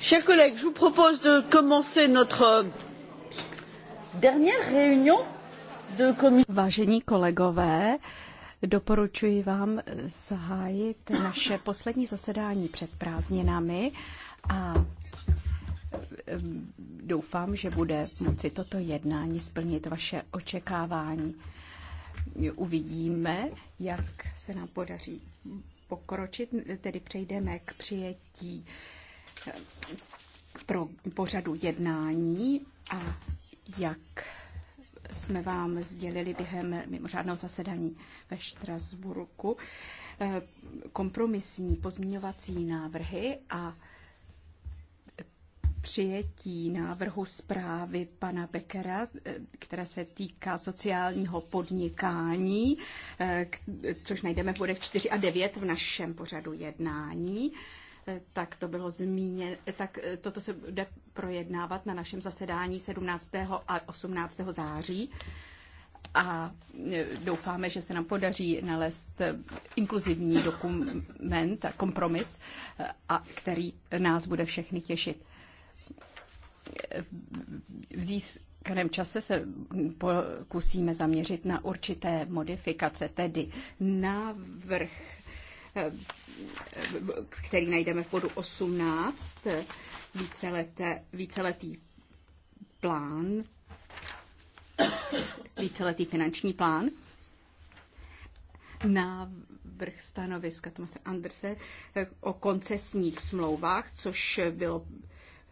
chers collègues je vous propose de commencer notre euh, dernière réunion de commission. vážení kolegové doporučuji vám zahájit naše poslední zasedání před prázdninami a eh, doufám že bude moci toto jednání splnit vaše očekávání. uvidíme jak se nám podaří pokročit, tedy přejdeme k přijetí eh, pro pořadu jednání a jak jsme vám sdělili během mimořádného zasedání ve Štrasburku eh, kompromisní pozměňovací návrhy a přijetí návrhu zprávy pana Beckera, eh, které se týká sociálního podnikání, eh, což najdeme v bodech 4 a 9 v našem pořadu jednání eh, tak to bylo zmíněno, tak toto se bude projednávat na našem zasedání 17. a 18. září a doufáme, že se nám podaří nalézt inkluzivní dokument a kompromis, a který nás bude všechny těšit v získaném čase se pokusíme zaměřit na určité modifikace, tedy návrh který najdeme v bodu 18, víceleté, víceletý plán, víceletý finanční plán. Návrh stanoviska Tomase Andrse o koncesních smlouvách, což bylo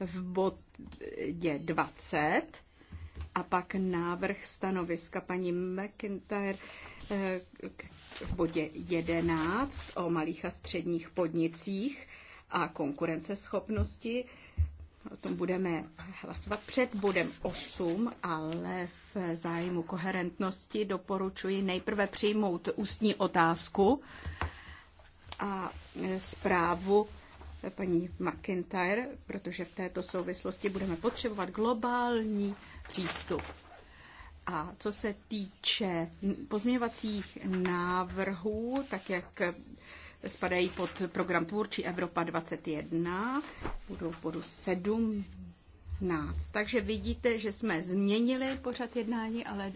v bodě 20 a pak návrh stanoviska paní McIntyre eh, v bodě 11 o malých a středních podnicích a konkurenceschopnosti. O tom budeme hlasovat před bodem 8, ale v zájmu koherentnosti doporučuji nejprve přijmout ústní otázku a eh, zprávu paní McIntyre, protože v této souvislosti budeme potřebovat globální přístup. A co se týče pozměňovacích návrhů, tak jak spadají pod program Tvůrčí Evropa 21, budou v bodu 17. Takže vidíte, že jsme změnili pořad jednání, ale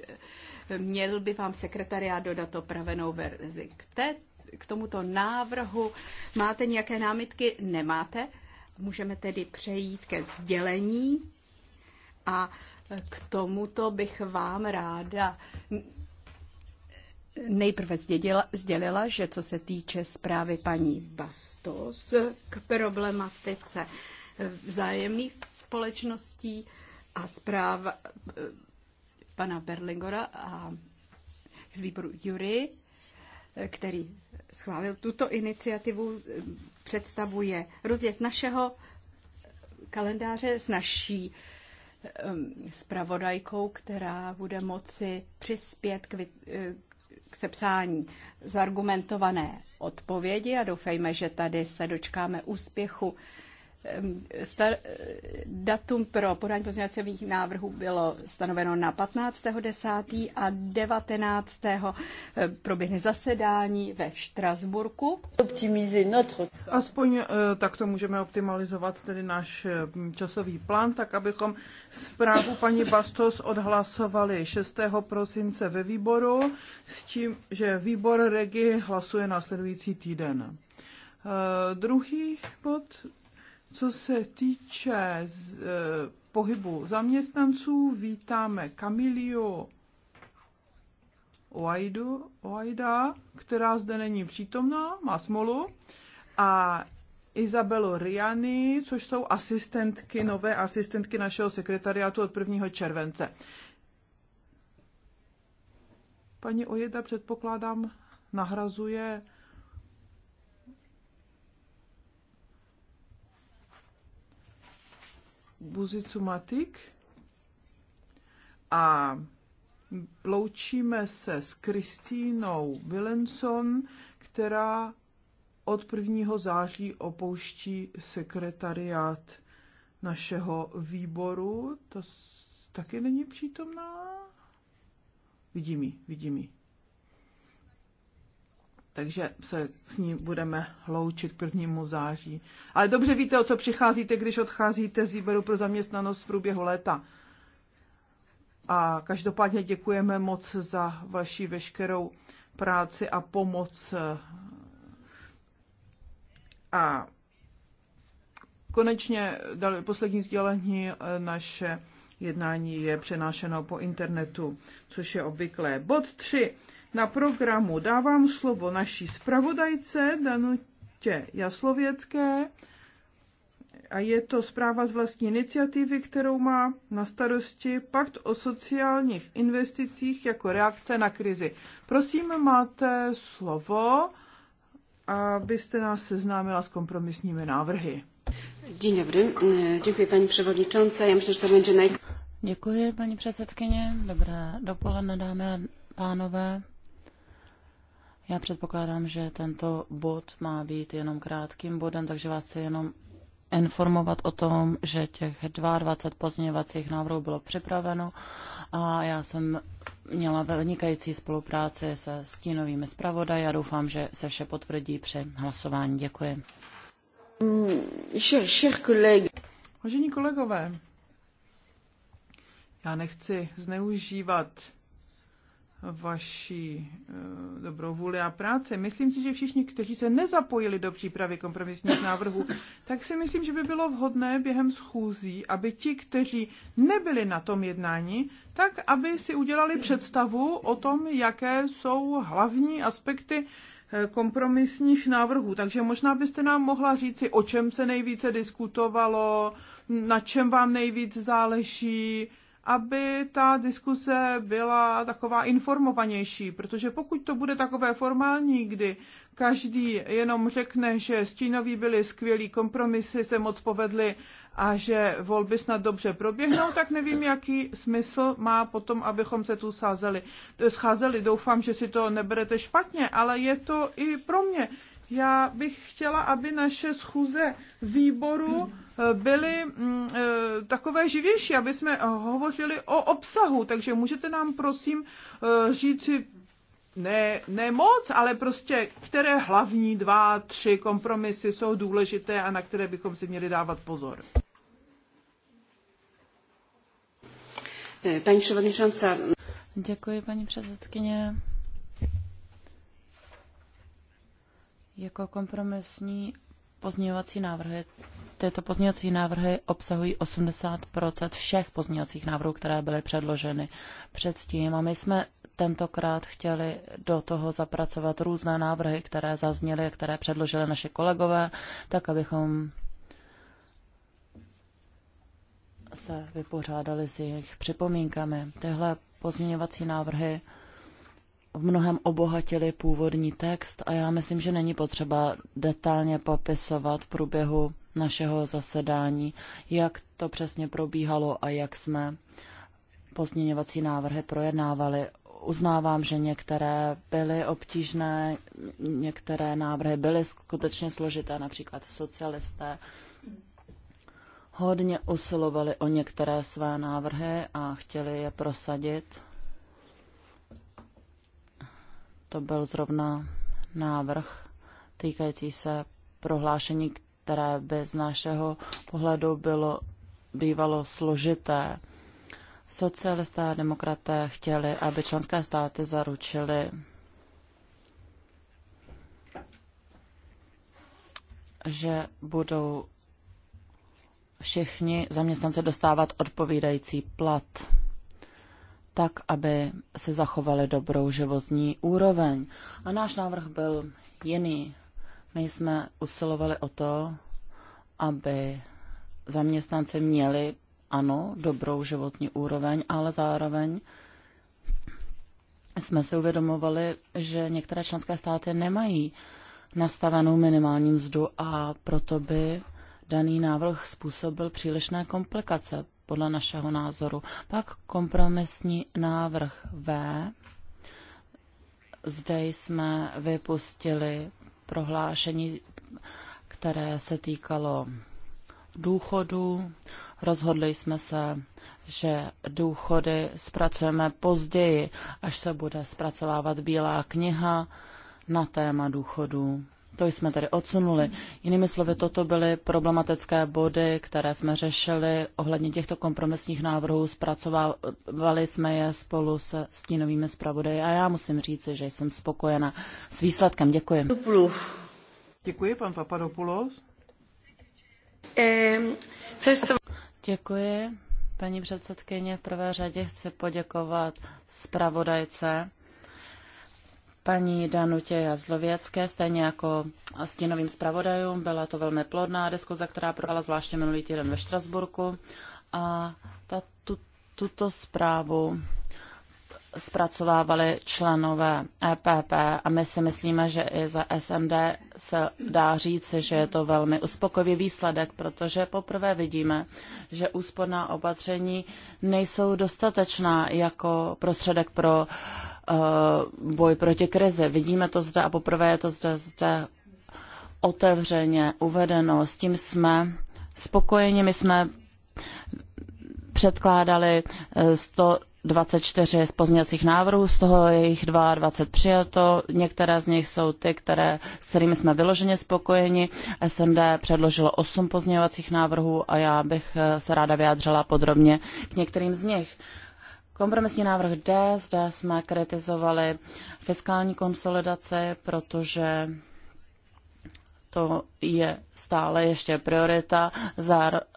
měl by vám sekretariát dodat opravenou verzi k této k tomuto návrhu máte nějaké námitky? Nemáte. Můžeme tedy přejít ke sdělení a k tomuto bych vám ráda nejprve sdělila, sdělila, že co se týče zprávy paní Bastos k problematice vzájemných společností a zpráv eh, pana Berlingora a z výboru Jury, eh, který schválil tuto iniciativu, eh, představuje rozjezd našeho kalendáře s naší spravodajkou, ehm, která bude moci přispět k, eh, k sepsání zargumentované odpovědi a doufejme, že tady se dočkáme úspěchu Star, datum pro podání pozměňovacích návrhů bylo stanoveno na 15.10. a 19. Eh, proběhne zasedání ve Štrasburku. Aspoň eh, takto můžeme optimalizovat tedy náš eh, časový plán, tak abychom zprávu paní Bastos odhlasovali 6. prosince ve výboru s tím, že výbor Regi hlasuje následující týden. Uh, druhý bod co se týče z, e, pohybu zaměstnanců, vítáme Kamilio Oajdu, Oajda, která zde není přítomná, má smolu, a Izabelo Riany, což jsou asistentky, nové asistentky našeho sekretariátu od 1. července. Paní Ojeda, předpokládám, nahrazuje Buzicu Matik a loučíme se s Kristínou Willenson, která od 1. září opouští sekretariát našeho výboru. To taky není přítomná? Vidím ji, vidím ji takže se s ní budeme loučit k 1. září. Ale dobře víte, o co přicházíte, když odcházíte z výběru pro zaměstnanost v průběhu léta. A každopádně děkujeme moc za vaši veškerou práci a pomoc. A konečně poslední sdělení naše jednání je přenášeno po internetu, což je obvyklé. Bod 3 na programu. Dávám slovo naší zpravodajce Danutě Jaslověcké a je to zpráva z vlastní iniciativy, kterou má na starosti Pakt o sociálních investicích jako reakce na krizi. Prosím, máte slovo, abyste nás seznámila s kompromisními návrhy. Dzień dobry. Dziękuję Pani Przewodnicząca. Ja myślę, że to będzie naj... Děkuji, paní předsedkyně. Dobré dopoledne, dámy a pánové. Já předpokládám, že tento bod má být jenom krátkým bodem, takže vás chci jenom informovat o tom, že těch 22 pozměňovacích návrhů bylo připraveno a já jsem měla vynikající spolupráci se stínovými zpravodaji a doufám, že se vše potvrdí při hlasování. Děkuji. Vážení kolegové, já nechci zneužívat vaší e, dobrou vůli a práce. Myslím si, že všichni, kteří se nezapojili do přípravy kompromisních návrhů, tak si myslím, že by bylo vhodné během schůzí, aby ti, kteří nebyli na tom jednání, tak aby si udělali představu o tom, jaké jsou hlavní aspekty eh, kompromisních návrhů. Takže možná byste nám mohla říci, o čem se nejvíce diskutovalo, na čem vám nejvíc záleží, aby ta diskuse byla taková informovanější, protože pokud to bude takové formální, kdy každý jenom řekne, že stínoví byli skvělí, kompromisy se moc povedly a že volby snad dobře proběhnou, tak nevím, jaký smysl má potom, abychom se tu sázeli. scházeli. Doufám, že si to neberete špatně, ale je to i pro mě já bych chtěla, aby naše schůze výboru eh, byly mm, eh, takové živější, aby jsme hovořili o obsahu. Takže můžete nám prosím eh, říci ne, ne moc, ale prostě které hlavní dva, tři kompromisy jsou důležité a na které bychom si měli dávat pozor. Paní předsedkyně. Děkuji, paní předsedkyně. Jako kompromisní pozměňovací návrhy, tyto pozměňovací návrhy obsahují 80 všech pozměňovacích návrhů, které byly předloženy předtím. A my jsme tentokrát chtěli do toho zapracovat různé návrhy, které zazněly, které předložili naše kolegové, tak abychom se vypořádali s jejich připomínkami. Tyhle pozměňovací návrhy v mnohem obohatili původní text a já myslím, že není potřeba detailně popisovat v průběhu našeho zasedání, jak to přesně probíhalo a jak jsme pozměňovací návrhy projednávali. Uznávám, že některé byly obtížné, některé návrhy byly skutečně složité, například socialisté hodně usilovali o některé své návrhy a chtěli je prosadit to byl zrovna návrh týkající se prohlášení, které by z našeho pohledu bylo bývalo složité. Socialisté a demokraté chtěli, aby členské státy zaručily, že budou všichni zaměstnanci dostávat odpovídající plat tak, aby se zachovali dobrou životní úroveň. A náš návrh byl jiný. My jsme usilovali o to, aby zaměstnanci měli, ano, dobrou životní úroveň, ale zároveň jsme si uvědomovali, že některé členské státy nemají nastavenou minimální mzdu a proto by daný návrh způsobil přílišné komplikace podle našeho názoru. Pak kompromisní návrh V. Zde jsme vypustili prohlášení, které se týkalo důchodu. Rozhodli jsme se, že důchody zpracujeme později, až se bude zpracovávat bílá kniha na téma důchodů. To jsme tedy odsunuli. Jinými slovy, toto byly problematické body, které jsme řešili ohledně těchto kompromisních návrhů. Zpracovali jsme je spolu se stínovými zpravodaji a já musím říci, že jsem spokojena s výsledkem. Děkuji. Děkuji, pan Papadopoulos. Ehm, Děkuji, paní předsedkyně. V prvé řadě chci poděkovat zpravodajce paní Danutě Jazlověcké, stejně jako stínovým zpravodajům. Byla to velmi plodná diskuze, která proběhla zvláště minulý týden ve Štrasburku. A ta, tu, tuto zprávu zpracovávali členové EPP a my si myslíme, že i za SMD se dá říct, že je to velmi uspokojivý výsledek, protože poprvé vidíme, že úsporná opatření nejsou dostatečná jako prostředek pro uh, Eh, boj proti krizi. Vidíme to zde a poprvé je to zde, zde otevřeně uvedeno. S tím jsme spokojeni. My jsme předkládali 124 eh, z pozměňovacích návrhů, z toho je jich 22 přijato. Některé z nich jsou ty, které, s kterými jsme vyloženě spokojeni. SND předložilo 8 pozměňovacích návrhů a já bych eh, se ráda vyjádřila podrobně k některým z nich. Kompromisní návrh D, zde jsme kritizovali fiskální konsolidace, protože to je stále ještě priorita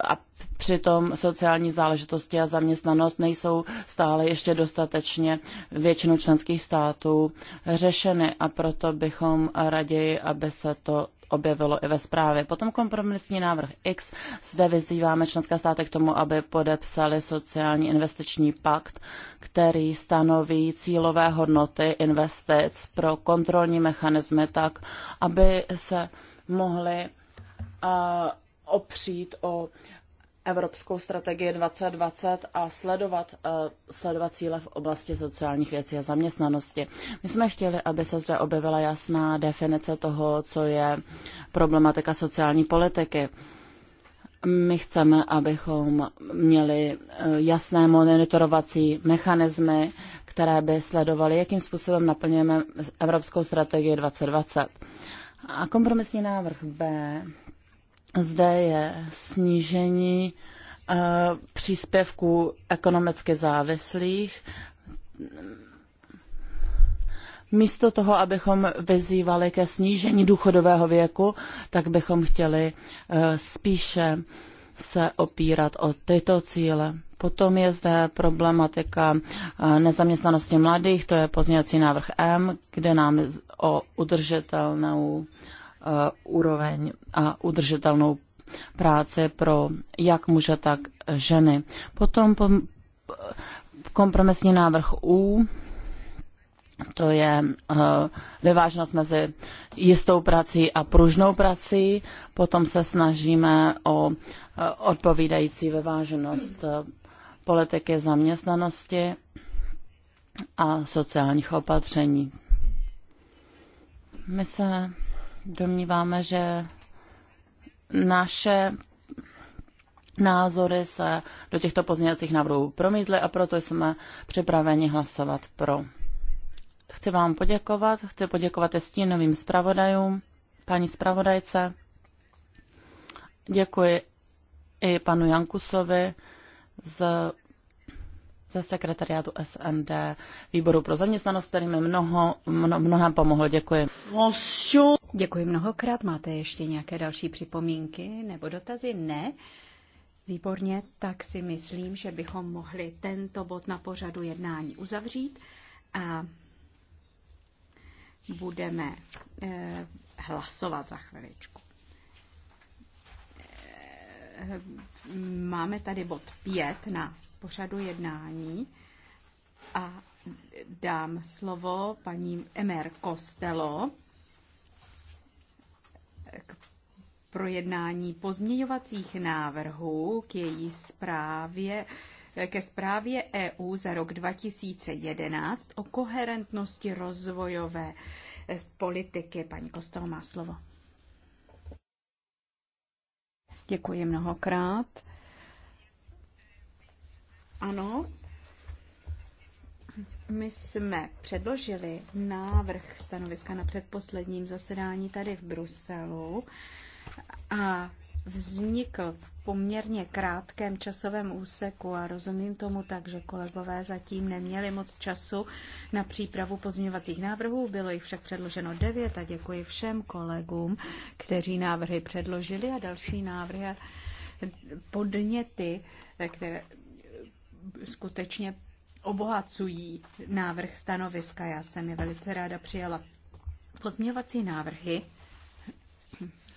a přitom sociální záležitosti a zaměstnanost nejsou stále ještě dostatečně většinou členských států řešeny a proto bychom raději, aby se to objevilo i ve zprávě. Potom kompromisní návrh X. Zde vyzýváme členské státy k tomu, aby podepsali sociální investiční pakt, který stanoví cílové hodnoty investic pro kontrolní mechanismy tak, aby se mohly uh, opřít o Evropskou strategii 2020 a sledovat, eh, sledovat cíle v oblasti sociálních věcí a zaměstnanosti. My jsme chtěli, aby se zde objevila jasná definice toho, co je problematika sociální politiky. My chceme, abychom měli eh, jasné monitorovací mechanismy, které by sledovaly, jakým způsobem naplňujeme Evropskou strategii 2020. A kompromisní návrh B zde je snížení eh, příspěvků ekonomicky závislých. Místo toho, abychom vyzývali ke snížení důchodového věku, tak bychom chtěli eh, spíše se opírat o tyto cíle. Potom je zde problematika eh, nezaměstnanosti mladých, to je pozměňovací návrh M, kde nám o udržitelnou Uh, úroveň a udržitelnou práci pro jak muže, tak ženy. Potom kompromisní návrh U, to je uh, vyvážnost mezi jistou prací a pružnou prací. Potom se snažíme o uh, odpovídající vyváženost politiky zaměstnanosti a sociálních opatření. My se domníváme, že naše názory se do těchto pozměňovacích návrhů promítly a proto jsme připraveni hlasovat pro. Chci vám poděkovat, chci poděkovat i stínovým zpravodajům, paní zpravodajce. Děkuji i panu Jankusovi z ze sekretariátu SND výboru pro zaměstnanost, který mi mnoho, mno, mnohem pomohl. Děkuji. Děkuji mnohokrát. Máte ještě nějaké další připomínky nebo dotazy? Ne? Výborně, tak si myslím, že bychom mohli tento bod na pořadu jednání uzavřít a budeme eh, hlasovat za chviličku. Eh, máme tady bod 5 na pořadu jednání a dám slovo paní Emer Kostelo k projednání pozměňovacích návrhů k její zprávě ke zprávě EU za rok 2011 o koherentnosti rozvojové politiky. Paní Kostel má slovo. Děkuji mnohokrát. Ano, my jsme předložili návrh stanoviska na předposledním zasedání tady v Bruselu a vznikl v poměrně krátkém časovém úseku a rozumím tomu tak, že kolegové zatím neměli moc času na přípravu pozměňovacích návrhů. Bylo jich však předloženo devět a děkuji všem kolegům, kteří návrhy předložili a další návrhy podněty, které skutečně obohacují návrh stanoviska. Já jsem je velice ráda přijala. Pozměňovací návrhy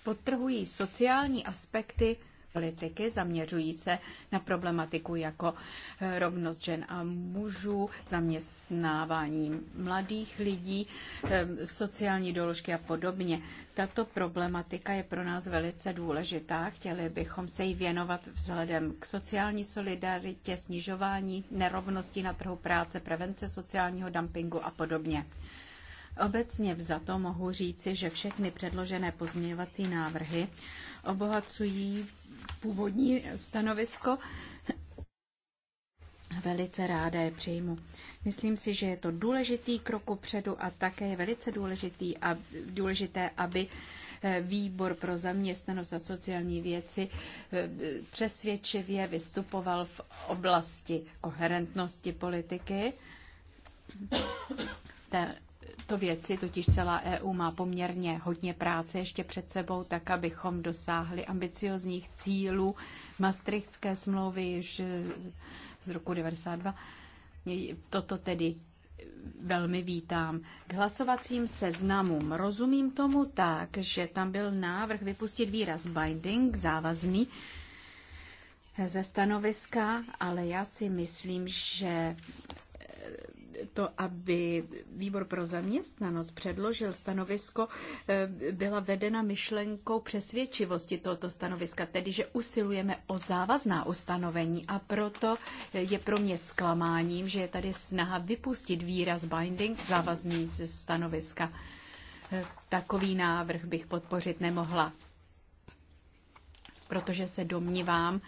podtrhují sociální aspekty politiky, zaměřují se na problematiku jako eh, rovnost žen a mužů, zaměstnávání mladých lidí, eh, sociální doložky a podobně. Tato problematika je pro nás velice důležitá. Chtěli bychom se jí věnovat vzhledem k sociální solidaritě, snižování nerovnosti na trhu práce, prevence sociálního dumpingu a podobně. Obecně vzato mohu říci, že všechny předložené pozměňovací návrhy obohacují původní stanovisko. Velice ráda je přijmu. Myslím si, že je to důležitý krok předu a také je velice důležitý a důležité, aby eh, výbor pro zaměstnanost a sociální věci eh, přesvědčivě vystupoval v oblasti koherentnosti politiky této věci, totiž celá EU má poměrně hodně práce ještě před sebou, tak abychom dosáhli ambiciozních cílů Maastrichtské smlouvy již z roku 92. Toto tedy velmi vítám. K hlasovacím seznamům rozumím tomu tak, že tam byl návrh vypustit výraz binding, závazný, ze stanoviska, ale já si myslím, že to, aby výbor pro zaměstnanost předložil stanovisko, eh, byla vedena myšlenkou přesvědčivosti tohoto stanoviska, tedy že usilujeme o závazná ustanovení a proto eh, je pro mě zklamáním, že je tady snaha vypustit výraz binding závazný ze stanoviska. Eh, takový návrh bych podpořit nemohla protože se domnívám,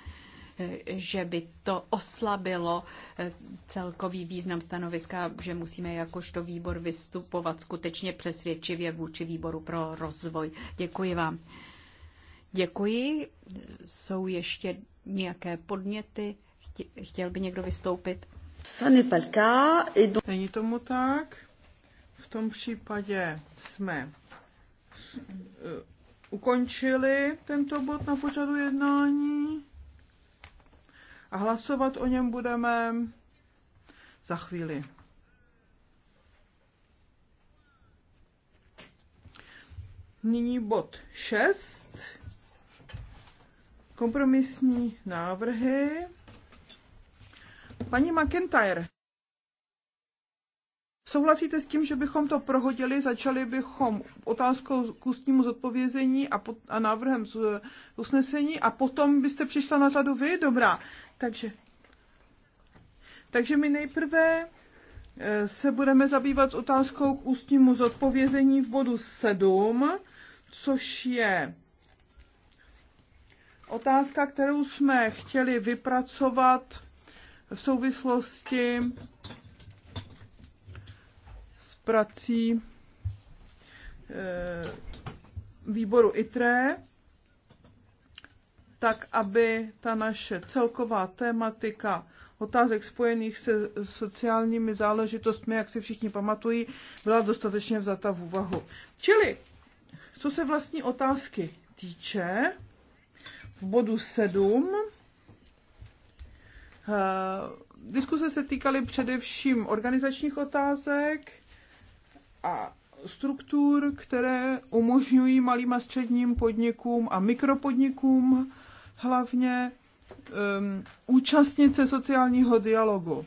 že by to oslabilo eh, celkový význam stanoviska, že musíme jakožto výbor vystupovat skutečně přesvědčivě vůči výboru pro rozvoj. Děkuji vám. Děkuji. Jsou ještě nějaké podněty? Chtěl by někdo vystoupit? Není tomu tak. V tom případě jsme eh, ukončili tento bod na pořadu jednání a hlasovat o něm budeme za chvíli. Nyní bod 6. Kompromisní návrhy. Paní McIntyre, souhlasíte s tím, že bychom to prohodili, začali bychom otázkou k ústnímu zodpovězení a, pod, a návrhem z usnesení a potom byste přišla na řadu vy? Dobrá. Takže, takže my nejprve eh, se budeme zabývat otázkou k ústnímu zodpovězení v bodu 7, což je otázka, kterou jsme chtěli vypracovat v souvislosti s prací eh, výboru ITRE tak aby ta naše celková tématika otázek spojených se sociálními záležitostmi, jak si všichni pamatují, byla dostatečně vzata v úvahu. Čili, co se vlastní otázky týče, v bodu 7 eh, diskuse se týkaly především organizačních otázek a struktur, které umožňují malým a středním podnikům a mikropodnikům hlavně um, účastnice sociálního dialogu.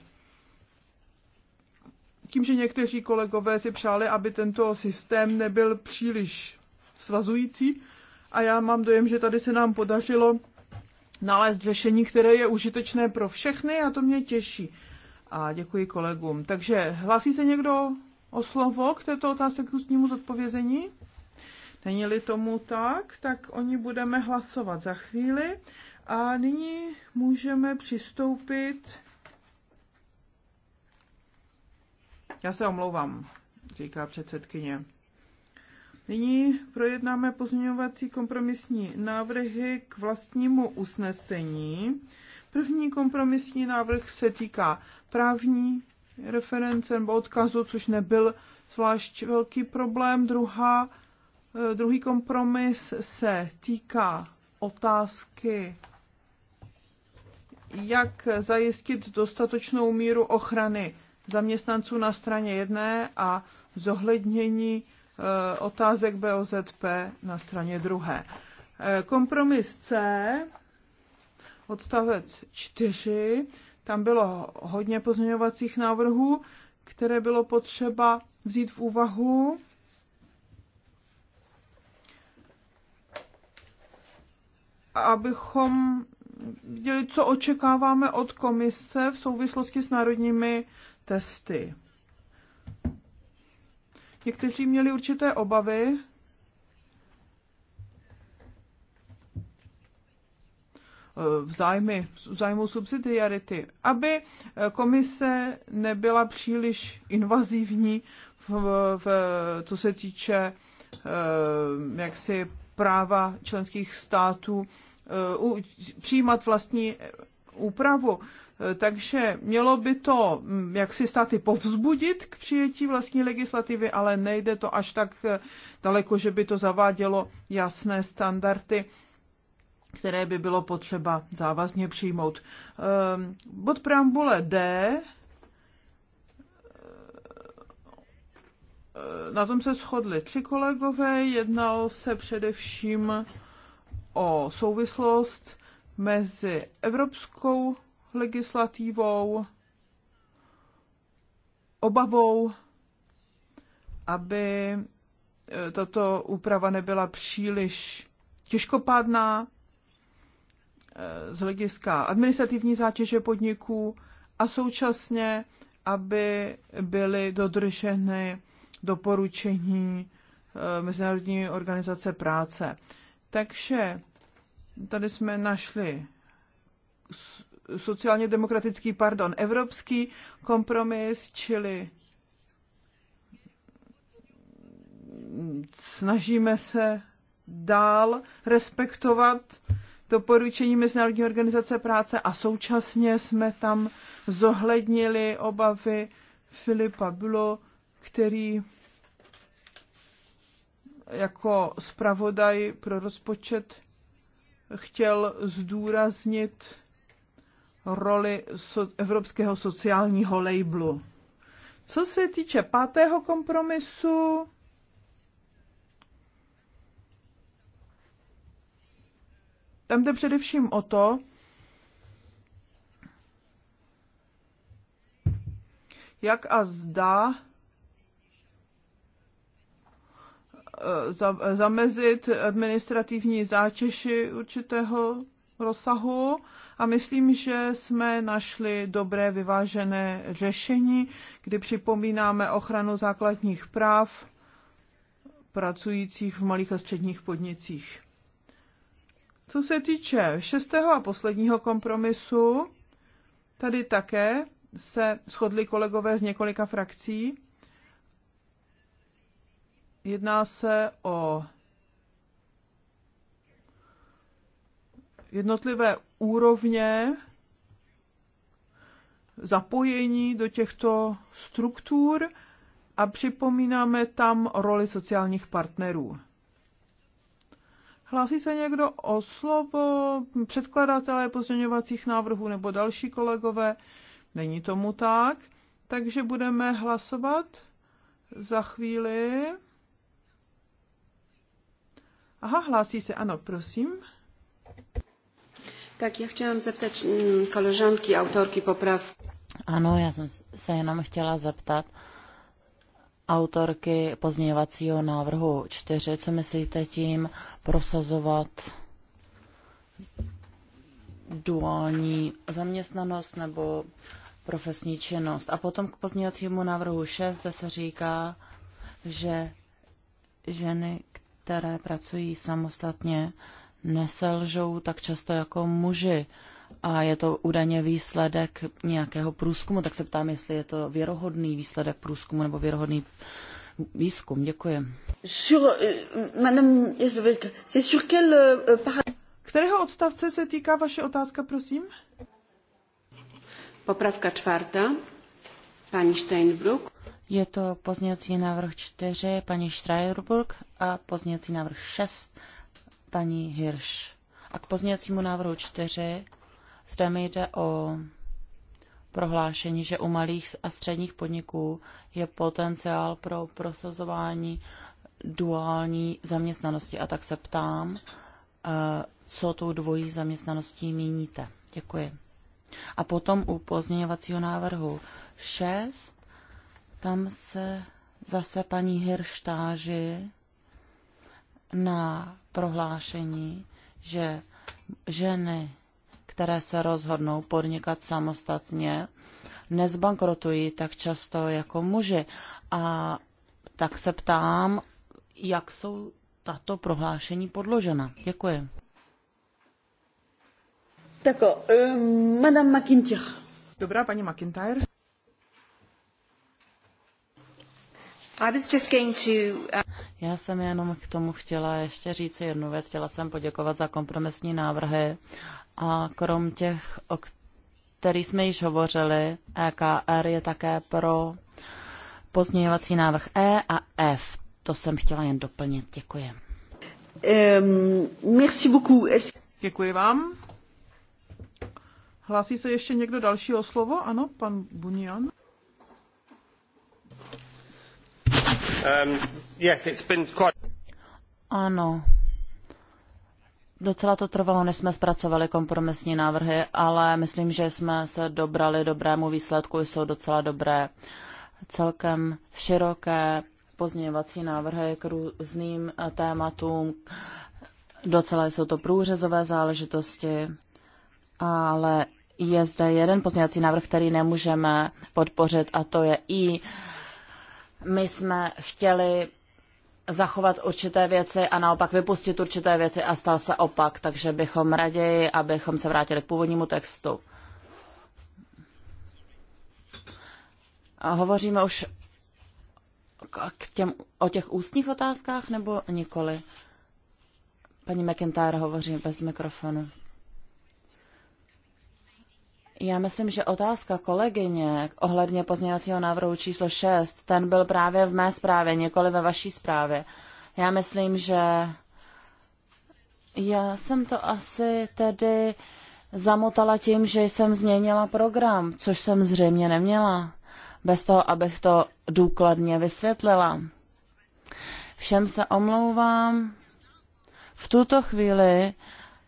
Tím, že někteří kolegové si přáli, aby tento systém nebyl příliš svazující, a já mám dojem, že tady se nám podařilo nalézt řešení, které je užitečné pro všechny a to mě těší. A děkuji kolegům. Takže hlasí se někdo o slovo k této otázce k ústnímu zodpovězení? Není-li tomu tak, tak o ní budeme hlasovat za chvíli. A nyní můžeme přistoupit. Já se omlouvám, říká předsedkyně. Nyní projednáme pozměňovací kompromisní návrhy k vlastnímu usnesení. První kompromisní návrh se týká právní reference nebo odkazu, což nebyl zvlášť velký problém. Druhá Eh, druhý kompromis se týká otázky, jak zajistit dostatečnou míru ochrany zaměstnanců na straně jedné a zohlednění eh, otázek BOZP na straně druhé. Eh, kompromis C, odstavec 4, tam bylo hodně pozměňovacích návrhů, které bylo potřeba vzít v úvahu. abychom viděli, co očekáváme od komise v souvislosti s národními testy. Někteří měli určité obavy, v, zájmy, v zájmu subsidiarity, aby komise nebyla příliš invazivní, v, v, co se týče eh, jaksi práva členských států eh, přijímat vlastní úpravu. Eh, takže mělo by to, mm, jak si státy povzbudit k přijetí vlastní legislativy, ale nejde to až tak eh, daleko, že by to zavádělo jasné standardy, které by bylo potřeba závazně přijmout. Bod preambule D Eh, na tom se shodli tři kolegové. Jednal se především o souvislost mezi evropskou legislativou, obavou, aby eh, tato úprava nebyla příliš těžkopádná eh, z hlediska administrativní zátěže podniků a současně, aby byly dodrženy doporučení eh, Mezinárodní organizace práce. Takže tady jsme našli sociálně demokratický, pardon, evropský kompromis, čili snažíme se dál respektovat doporučení Mezinárodní organizace práce a současně jsme tam zohlednili obavy Filipa Bulo který jako zpravodaj pro rozpočet chtěl zdůraznit roli so- evropského sociálního labelu. Co se týče pátého kompromisu, tam jde především o to, jak a zda Eh, zamezit administrativní zátěži určitého rozsahu a myslím, že jsme našli dobré vyvážené řešení, kdy připomínáme ochranu základních práv pracujících v malých a středních podnicích. Co se týče šestého a posledního kompromisu, tady také se shodli kolegové z několika frakcí. Jedná se o jednotlivé úrovně zapojení do těchto struktur a připomínáme tam roli sociálních partnerů. Hlásí se někdo o slovo předkladatelé pozměňovacích návrhů nebo další kolegové? Není tomu tak, takže budeme hlasovat za chvíli. Aha, hlásí se, ano, prosím. Tak já chtěla zeptat mm, koleżanki, autorky poprav. Ano, já jsem se jenom chtěla zeptat autorky pozměňovacího návrhu 4, co myslíte tím prosazovat duální zaměstnanost nebo profesní činnost. A potom k pozměňovacímu návrhu 6, kde se říká, že ženy, které pracují samostatně, neselžou tak často jako muži. A je to údajně výsledek nějakého průzkumu, tak se ptám, jestli je to věrohodný výsledek průzkumu nebo věrohodný výzkum. Děkuji. Euh, euh, Kterého odstavce se týká vaše otázka, prosím? Popravka čtvrtá. paní Steinbrück. Je to pozněcí návrh 4 paní Štrajerburg a pozněcí návrh 6 paní Hirsch. A k pozněcímu návrhu 4 zde mi jde o prohlášení, že u malých a středních podniků je potenciál pro prosazování duální zaměstnanosti. A tak se ptám, eh, co tou dvojí zaměstnaností míníte. Děkuji. A potom u pozměňovacího návrhu 6 tam se zase paní Hirštáži na prohlášení, že ženy, které se rozhodnou podnikat samostatně, nezbankrotují tak často jako muži. A tak se ptám, jak jsou tato prohlášení podložena. Děkuji. Tako, um, euh, Madame McIntyre. Dobrá, paní McIntyre. Uh, Já jsem jenom k tomu chtěla ještě říct jednu věc. Chtěla jsem poděkovat za kompromisní návrhy a krom těch, o kterých jsme již hovořili, EKR je také pro pozměňovací návrh E a F. To jsem chtěla jen doplnit. Děkuji. Um, merci beaucoup. Děkuji vám. Hlásí se ještě někdo dalšího slovo? Ano, pan Bunian. Um, ano. Docela to trvalo, než jsme zpracovali kompromisní návrhy, ale myslím, že jsme se dobrali dobrému výsledku, jsou docela dobré celkem široké pozměňovací návrhy k různým eh, tématům. Docela jsou to průřezové záležitosti, ale je zde jeden pozměňovací návrh, který nemůžeme podpořit a to je i my jsme chtěli zachovat určité věci a naopak vypustit určité věci a stal se opak, takže bychom raději, abychom se vrátili k původnímu textu. A hovoříme už k těm, o těch ústních otázkách nebo nikoli? Paní McIntyre hovoří bez mikrofonu. Já myslím, že otázka kolegyně ohledně pozměňovacího návrhu číslo 6, ten byl právě v mé zprávě, nikoli ve vaší zprávě. Já myslím, že já jsem to asi tedy zamotala tím, že jsem změnila program, což jsem zřejmě neměla, bez toho, abych to důkladně vysvětlila. Všem se omlouvám. V tuto chvíli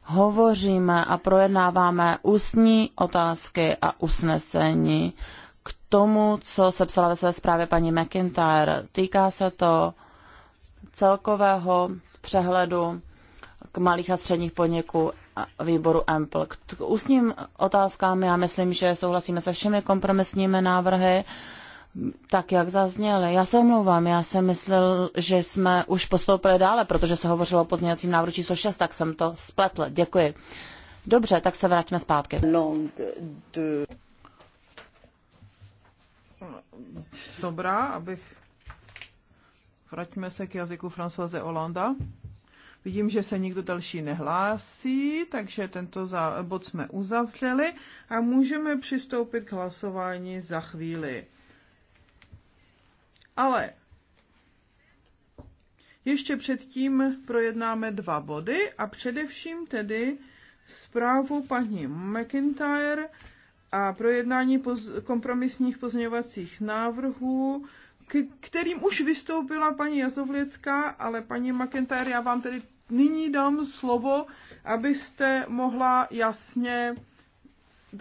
hovoříme a projednáváme ústní otázky a usnesení k tomu, co se psala ve své zprávě paní McIntyre. Týká se to celkového přehledu k malých a středních podniků výboru EMPL. K ústním otázkám já myslím, že souhlasíme se všemi kompromisními návrhy tak, jak zazněly. Já se omlouvám, já jsem myslel, že jsme už postoupili dále, protože se hovořilo o pozměňovacím návrhu číslo 6, tak jsem to spletl. Děkuji. Dobře, tak se vrátíme zpátky. Dobrá, abych... Vraťme se k jazyku Françoise Olanda. Vidím, že se nikdo další nehlásí, takže tento bod jsme uzavřeli a můžeme přistoupit k hlasování za chvíli. Ale ještě předtím projednáme dva body a především tedy zprávu paní McIntyre a projednání poz- kompromisních pozměňovacích návrhů, k- kterým už vystoupila paní Jazovlická, ale paní McIntyre, já vám tedy nyní dám slovo, abyste mohla jasně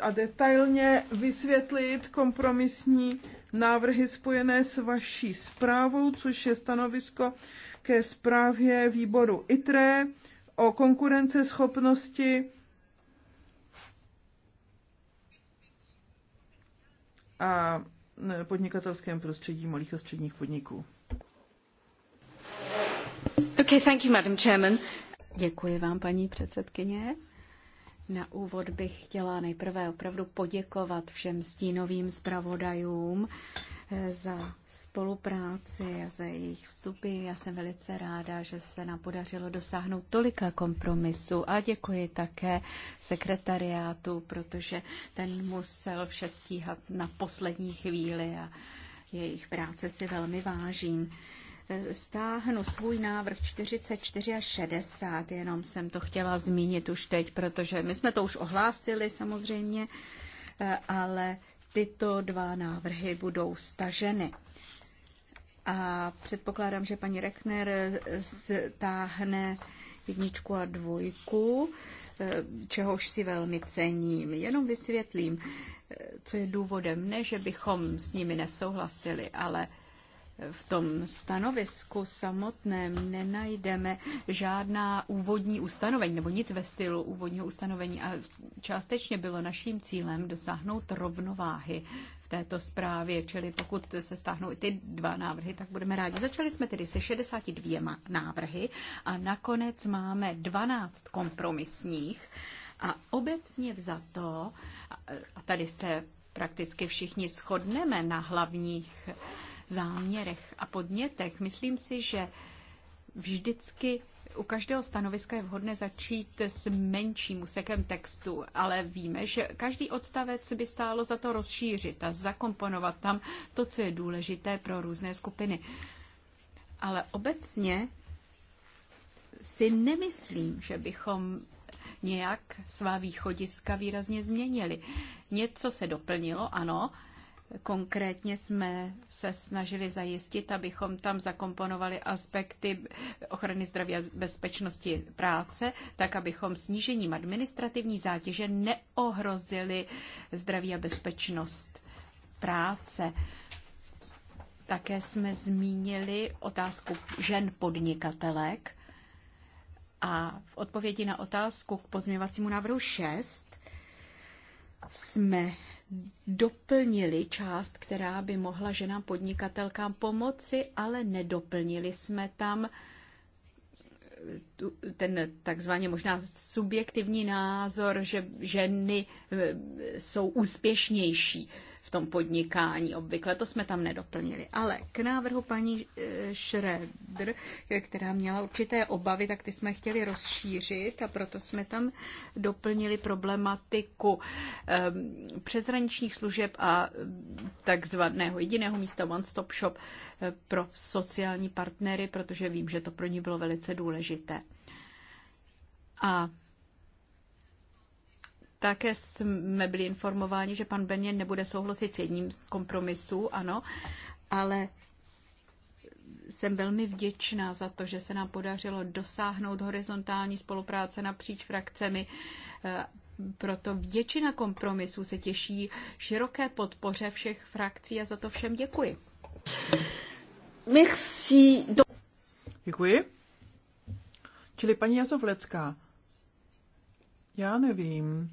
a detailně vysvětlit kompromisní návrhy spojené s vaší zprávou, což je stanovisko ke zprávě výboru ITRE o konkurenceschopnosti a podnikatelském prostředí malých a středních podniků. Okay, thank you, Madam Chairman. Děkuji vám, paní předsedkyně. Na úvod bych chtěla nejprve opravdu poděkovat všem stínovým zpravodajům eh, za spolupráci a za jejich vstupy. Já jsem velice ráda, že se nám podařilo dosáhnout tolika kompromisů a děkuji také sekretariátu, protože ten musel vše stíhat na poslední chvíli a jejich práce si velmi vážím stáhnu svůj návrh 44 a 60, jenom jsem to chtěla zmínit už teď, protože my jsme to už ohlásili samozřejmě, eh, ale tyto dva návrhy budou staženy. A předpokládám, že paní Rekner eh, stáhne jedničku a dvojku, eh, čehož si velmi cením. Jenom vysvětlím, co je důvodem. Ne, že bychom s nimi nesouhlasili, ale v tom stanovisku samotném nenajdeme žádná úvodní ustanovení nebo nic ve stylu úvodního ustanovení a částečně bylo naším cílem dosáhnout rovnováhy v této zprávě, čili pokud se stáhnou i ty dva návrhy, tak budeme rádi. Začali jsme tedy se 62 návrhy a nakonec máme 12 kompromisních a obecně vzato, a tady se prakticky všichni shodneme na hlavních záměrech a podnětech. Myslím si, že vždycky u každého stanoviska je vhodné začít s menším úsekem textu, ale víme, že každý odstavec by stálo za to rozšířit a zakomponovat tam to, co je důležité pro různé skupiny. Ale obecně si nemyslím, že bychom nějak svá východiska výrazně změnili. Něco se doplnilo, ano, Konkrétně jsme se snažili zajistit, abychom tam zakomponovali aspekty ochrany zdraví a bezpečnosti práce, tak abychom snížením administrativní zátěže neohrozili zdraví a bezpečnost práce. Také jsme zmínili otázku žen podnikatelek a v odpovědi na otázku k pozměvacímu návrhu 6 jsme doplnili část, která by mohla ženám podnikatelkám pomoci, ale nedoplnili jsme tam eh, ten takzvaně možná subjektivní názor, že ženy eh, jsou úspěšnější tom podnikání obvykle, to jsme tam nedoplnili. Ale k návrhu paní eh, Schroeder, která měla určité obavy, tak ty jsme chtěli rozšířit a proto jsme tam doplnili problematiku eh, přezraničních služeb a eh, takzvaného jediného místa One Stop Shop pro sociální partnery, protože vím, že to pro ní bylo velice důležité. A také jsme byli informováni, že pan Benjen nebude souhlasit s jedním z kompromisů, ano, ale jsem velmi vděčná za to, že se nám podařilo dosáhnout horizontální spolupráce napříč frakcemi. Eh, proto většina kompromisů se těší široké podpoře všech frakcí a za to všem děkuji. Merci. Děkuji. Čili paní Jazovlecká, já nevím,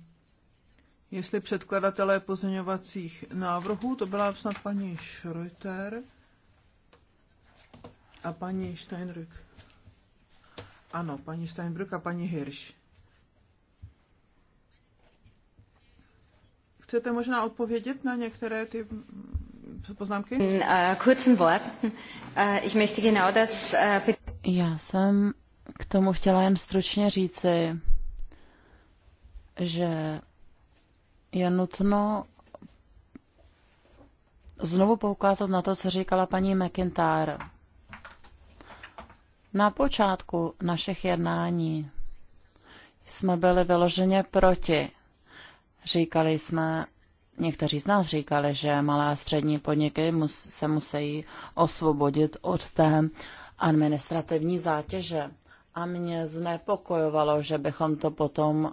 jestli předkladatelé pozměňovacích návrhů, to byla snad paní Schröter a paní Steinbrück. Ano, paní Steinbrück a paní Hirsch. Chcete možná odpovědět na některé ty poznámky? Eh, kurzen Wort. Eh, ich möchte genau das... Eh, Já jsem k tomu chtěla jen stručně říci, že je nutno znovu poukázat na to, co říkala paní McIntyre. Na počátku našich jednání jsme byli vyloženě proti. Říkali jsme, někteří z nás říkali, že malé a střední podniky se musí osvobodit od té administrativní zátěže. A mě znepokojovalo, že bychom to potom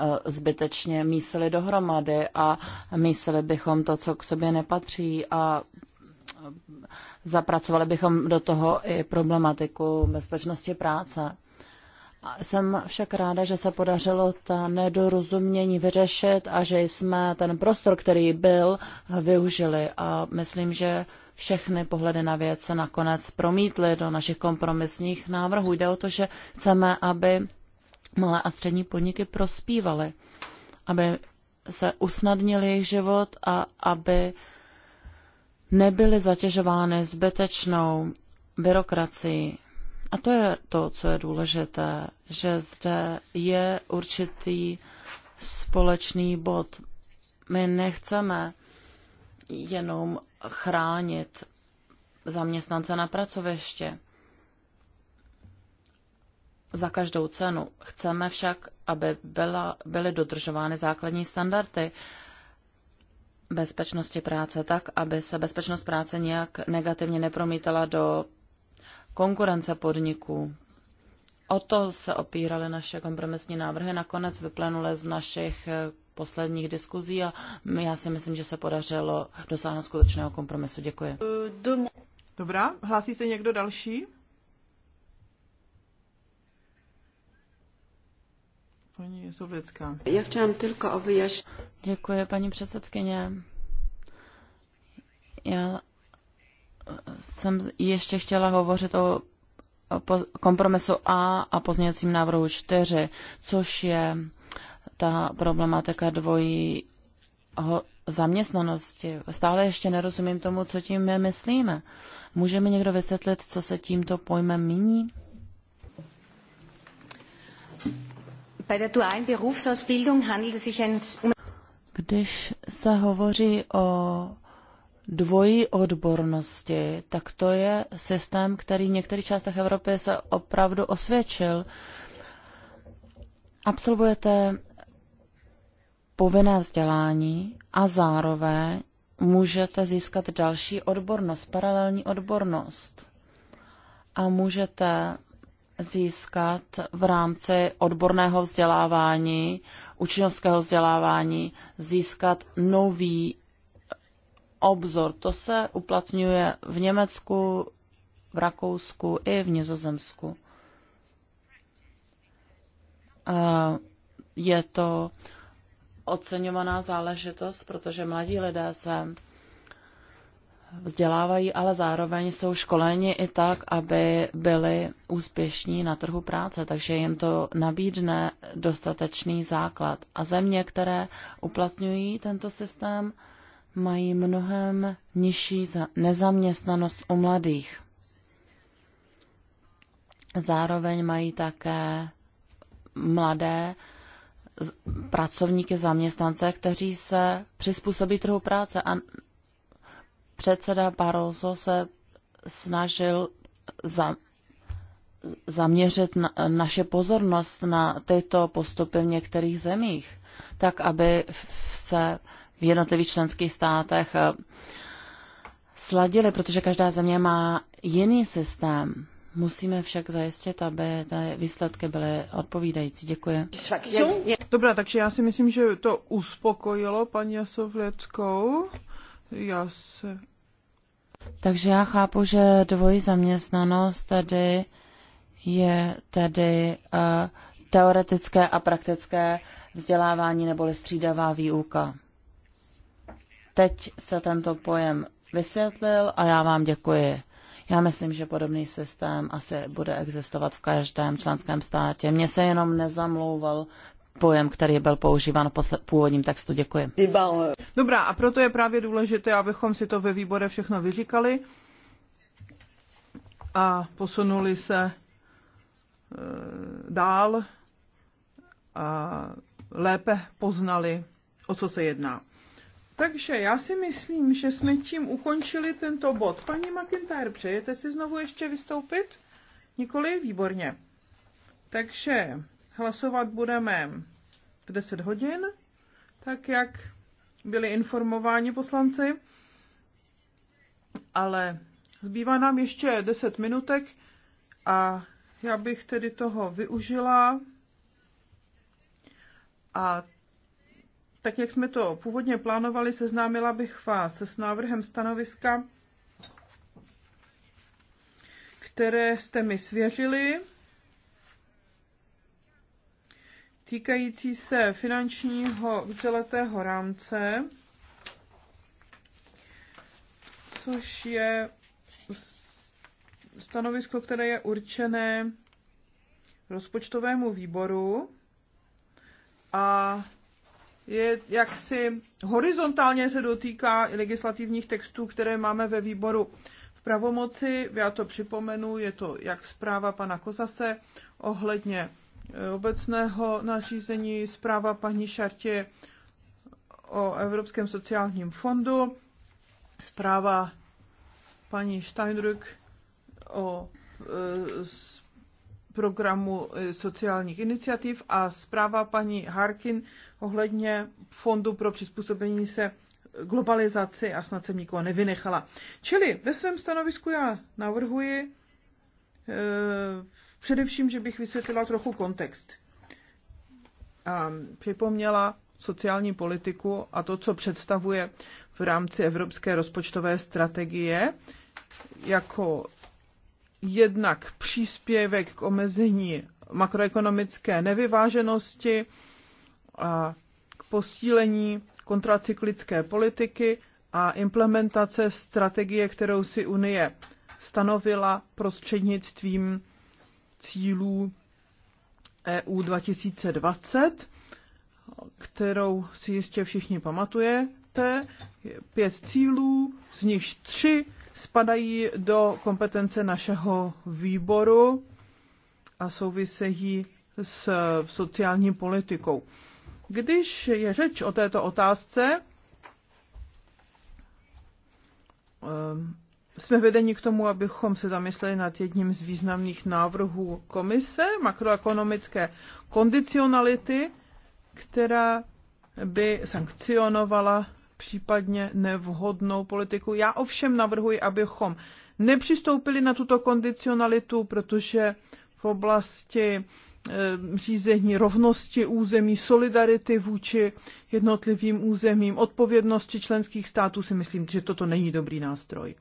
Eh, zbytečně mísili dohromady a mísili bychom to, co k sobě nepatří a zapracovali bychom do toho i problematiku bezpečnosti práce. Jsem však ráda, že se podařilo ta nedorozumění vyřešit a že jsme ten prostor, který byl, využili. A myslím, že všechny pohledy na věc se nakonec promítly do našich kompromisních návrhů. Jde o to, že chceme, aby malé a střední podniky prospívaly, aby se usnadnil jejich život a aby nebyly zatěžovány zbytečnou byrokracií. A to je to, co je důležité, že zde je určitý společný bod. My nechceme jenom chránit zaměstnance na pracoviště za každou cenu. Chceme však, aby byla, byly dodržovány základní standardy bezpečnosti práce tak, aby se bezpečnost práce nijak negativně nepromítala do konkurence podniků. O to se opíraly naše kompromisní návrhy, nakonec vyplenuly z našich eh, posledních diskuzí a já si myslím, že se podařilo dosáhnout skutečného kompromisu. Děkuji. Dobrá, hlásí se někdo další? Paní Jezovická. Já chtěla tylko o Děkuji, paní předsedkyně. Já jsem ještě chtěla hovořit o kompromisu A a pozněcím návrhu 4, což je ta problematika dvojí zaměstnanosti. Stále ještě nerozumím tomu, co tím my myslíme. Může mi někdo vysvětlit, co se tímto pojmem míní? Um- když se hovoří o dvojí odbornosti, tak to je systém, který v některých částech Evropy se opravdu osvědčil. Absolvujete povinné vzdělání a zároveň můžete získat další odbornost, paralelní odbornost. A můžete získat v rámci odborného vzdělávání, učňovského vzdělávání, získat nový obzor. To se uplatňuje v Německu, v Rakousku i v Nizozemsku. Je to oceňovaná záležitost, protože mladí lidé se vzdělávají, ale zároveň jsou školeni i tak, aby byli úspěšní na trhu práce, takže jim to nabídne dostatečný základ. A země, které uplatňují tento systém, mají mnohem nižší nezaměstnanost u mladých. Zároveň mají také mladé pracovníky, zaměstnance, kteří se přizpůsobí trhu práce a Předseda Barroso se snažil za, zaměřit na, naše pozornost na tyto postupy v některých zemích, tak aby se v jednotlivých členských státech eh, sladily, protože každá země má jiný systém. Musíme však zajistit, aby ty výsledky byly odpovídající. Děkuji. Dobrá, takže já si myslím, že to uspokojilo paní Sovleckou. Takže já chápu, že dvojí zaměstnanost tady je tedy uh, eh, teoretické a praktické vzdělávání neboli střídavá výuka. Teď se tento pojem vysvětlil a já vám děkuji. Já myslím, že podobný systém asi bude existovat v každém členském státě. Mně se jenom nezamlouval pojem, který byl používán v původním textu. Děkuji. Dobrá, a proto je právě důležité, abychom si to ve výbore všechno vyříkali a posunuli se e, dál a lépe poznali, o co se jedná. Takže já si myslím, že jsme tím ukončili tento bod. Paní McIntyre, přejete si znovu ještě vystoupit? Nikoli? Výborně. Takže Hlasovat budeme v 10 hodin, tak jak byli informováni poslanci. Ale zbývá nám ještě 10 minutek a já bych tedy toho využila. A tak, jak jsme to původně plánovali, seznámila bych vás s návrhem stanoviska, které jste mi svěřili. týkající se finančního víceletého rámce, což je stanovisko, které je určené rozpočtovému výboru a je jaksi horizontálně se dotýká legislativních textů, které máme ve výboru v pravomoci. Já to připomenu, je to jak zpráva pana Kozase ohledně obecného nařízení zpráva paní Šartě o Evropském sociálním fondu, zpráva paní Steinrück o e, programu e, sociálních iniciativ a zpráva paní Harkin ohledně Fondu pro přizpůsobení se globalizaci a snad jsem nikoho nevynechala. Čili ve svém stanovisku já navrhuji e, Především, že bych vysvětlila trochu kontext. A připomněla sociální politiku a to, co představuje v rámci Evropské rozpočtové strategie jako jednak příspěvek k omezení makroekonomické nevyváženosti a k posílení kontracyklické politiky a implementace strategie, kterou si Unie stanovila prostřednictvím cílů EU 2020, kterou si jistě všichni pamatujete. Pět cílů, z nichž tři spadají do kompetence našeho výboru a souvisejí s sociální politikou. Když je řeč o této otázce, jsme vedeni k tomu, abychom se zamysleli nad jedním z významných návrhů komise, makroekonomické kondicionality, která by sankcionovala případně nevhodnou politiku. Já ovšem navrhuji, abychom nepřistoupili na tuto kondicionalitu, protože v oblasti Eh, řízení rovnosti území, solidarity vůči jednotlivým územím, odpovědnosti členských států, si myslím, že toto není dobrý nástroj.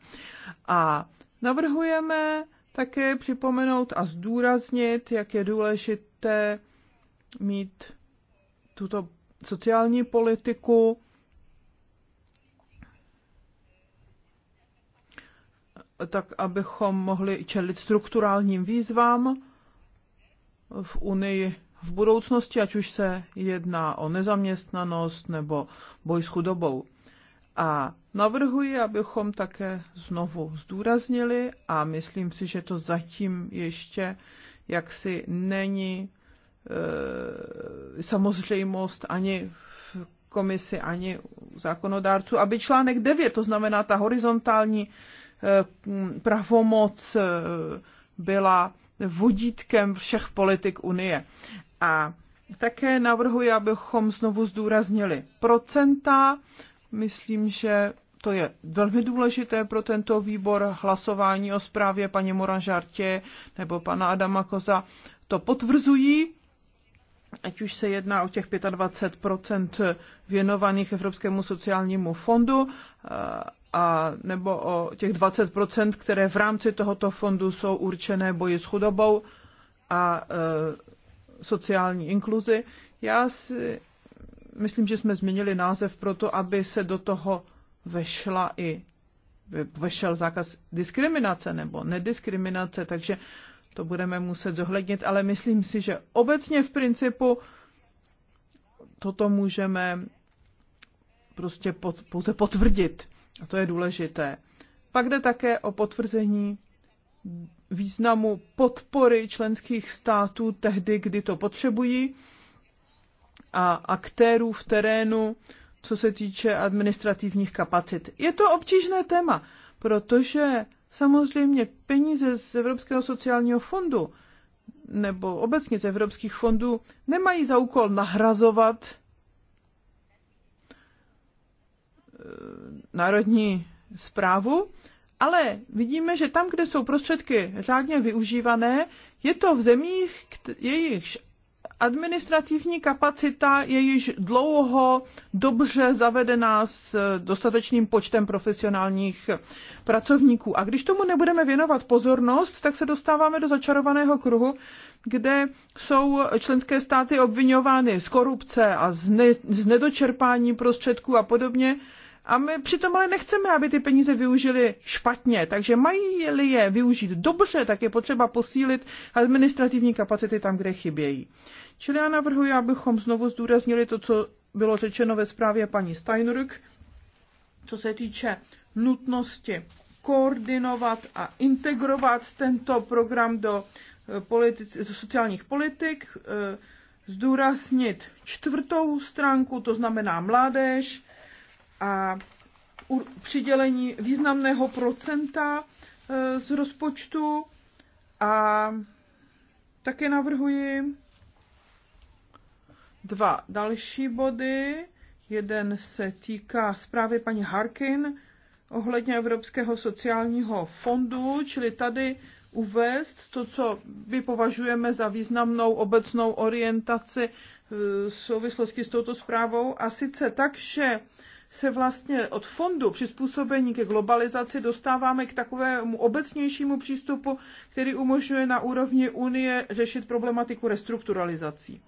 A navrhujeme také připomenout a zdůraznit, jak je důležité mít tuto sociální politiku, tak abychom mohli čelit strukturálním výzvám, v Unii v budoucnosti, ať už se jedná o nezaměstnanost nebo boj s chudobou. A navrhuji, abychom také znovu zdůraznili a myslím si, že to zatím ještě jaksi není e, samozřejmost ani v komisi, ani u zákonodárců, aby článek 9, to znamená ta horizontální e, pravomoc, e, byla vodítkem všech politik Unie. A také navrhuji, abychom znovu zdůraznili procenta. Myslím, že to je velmi důležité pro tento výbor hlasování o zprávě paní Moranžartě nebo pana Adama Koza. To potvrzují, ať už se jedná o těch 25 věnovaných Evropskému sociálnímu fondu a nebo o těch 20 které v rámci tohoto fondu jsou určené boji s chudobou a e, sociální inkluzi. Já si myslím, že jsme změnili název proto, aby se do toho vešla i vešel zákaz diskriminace nebo nediskriminace, takže to budeme muset zohlednit, ale myslím si, že obecně v principu toto můžeme prostě pouze potvrdit. A to je důležité. Pak jde také o potvrzení významu podpory členských států tehdy, kdy to potřebují a aktérů v terénu, co se týče administrativních kapacit. Je to obtížné téma, protože samozřejmě peníze z Evropského sociálního fondu nebo obecně z evropských fondů nemají za úkol nahrazovat národní zprávu, ale vidíme, že tam, kde jsou prostředky řádně využívané, je to v zemích, jejichž administrativní kapacita je již dlouho dobře zavedená s eh, dostatečným počtem profesionálních pracovníků. A když tomu nebudeme věnovat pozornost, tak se dostáváme do začarovaného kruhu, kde jsou členské státy obvinovány z korupce a z, ne, z nedočerpání prostředků a podobně. A my přitom ale nechceme, aby ty peníze využili špatně, takže mají-li je využít dobře, tak je potřeba posílit administrativní kapacity tam, kde chybějí. Čili já navrhuji, abychom znovu zdůraznili to, co bylo řečeno ve zprávě paní Steinrück, co se týče nutnosti koordinovat a integrovat tento program do eh, politic, sociálních politik, eh, zdůraznit čtvrtou stránku, to znamená mládež, a přidělení významného procenta eh, z rozpočtu a také navrhuji dva další body. Jeden se týká zprávy paní Harkin ohledně Evropského sociálního fondu, čili tady uvést to, co my považujeme za významnou obecnou orientaci eh, v souvislosti s touto zprávou. A sice tak, že se vlastně od fondu přizpůsobení ke globalizaci dostáváme k takovému obecnějšímu přístupu, který umožňuje na úrovni Unie řešit problematiku restrukturalizací.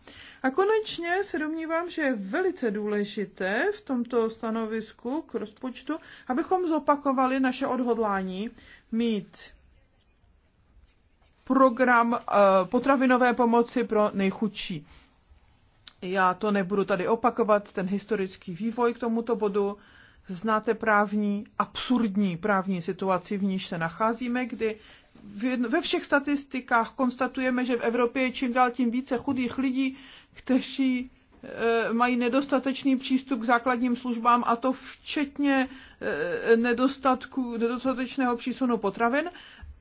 A konečně se domnívám, že je velice důležité v tomto stanovisku k rozpočtu, abychom zopakovali naše odhodlání mít program eh, potravinové pomoci pro nejchudší. Já to nebudu tady opakovat, ten historický vývoj k tomuto bodu. Znáte právní, absurdní právní situaci, v níž se nacházíme, kdy ve všech statistikách konstatujeme, že v Evropě je čím dál tím více chudých lidí, kteří e, mají nedostatečný přístup k základním službám, a to včetně e, nedostatku, nedostatečného přísunu potravin.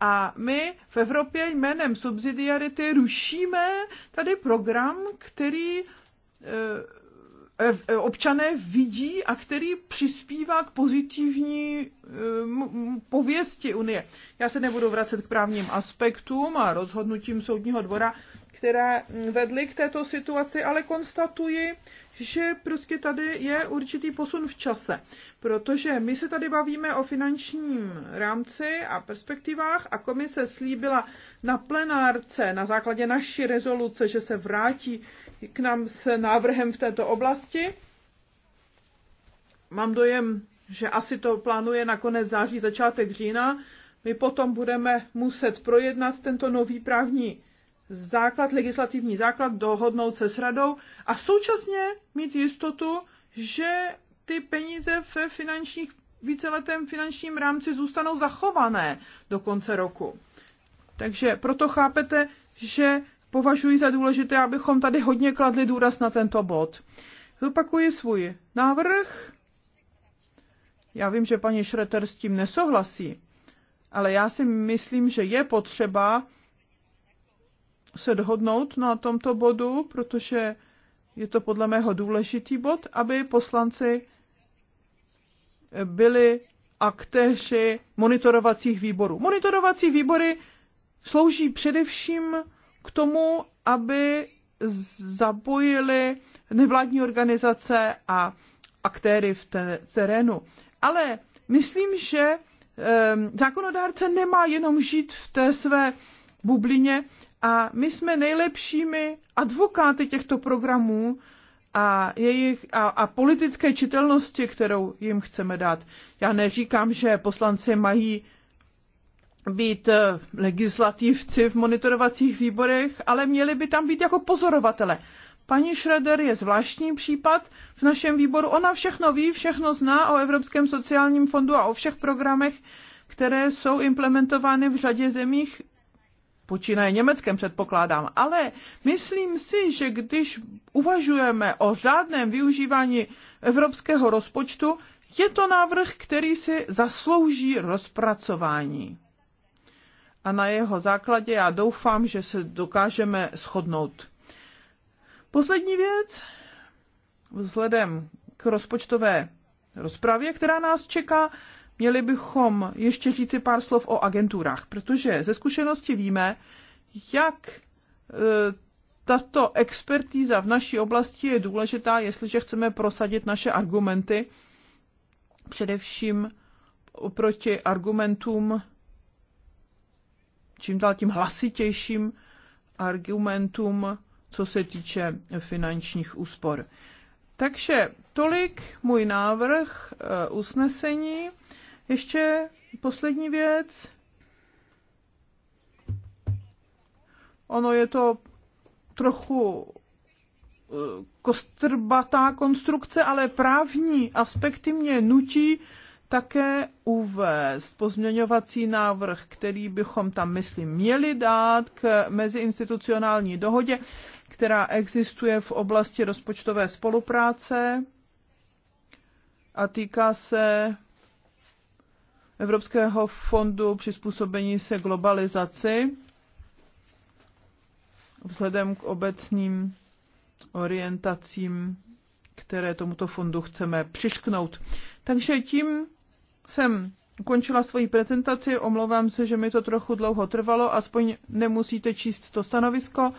A my v Evropě jménem subsidiarity rušíme tady program, který Eh, eh, občané vidí a který přispívá k pozitivní eh, pověsti Unie. Já se nebudu vracet k právním aspektům a rozhodnutím soudního dvora, které vedly k této situaci, ale konstatuji, že prostě tady je určitý posun v čase, protože my se tady bavíme o finančním rámci a perspektivách a komise slíbila na plenárce na základě naší rezoluce, že se vrátí k nám s návrhem v této oblasti. Mám dojem, že asi to plánuje na konec září, začátek října. My potom budeme muset projednat tento nový právní základ, legislativní základ, dohodnout se s radou a současně mít jistotu, že ty peníze ve finančních, víceletém finančním rámci zůstanou zachované do konce roku. Takže proto chápete, že považuji za důležité, abychom tady hodně kladli důraz na tento bod. Zopakuji svůj návrh. Já vím, že paní Šreter s tím nesouhlasí, ale já si myslím, že je potřeba se dohodnout na tomto bodu, protože je to podle mého důležitý bod, aby poslanci byli aktéři monitorovacích výborů. Monitorovací výbory slouží především k tomu, aby zapojili nevládní organizace a aktéry v terénu. Ale myslím, že ehm, zákonodárce nemá jenom žít v té své bublině a my jsme nejlepšími advokáty těchto programů a, jejich, a, a politické čitelnosti, kterou jim chceme dát. Já neříkám, že poslanci mají být eh, legislativci v monitorovacích výborech, ale měli by tam být jako pozorovatele. Paní Schroeder je zvláštní případ v našem výboru. Ona všechno ví, všechno zná o Evropském sociálním fondu a o všech programech, které jsou implementovány v řadě zemích, počínaje Německem předpokládám. Ale myslím si, že když uvažujeme o řádném využívání evropského rozpočtu, je to návrh, který si zaslouží rozpracování a na jeho základě já doufám, že se dokážeme shodnout. Poslední věc, vzhledem k rozpočtové rozpravě, která nás čeká, měli bychom ještě říci pár slov o agenturách, protože ze zkušenosti víme, jak e, tato expertíza v naší oblasti je důležitá, jestliže chceme prosadit naše argumenty, především oproti argumentům čím dál tím hlasitějším argumentům, co se týče finančních úspor. Takže tolik můj návrh eh, usnesení. Ještě poslední věc. Ono je to trochu eh, kostrbatá konstrukce, ale právní aspekty mě nutí také uvést pozměňovací návrh, který bychom tam, myslím, měli dát k meziinstitucionální dohodě, která existuje v oblasti rozpočtové spolupráce a týká se Evropského fondu přizpůsobení se globalizaci vzhledem k obecným orientacím, které tomuto fondu chceme přišknout. Takže tím jsem ukončila svoji prezentaci, omlouvám se, že mi to trochu dlouho trvalo, aspoň nemusíte číst to stanovisko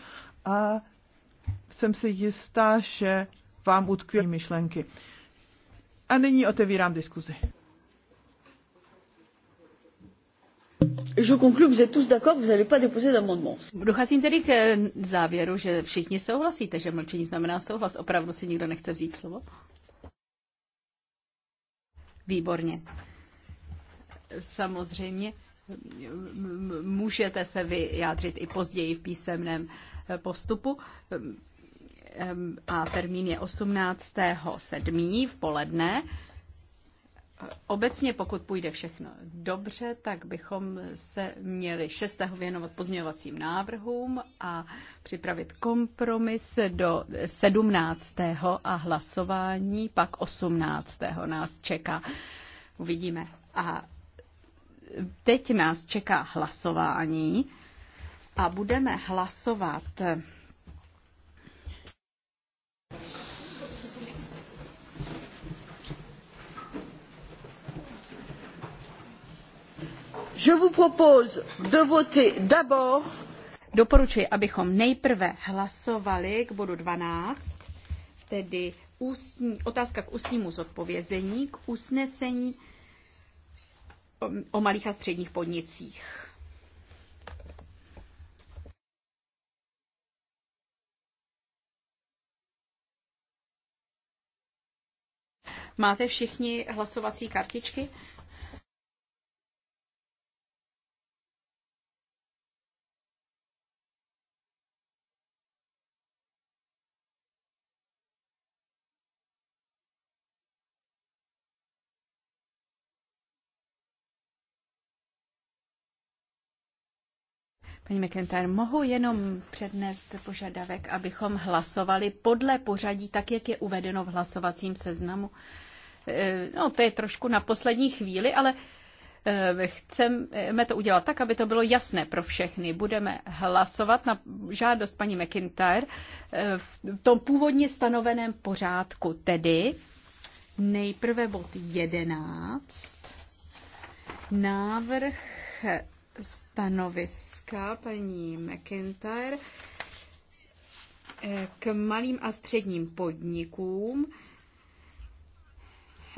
a jsem si jistá, že vám utkví myšlenky. A nyní otevírám diskuzi. Je conclus, vous êtes tous d'accord, vous n'allez pas déposer d'amendement. Docházím tedy k eh, závěru, že všichni souhlasíte, že mlčení znamená souhlas. Opravdu si nikdo nechce vzít slovo? Výborně. Samozřejmě můžete se vyjádřit i později v písemném eh, postupu. Ehm, ehm, a termín je 18. v poledne. Obecně, pokud půjde všechno dobře, tak bychom se měli 6. věnovat pozměňovacím návrhům a připravit kompromis do 17. a hlasování pak 18. nás čeká. Uvidíme. A teď nás čeká hlasování a budeme hlasovat Je vous propose de voter d'abord Doporučuji, abychom nejprve hlasovali k bodu 12, tedy ústní, otázka k ústnímu zodpovězení, k usnesení o malých a středních podnicích. Máte všichni hlasovací kartičky? Paní McIntyre, mohu jenom přednést požadavek, abychom hlasovali podle pořadí, tak jak je uvedeno v hlasovacím seznamu. Eh, no, to je trošku na poslední chvíli, ale eh, chceme to udělat tak, aby to bylo jasné pro všechny. Budeme hlasovat na žádost paní McIntyre eh, v tom původně stanoveném pořádku, tedy nejprve bod 11, návrh stanoviska paní McIntyre eh, k malým a středním podnikům.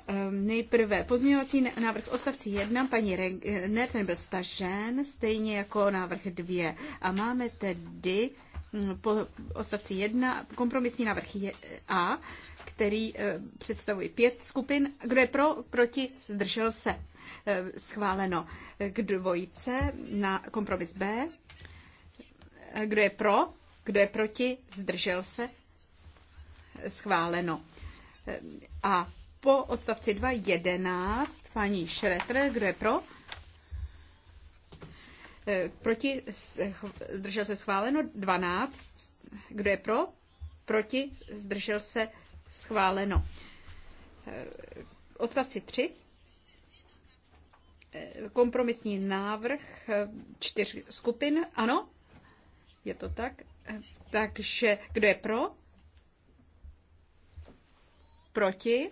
Ehm, nejprve pozměňovací návrh odstavci 1, paní Regner, eh, ten byl stažen, stejně jako návrh 2. A máme tedy hm, po odstavci 1 kompromisní návrh A, který eh, představuje pět skupin. Kdo je pro, proti, zdržel se. Eh, schváleno. K dvojce na kompromis B. Eh, kdo je pro? Kdo je proti? Zdržel se? Schváleno. Eh, a po odstavci 2.11 paní Šretr, kdo je pro? Proti, zdržel se schváleno 12. Kdo je pro? Proti, zdržel se schváleno. Odstavci 3. Eh, kompromisní návrh eh, čtyř skupin. Ano, je to tak. Eh, takže kdo je pro? Proti?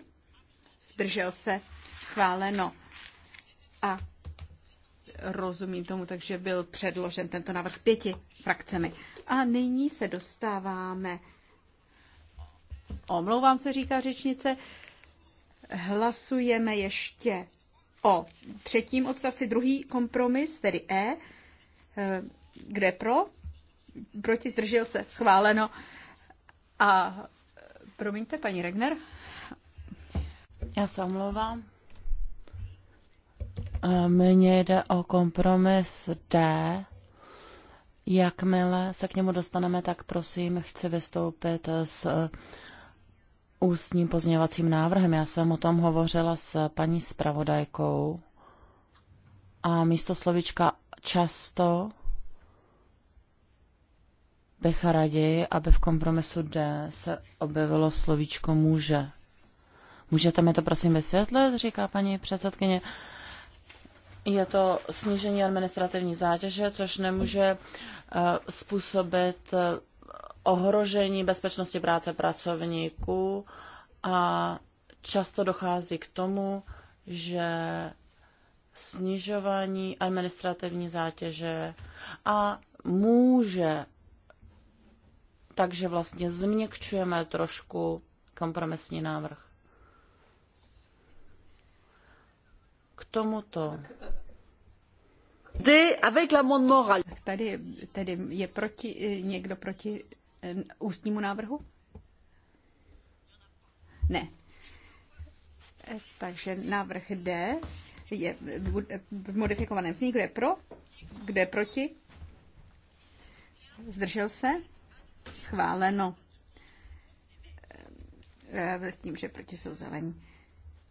Zdržel se? Schváleno. A rozumím tomu, takže byl předložen tento návrh pěti frakcemi. A nyní se dostáváme, omlouvám se, říká řečnice, hlasujeme ještě o třetím odstavci druhý kompromis, tedy E, eh, kde pro, proti zdržel se, schváleno. A promiňte, paní Regner. Já se omlouvám. Eh, mně jde o kompromis D. Jakmile se k němu dostaneme, tak prosím, chci vystoupit s eh, ústním pozměňovacím návrhem. Já jsem o tom hovořila s paní zpravodajkou a místo slovička často bych raději, aby v kompromisu D se objevilo slovíčko může. Můžete mi to prosím vysvětlit, říká paní předsedkyně. Je to snížení administrativní zátěže, což nemůže eh, způsobit eh, ohrožení bezpečnosti práce pracovníků a často dochází k tomu, že snižování administrativní zátěže a může, takže vlastně změkčujeme trošku kompromisní návrh. K tomuto Tady, tady je proti, někdo proti Eh, ústnímu návrhu? Ne. Eh, takže návrh D je v modifikovaném zní, kdo je pro, kdo je proti, zdržel se, schváleno eh, s tím, že proti jsou zelení.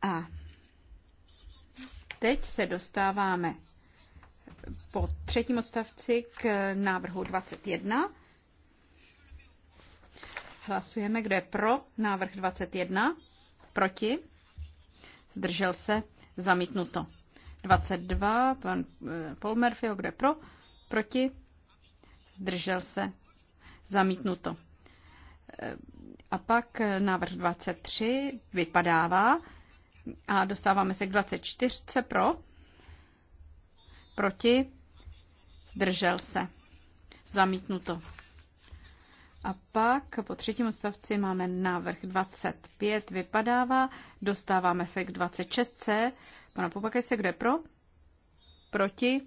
A teď se dostáváme po třetím odstavci k návrhu 21. Hlasujeme, kdo je pro návrh 21, proti, zdržel se, zamítnuto. 22, pan eh, Paul Murphy, kdo je pro, proti, zdržel se, zamítnuto. Eh, a pak eh, návrh 23 vypadává a dostáváme se k 24 pro, proti, zdržel se, zamítnuto. A pak po třetím odstavci máme návrh 25, vypadává, dostáváme se k 26c. Pana se, kde pro? Proti?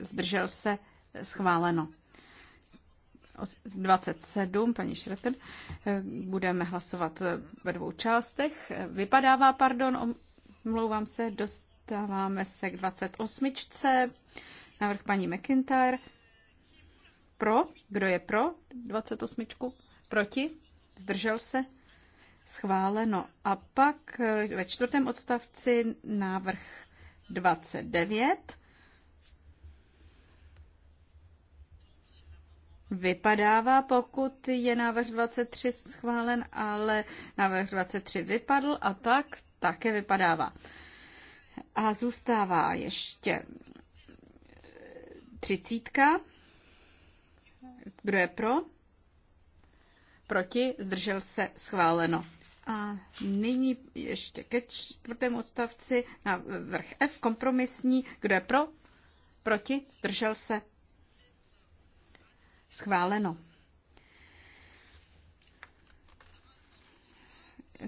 Zdržel se? Schváleno. 27, paní Šreter, budeme hlasovat ve dvou částech. Vypadává, pardon, omlouvám se, dostáváme se k 28. Návrh paní McIntyre, pro, kdo je pro 28, proti, zdržel se, schváleno. A pak eh, ve čtvrtém odstavci návrh 29 vypadává, pokud je návrh 23 schválen, ale návrh 23 vypadl a tak také vypadává. A zůstává ještě třicítka kdo je pro? Proti? Zdržel se? Schváleno. A nyní ještě ke čtvrtému odstavci na vrch F, kompromisní. Kdo je pro? Proti? Zdržel se? Schváleno.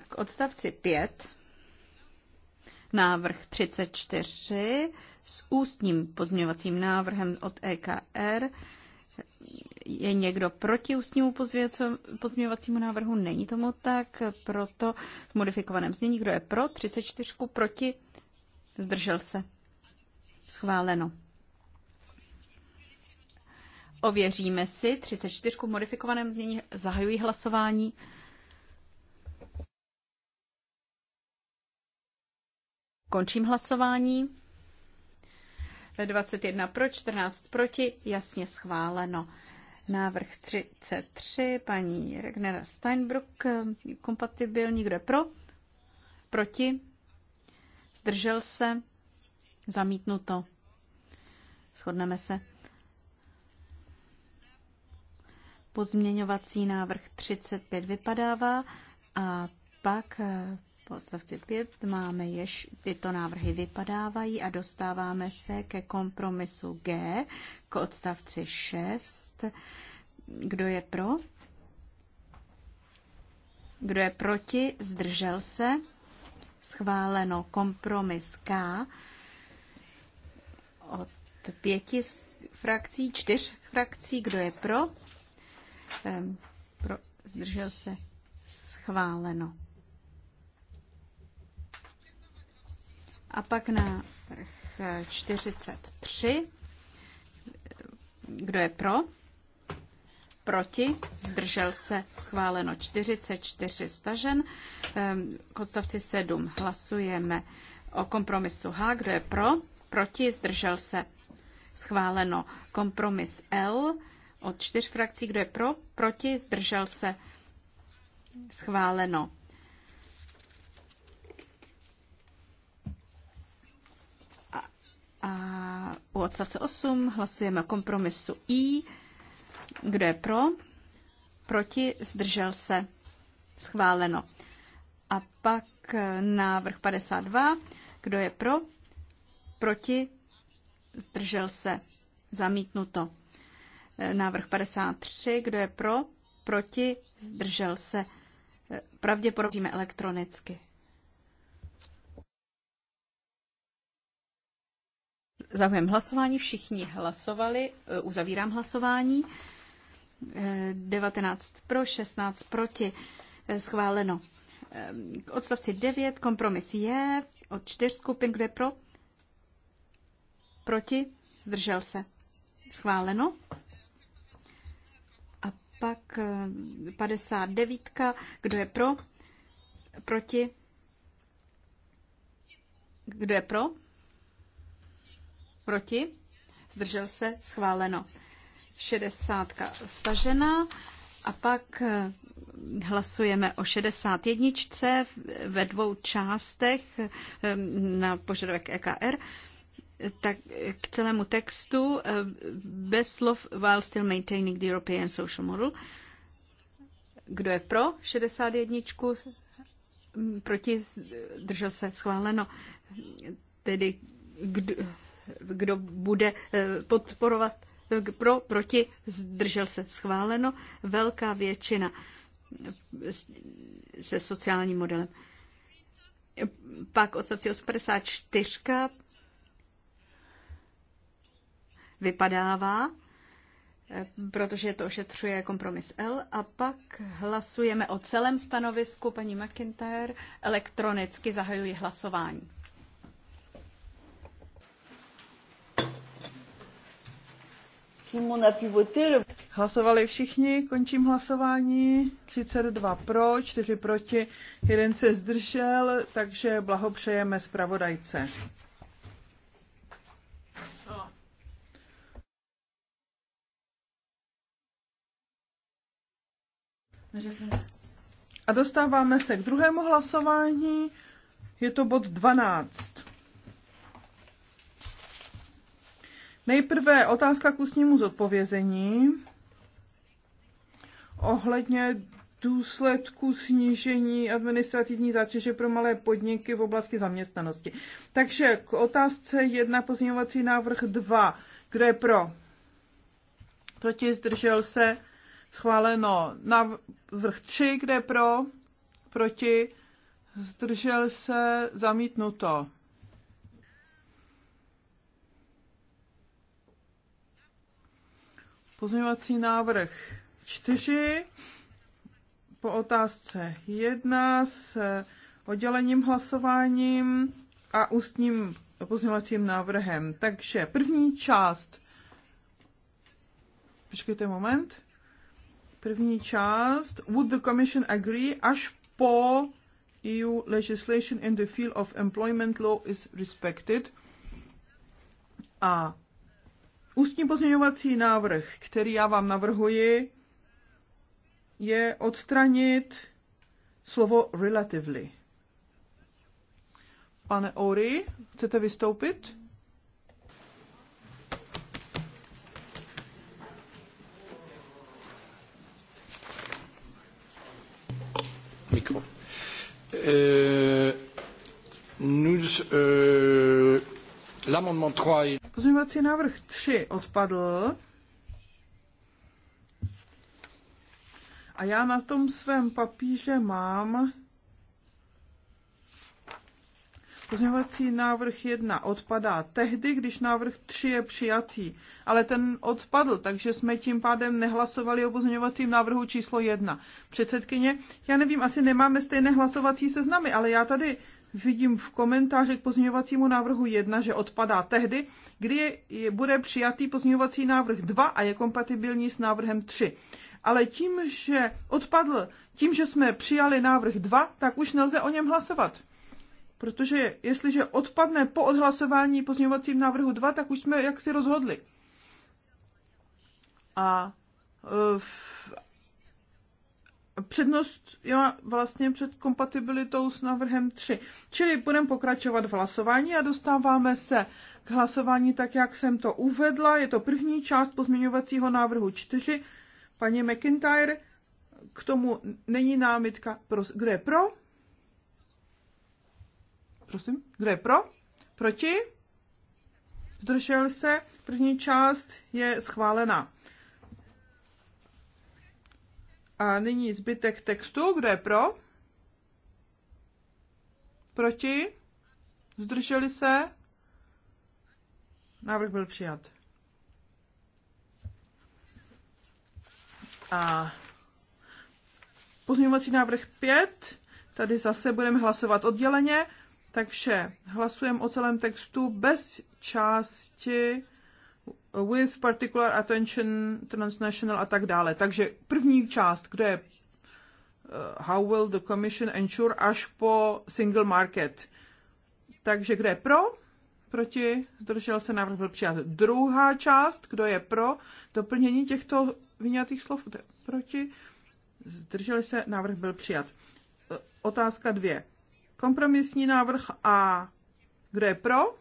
K odstavci 5, návrh 34 s ústním pozměňovacím návrhem od EKR je někdo proti ústnímu pozměvacímu návrhu? Není tomu tak, proto v modifikovaném znění, kdo je pro, 34 proti, zdržel se. Schváleno. Ověříme si 34 v modifikovaném znění, zahajují hlasování. Končím hlasování. 21 pro, 14 proti, jasně schváleno. Návrh 33, paní Regnera Steinbruck, kompatibilní, kdo je pro? Proti? Zdržel se? Zamítnuto. Shodneme se. Pozměňovací návrh 35 vypadává a pak v odstavci 5 máme jež, tyto návrhy vypadávají a dostáváme se ke kompromisu G, k odstavci 6. Kdo je pro? Kdo je proti? Zdržel se? Schváleno kompromis K od pěti frakcí, čtyř frakcí. Kdo je pro? Ehm, pro zdržel se? Schváleno. A pak na 43. Eh, Kdo je pro? Proti? Zdržel se? Schváleno 44 stažen. Ehm, k odstavci 7 hlasujeme o kompromisu H. Kdo je pro? Proti? Zdržel se? Schváleno kompromis L od čtyř frakcí. Kdo je pro? Proti? Zdržel se? Schváleno A u odstavce 8 hlasujeme o kompromisu I. Kdo je pro? Proti? Zdržel se? Schváleno. A pak eh, návrh 52. Kdo je pro? Proti? Zdržel se? Zamítnuto. Eh, návrh 53. Kdo je pro? Proti? Zdržel se? Eh, pravděpodobně elektronicky. Zahujeme hlasování, všichni hlasovali, e, uzavírám hlasování. 19 e, pro, 16 proti, e, schváleno. K odstavci 9 kompromis je od čtyř skupin, kde pro, proti, zdržel se. Schváleno. A pak 59, kdo je pro, proti, kdo je pro, Proti? Zdržel se? Schváleno. 60 stažena. A pak eh, hlasujeme o 61 ve dvou částech eh, na požadavek EKR tak k celému textu eh, bez slov while still maintaining the European social model. Kdo je pro 61? Proti držel se schváleno. Tedy kdo, kdo bude eh, podporovat eh, pro, proti, zdržel se schváleno, velká většina eh, se sociálním modelem. Pak odstavci 84 vypadává, protože to ošetřuje kompromis L. A pak hlasujeme o celém stanovisku paní McIntyre. Elektronicky zahajuji hlasování. Hlasovali všichni, končím hlasování. 32 pro, 4 proti, jeden se zdržel, takže blahopřejeme zpravodajce. A dostáváme se k druhému hlasování. Je to bod 12. Nejprve otázka k ústnímu zodpovězení ohledně důsledku snížení administrativní zátěže pro malé podniky v oblasti zaměstnanosti. Takže k otázce jedna pozměňovací návrh 2. Kdo je pro? Proti zdržel se schváleno návrh 3. Kdo je pro? Proti zdržel se zamítnuto. Pozměňovací návrh 4 po otázce 1 s oddělením hlasováním a ústním pozměňovacím návrhem. Takže první část. Počkejte moment. První část. Would the Commission agree až po EU legislation in the field of employment law is respected? A Ústní pozměňovací návrh, který já vám navrhuji, je odstranit slovo relatively. Pane Ory, chcete vystoupit? Mikro. Euh, nous, euh, l'amendement 3 est... Pozměňovací návrh 3 odpadl. A já na tom svém papíře mám Pozměňovací návrh 1 odpadá tehdy, když návrh 3 je přijatý, ale ten odpadl, takže jsme tím pádem nehlasovali o pozměňovacím návrhu číslo 1. Předsedkyně, já nevím, asi nemáme stejné hlasovací seznamy, ale já tady vidím v komentáři k pozměňovacímu návrhu 1, že odpadá tehdy, kdy je, je, bude přijatý pozměňovací návrh 2 a je kompatibilní s návrhem 3. Ale tím, že odpadl, tím, že jsme přijali návrh 2, tak už nelze o něm hlasovat. Protože jestliže odpadne po odhlasování pozměňovacím návrhu 2, tak už jsme jaksi rozhodli. A eh, v přednost jo, vlastně před kompatibilitou s návrhem 3. Čili budeme pokračovat v hlasování a dostáváme se k hlasování tak, jak jsem to uvedla. Je to první část pozměňovacího návrhu 4. Paní McIntyre, k tomu není námitka. Pro, kdo je pro? Prosím, kdo je pro? Proti? Zdržel se. První část je schválena. A nyní zbytek textu, kdo je pro? Proti? Zdrželi se? Návrh byl přijat. A pozměňovací návrh 5, tady zase budeme hlasovat odděleně, takže hlasujeme o celém textu bez části with particular attention, transnational a tak dále. Takže první část, kde je eh, how will the commission ensure až po single market. Takže kde je pro, proti, zdržel se, návrh byl přijat. Druhá část, kdo je pro, doplnění těchto vyňatých slov, kde je proti, zdrželi se, návrh byl přijat. Eh, otázka dvě. Kompromisní návrh A. Kdo je pro?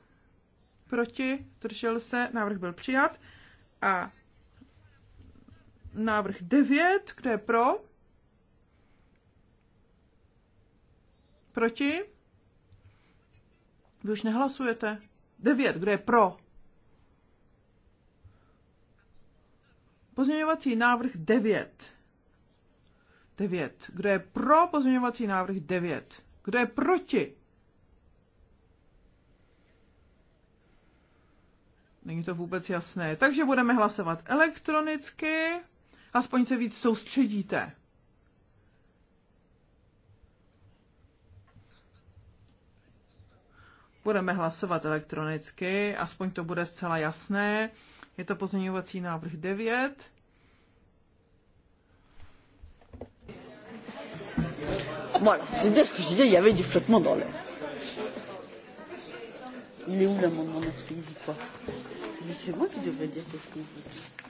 proti, zdržel se, návrh byl přijat. A návrh 9, kdo je pro, proti, vy už nehlasujete. 9, kdo je pro? Pozměňovací návrh 9. 9. Kdo je pro pozměňovací návrh 9? Kdo je proti? Není to vůbec jasné. Takže budeme hlasovat elektronicky. Aspoň se víc soustředíte. Budeme hlasovat elektronicky, aspoň to bude zcela jasné. Je to pozměňovací návrh 9. Voilà, c'est bien ce que je disais, il y avait du flottement dans l'air. Il est où l'amendement 9 C'est quoi Mais c'est moi qui devrais dire qu'est-ce qu'on veut.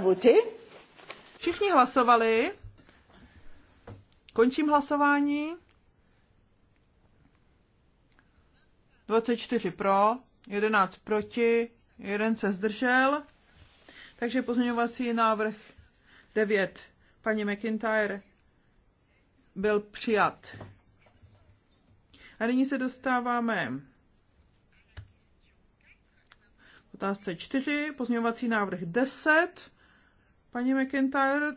voté. Všichni hlasovali. Končím hlasování. 24 pro, 11 proti, jeden se zdržel. Takže pozměňovací návrh 9 paní McIntyre byl přijat. A nyní se dostáváme otázce 4, pozměňovací návrh 10 Paní McIntyre,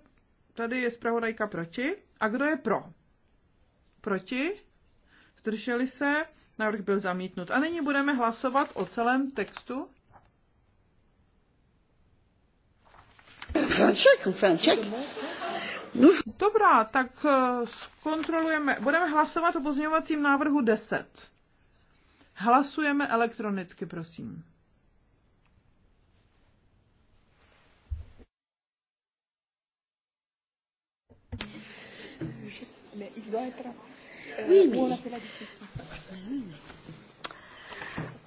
tady je zpravodajka proti. A kdo je pro? Proti? Zdrželi se? Návrh byl zamítnut. A nyní budeme hlasovat o celém textu. Franček, Franček. Dobrá, tak eh, zkontrolujeme. Budeme hlasovat o pozměňovacím návrhu 10. Hlasujeme elektronicky, prosím. mais il doit être. Euh, oui, mais. On a fait la discussion.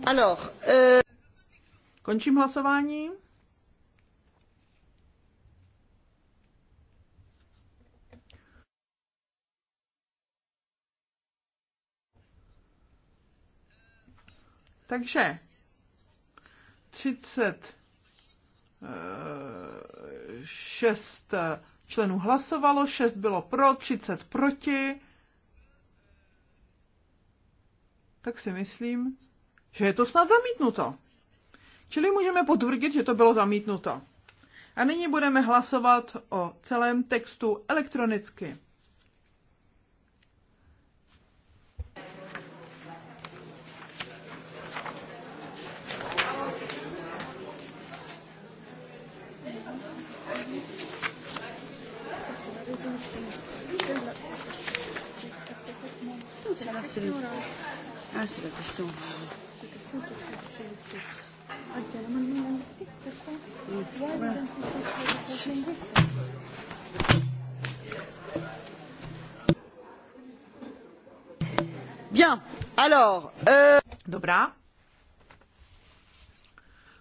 Alors. Euh... Končím hlasování. Takže 36 členů hlasovalo, 6 bylo pro, 30 proti. Tak si myslím, že je to snad zamítnuto. Čili můžeme potvrdit, že to bylo zamítnuto. A nyní budeme hlasovat o celém textu elektronicky. Ah, c'est la question. Ah, Bien, alors. Euh... Dobrá.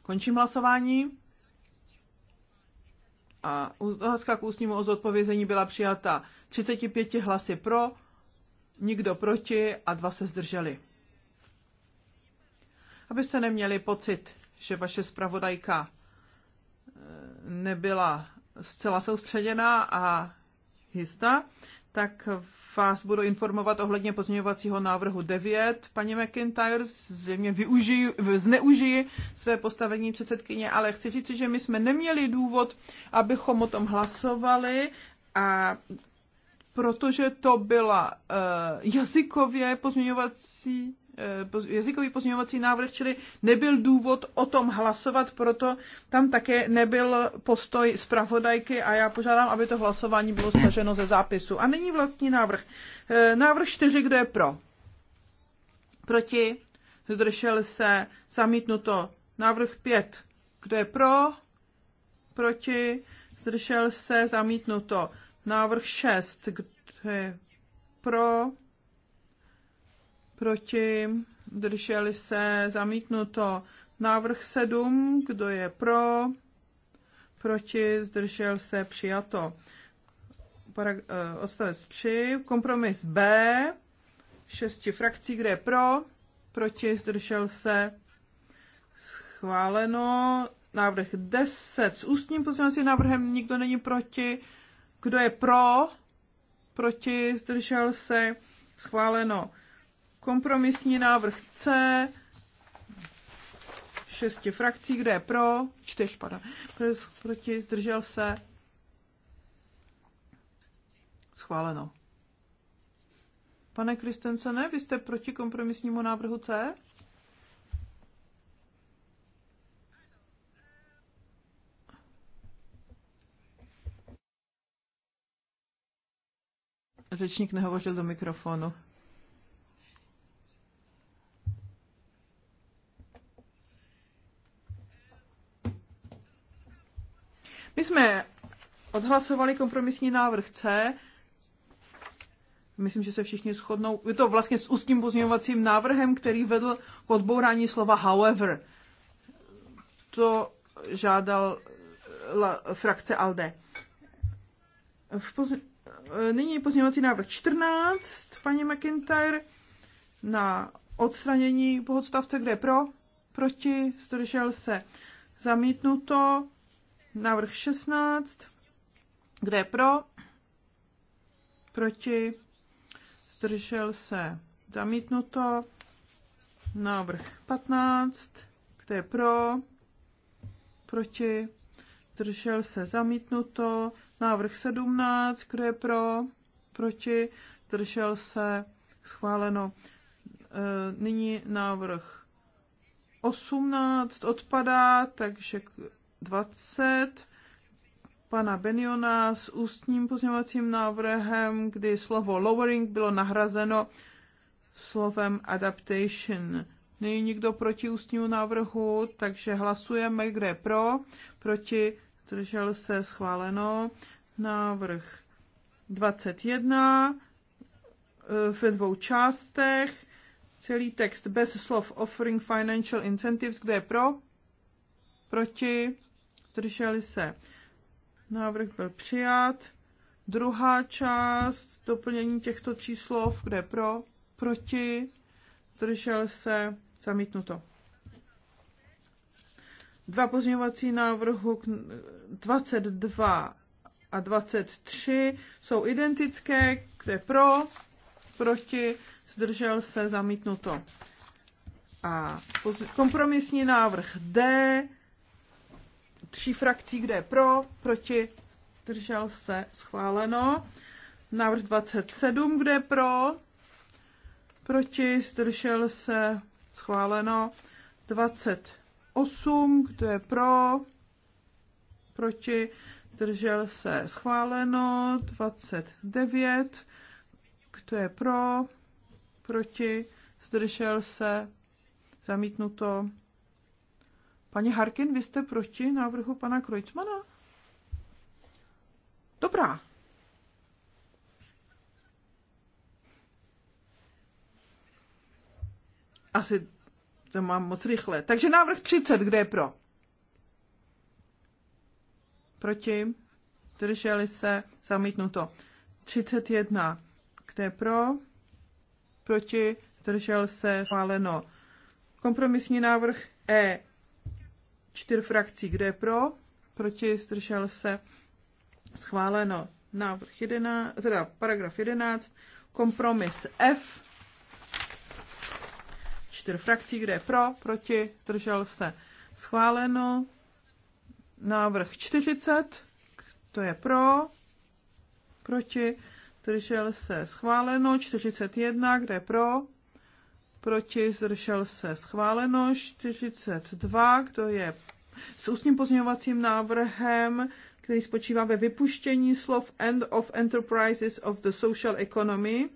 Končím hlasování. A otázka k ústnímu zodpovězení byla přijata 35 hlasy pro, nikdo proti a dva se zdrželi abyste neměli pocit, že vaše zpravodajka eh, nebyla zcela soustředěná a jistá, tak vás budu informovat ohledně pozměňovacího návrhu 9. Paní McIntyre, zřejmě využiju, své postavení předsedkyně, ale chci říct, že my jsme neměli důvod, abychom o tom hlasovali a protože to byla uh, jazykově pozměňovací Eh, jazykový pozměňovací návrh, čili nebyl důvod o tom hlasovat, proto tam také nebyl postoj zpravodajky a já požádám, aby to hlasování bylo staženo ze zápisu. A není vlastní návrh. Eh, návrh 4, kdo je pro? Proti? Zdržel se? Zamítnuto. Návrh 5, kdo je pro? Proti? Zdržel se? Zamítnuto. Návrh 6, kdo je pro? proti, drželi se, zamítnuto. Návrh 7, kdo je pro, proti, zdržel se, přijato. Parag- eh, odstavec 3, kompromis B, šesti frakcí, kde je pro, proti, zdržel se, schváleno. Návrh 10 s ústním pozměňovacím návrhem, nikdo není proti. Kdo je pro, proti, zdržel se, schváleno. Kompromisní návrh C, šesti frakcí, kde je pro, čtyř, pardon, proti, zdržel se, schváleno. Pane Kristensene, vy jste proti kompromisnímu návrhu C? Řečník nehovořil do mikrofonu. My jsme odhlasovali kompromisní návrh C. Myslím, že se všichni shodnou. Je to vlastně s ústním pozměňovacím návrhem, který vedl k odbourání slova however. To žádal la, frakce ALDE. V poz, nyní pozměňovací návrh 14, paní McIntyre, na odstranění pohodstavce, kde je pro, proti, zdržel se zamítnuto. Návrh 16. Kde je pro? Proti? Zdržel se. Zamítnuto. Návrh 15. Kde je pro? Proti? Zdržel se. Zamítnuto. Návrh 17. Kde je pro? Proti? Zdržel se. Schváleno. E, nyní návrh 18 odpadá, takže 20 pana Beniona s ústním pozměňovacím návrhem, kdy slovo lowering bylo nahrazeno slovem adaptation. Není nikdo proti ústnímu návrhu, takže hlasujeme, kde pro, proti, zdržel se schváleno. Návrh 21 eh, ve dvou částech. Celý text bez slov offering financial incentives, kde je pro, proti, zdrželi se. Návrh byl přijat. Druhá část doplnění těchto číslov, kde pro, proti, zdržel se, zamítnuto. Dva pozměňovací návrhu 22 a 23 jsou identické, kde pro, proti, zdržel se, zamítnuto. A kompromisní návrh D tří frakcí, kde je pro, proti, držel se, schváleno. Návrh 27, kde je pro, proti, zdržel se, schváleno. 28, kdo je pro, proti, zdržel se, schváleno. 29, kdo je pro, proti, zdržel se, zamítnuto. Paní Harkin, vy jste proti návrhu pana Krojcmana? Dobrá. Asi to mám moc rychle. Takže návrh 30, kde je pro? Proti? Drželi se? Zamítnuto. 31, kde je pro? Proti? Držel se? Schváleno. Kompromisní návrh E čtyř frakcí. kde je pro? Proti? Zdržel se? Schváleno. Návrh 11, teda paragraf 11, kompromis F, čtyř frakcí, kde je pro, proti, zdržel se. Schváleno. Návrh 40, to je pro, proti, zdržel se. Schváleno. 41, kde je pro, proti, zdržel se schváleno, 42, kdo je s ústním pozměňovacím návrhem, který spočívá ve vypuštění slov end of enterprises of the social economy.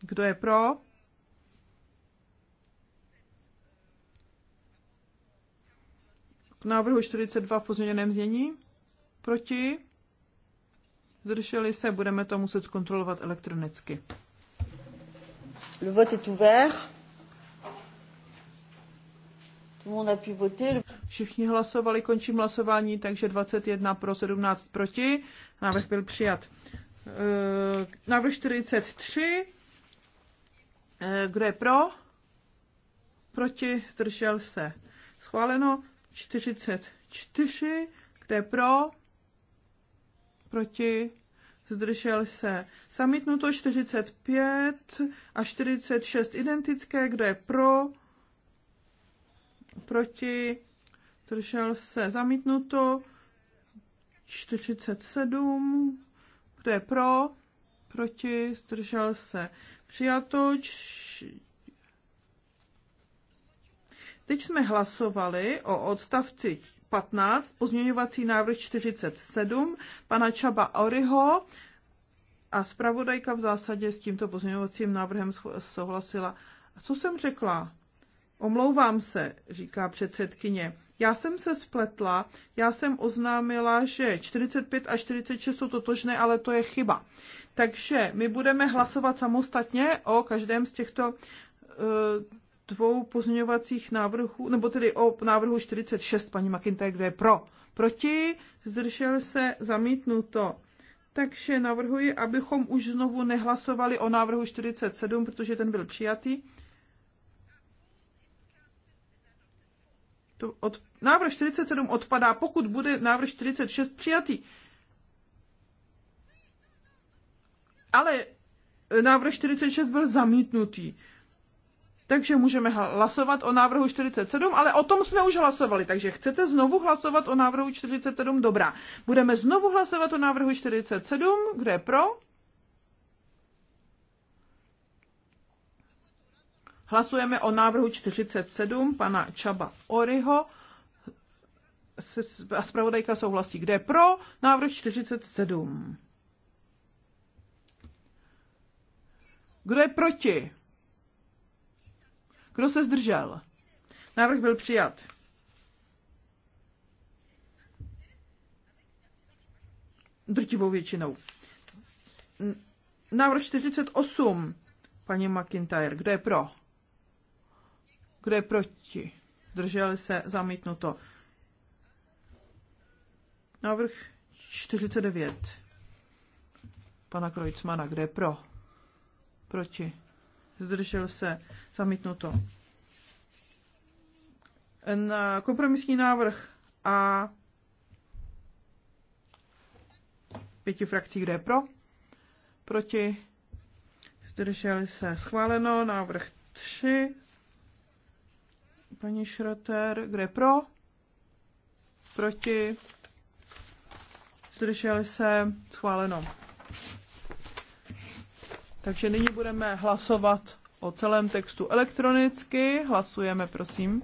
Kdo je pro? K návrhu 42 v pozměněném znění. Proti? zrušili se, budeme to muset zkontrolovat elektronicky. Le vote est ouvert. Všichni hlasovali, končím hlasování, takže 21 pro, 17 proti. Návrh byl přijat. Eh, návrh 43. Eh, kdo je pro? Proti, zdržel se. Schváleno 44. Kdo je pro? Proti, zdržel se. Zamítnuto 45 a 46 identické, kdo je pro, proti, zdržel se. Zamítnuto 47, kdo je pro, proti, zdržel se. Přijato Teď jsme hlasovali o odstavci 15, pozměňovací návrh 47 pana Čaba Oriho a zpravodajka v zásadě s tímto pozměňovacím návrhem souhlasila. A co jsem řekla? Omlouvám se, říká předsedkyně. Já jsem se spletla, já jsem oznámila, že 45 a 46 jsou totožné, ale to je chyba. Takže my budeme hlasovat samostatně o každém z těchto uh, dvou pozměňovacích návrhů, nebo tedy o návrhu 46, paní McIntyre, kdo je pro? Proti? Zdržel se zamítnuto. Takže navrhuji, abychom už znovu nehlasovali o návrhu 47, protože ten byl přijatý. To od, návrh 47 odpadá, pokud bude návrh 46 přijatý. Ale návrh 46 byl zamítnutý. Takže můžeme hlasovat o návrhu 47, ale o tom jsme už hlasovali. Takže chcete znovu hlasovat o návrhu 47? Dobrá. Budeme znovu hlasovat o návrhu 47. Kdo je pro? Hlasujeme o návrhu 47 pana Čaba Oryho. A zpravodajka souhlasí. Kde je pro? Návrh 47. Kdo je proti? Kdo se zdržel? Návrh byl přijat. Drtivou většinou. Návrh 48. Paní McIntyre, kdo je pro? Kdo je proti? Drželi se zamítnuto. Návrh 49. Pana Krojcmana, kde je pro? Proti? zdržel se, zamítnuto. Na kompromisní návrh A pěti frakcí, kde je pro, proti, zdrželi se, schváleno, návrh 3, paní Schroter, kde je pro, proti, zdrželi se, schváleno. Takže nyní budeme hlasovat o celém textu elektronicky. Hlasujeme, prosím.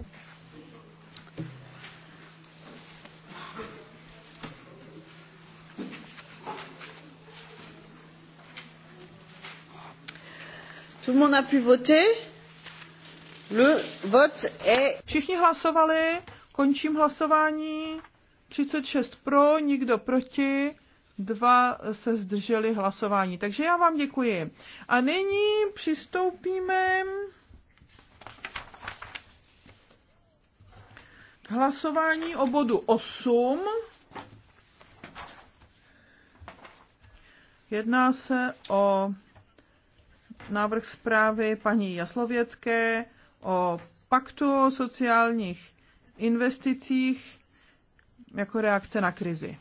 Tout le monde a pu voter. Le vote est... Všichni hlasovali, končím hlasování. 36 pro, nikdo proti dva se zdrželi hlasování. Takže já vám děkuji. A nyní přistoupíme k hlasování o bodu 8. Jedná se o návrh zprávy paní Jaslověcké o paktu o sociálních investicích jako reakce na krizi.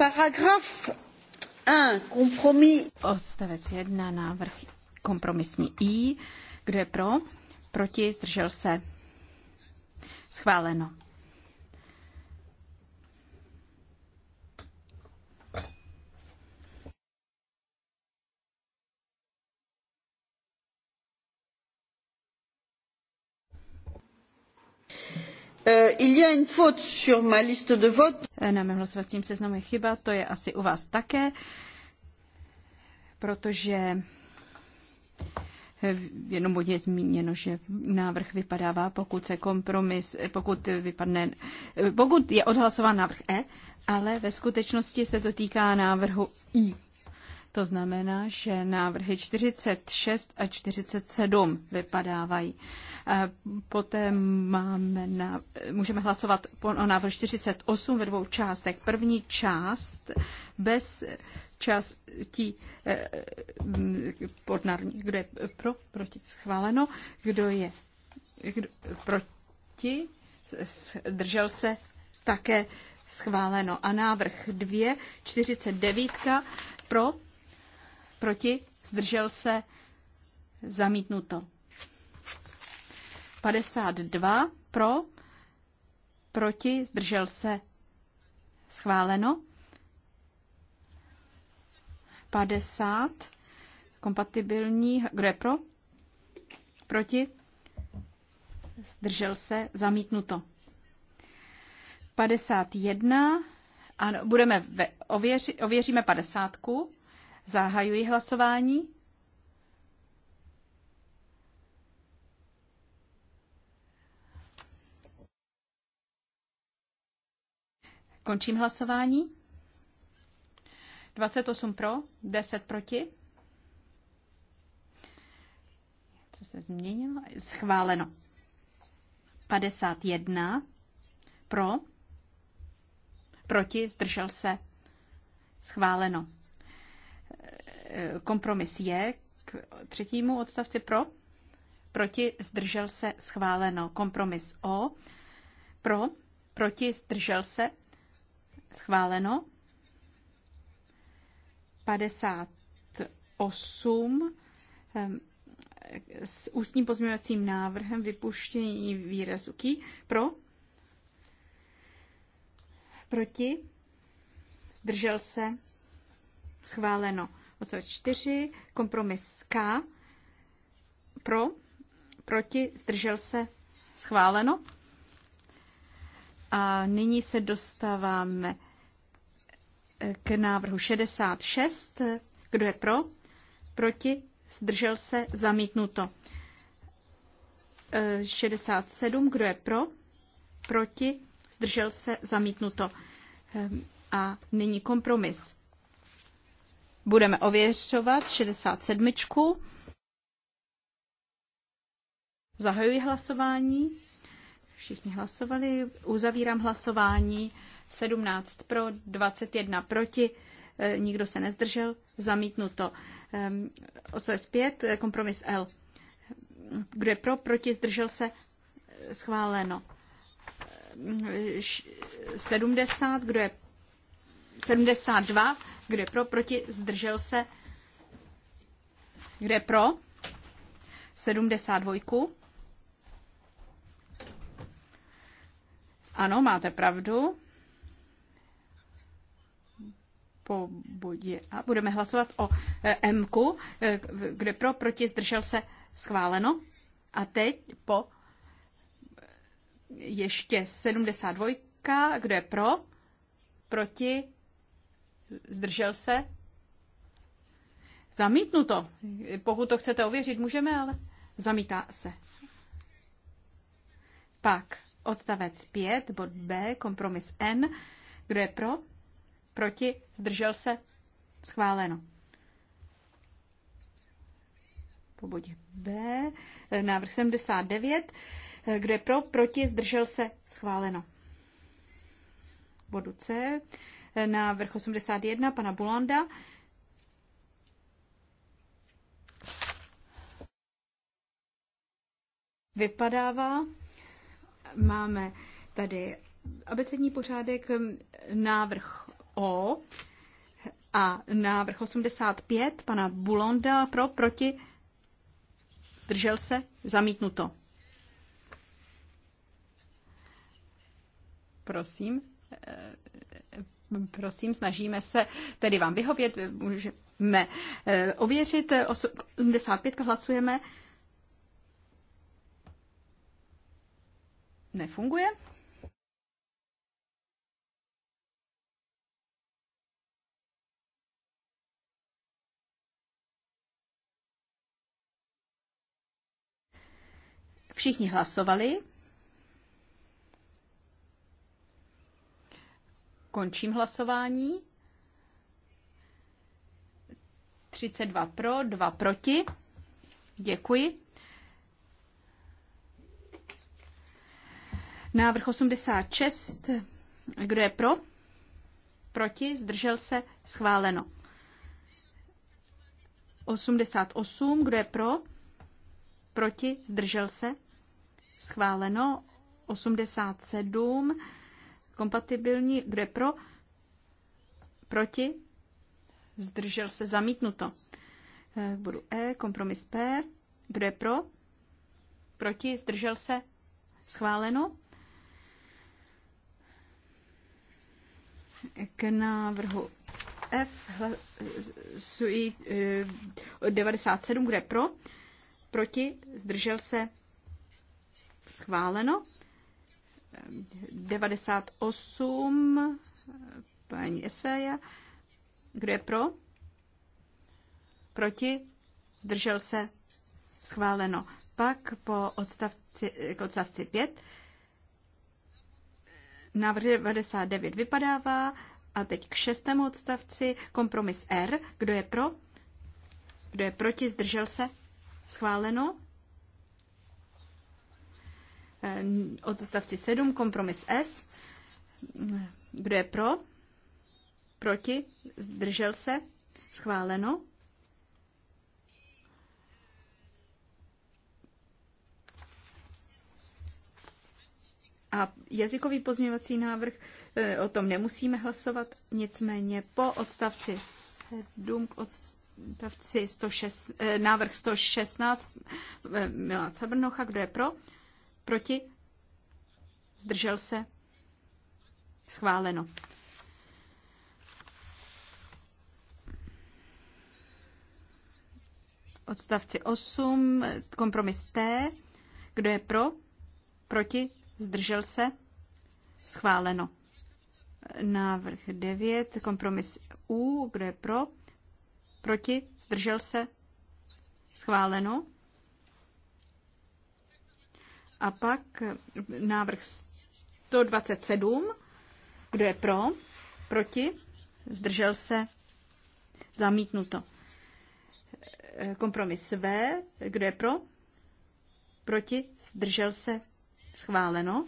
Paragraf 1, kompromis. Odstavec 1, návrh kompromisní I. Kdo je pro? Proti? Zdržel se? Schváleno. Euh, eh, na mém hlasovacím seznamu je chyba, to je asi u vás také, protože v jednom bodě je zmíněno, že návrh vypadává, pokud se kompromis, pokud vypadne, eh, pokud je odhlasován návrh E, ale ve skutečnosti se to týká návrhu I. To znamená, že návrhy 46 a 47 vypadávají. Poté máme na, můžeme hlasovat o návrhu 48 ve dvou částech. První část bez částí eh, podnárodní, kdo je pro, proti, schváleno, kdo je kdo, proti, držel se také schváleno. A návrh 2, 49 pro, proti, zdržel se, zamítnuto. 52 pro, proti, zdržel se, schváleno. 50 kompatibilní, kdo je pro, proti, zdržel se, zamítnuto. 51 ano, budeme ve, ověři, ověříme padesátku. Zahajuji hlasování. Končím hlasování. 28 pro, 10 proti. Co se změnilo? Schváleno. 51 pro, proti, zdržel se. Schváleno. Kompromis je k třetímu odstavci pro, proti, zdržel se, schváleno. Kompromis O, pro, proti, zdržel se, schváleno. 58 ehm, s ústním pozměňovacím návrhem vypuštění výrazu ký pro, proti, zdržel se, schváleno. Odstavec 4, kompromis K, pro, proti, zdržel se, schváleno. A nyní se dostáváme eh, k návrhu 66. Kdo je pro? Proti? Zdržel se? Zamítnuto. 67. Eh, Kdo je pro? Proti? Zdržel se? Zamítnuto. Ehm, a nyní kompromis Budeme ověřovat 67. Zahajuji hlasování. Všichni hlasovali. Uzavírám hlasování. 17 pro, 21 proti. E, nikdo se nezdržel. Zamítnuto. OSS 5, e, kompromis L. Kdo je pro, proti, zdržel se? E, schváleno. 70, kdo je 72, kde pro, proti, zdržel se. Kde pro? 72. Ano, máte pravdu. Po bodě. A budeme hlasovat o e, M, e, kde pro, proti, zdržel se schváleno. A teď po e, ještě 72, kdo je pro, proti, Zdržel se? zamítnu to Pokud to chcete ověřit, můžeme, ale zamítá se. Pak odstavec 5, bod B, kompromis N. Kdo je pro? Proti? Zdržel se? Schváleno. Po bodě B, návrh 79. Kdo je pro? Proti? Zdržel se? Schváleno. Bodu C, návrh 81 pana Bulanda. Vypadává. Máme tady abecední pořádek návrh O a návrh 85 pana Bulonda pro, proti, zdržel se, zamítnuto. Prosím, prosím, snažíme se tedy vám vyhovět, můžeme eh, ověřit, 85 hlasujeme. Nefunguje? Všichni hlasovali. Končím hlasování. 32 pro, 2 proti. Děkuji. Návrh 86. Kdo je pro? Proti? Zdržel se? Schváleno. 88. Kdo je pro? Proti? Zdržel se? Schváleno. 87 kompatibilní, kde pro, proti, zdržel se zamítnuto. Eh, Budu E, kompromis P, kde pro, proti, zdržel se schváleno. K návrhu F hlasují 97, eh, kde pro, proti, zdržel se schváleno. 98 paní Eseja. Kdo je pro? Proti? Zdržel se? Schváleno. Pak po odstavci, k odstavci 5 návrh 99 vypadává a teď k šestému odstavci kompromis R. Kdo je pro? Kdo je proti? Zdržel se? Schváleno. Eh, odstavci 7, kompromis S. Kdo je pro? Proti? Zdržel se? Schváleno? A jazykový pozměňovací návrh, eh, o tom nemusíme hlasovat, nicméně po odstavci 7 k odstavci 106, eh, návrh 116 Milá Cabrnocha, kdo je pro? Proti? Zdržel se? Schváleno. Odstavci 8, kompromis T. Kdo je pro? Proti? Zdržel se? Schváleno. Návrh 9, kompromis U. Kdo je pro? Proti? Zdržel se? Schváleno. A pak návrh 127. Kdo je pro? Proti? Zdržel se? Zamítnuto. Kompromis V. Kdo je pro? Proti? Zdržel se? Schváleno.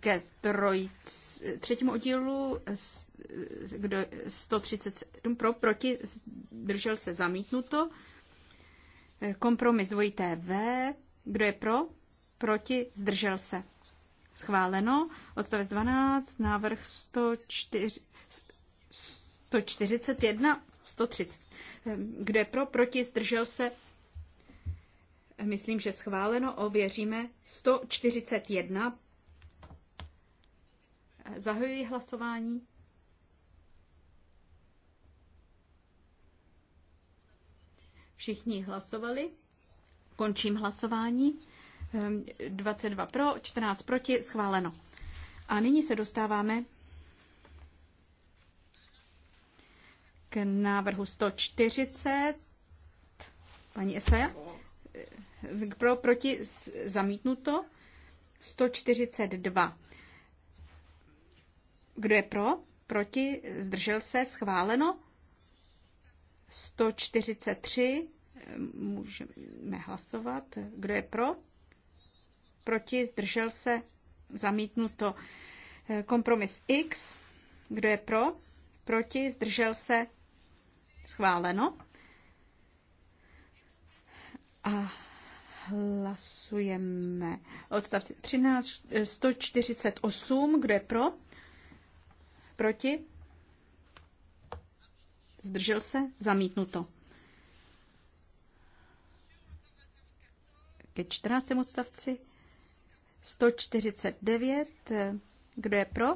ke trojc, třetímu oddílu kdo, 137 pro, proti, držel se zamítnuto. Kompromis dvojité V, kdo je pro, proti, zdržel se. Schváleno. Odstavec 12, návrh 104, 141, 130. Kdo je pro, proti, zdržel se. Myslím, že schváleno. Ověříme 141 Zahajuji hlasování. Všichni hlasovali. Končím hlasování. 22 ehm, pro, 14 proti, schváleno. A nyní se dostáváme k návrhu 140. Paní Esaja? Pro, proti, zamítnuto. 142. Kdo je pro? Proti? Zdržel se? Schváleno? 143. Můžeme hlasovat. Kdo je pro? Proti? Zdržel se? Zamítnuto. Kompromis X. Kdo je pro? Proti? Zdržel se? Schváleno. A hlasujeme. Odstavci 13, 148, kdo je pro? Proti? Zdržel se? Zamítnuto. Ke 14. odstavci 149. Kdo je pro?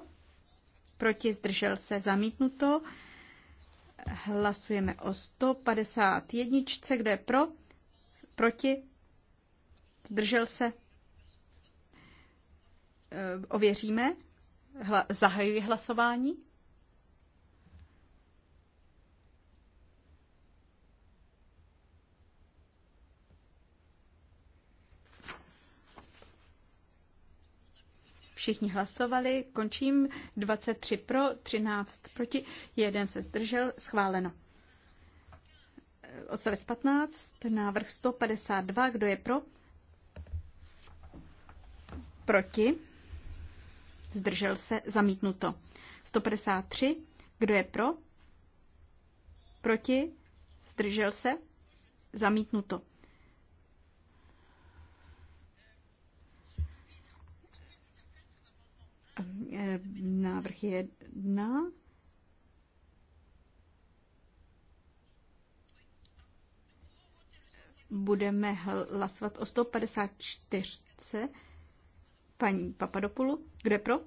Proti? Zdržel se? Zamítnuto. Hlasujeme o 151. Kdo je pro? Proti? Zdržel se? Ověříme. Hla- zahajuji hlasování. Všichni hlasovali, končím 23 pro, 13 proti, jeden se zdržel, schváleno. Osovec 15, návrh 152, kdo je pro? Proti zdržel se, zamítnuto. 153, kdo je pro, proti, zdržel se, zamítnuto. Návrh na. Budeme hlasovat o 154. Paní Papadopulu. Kde pro?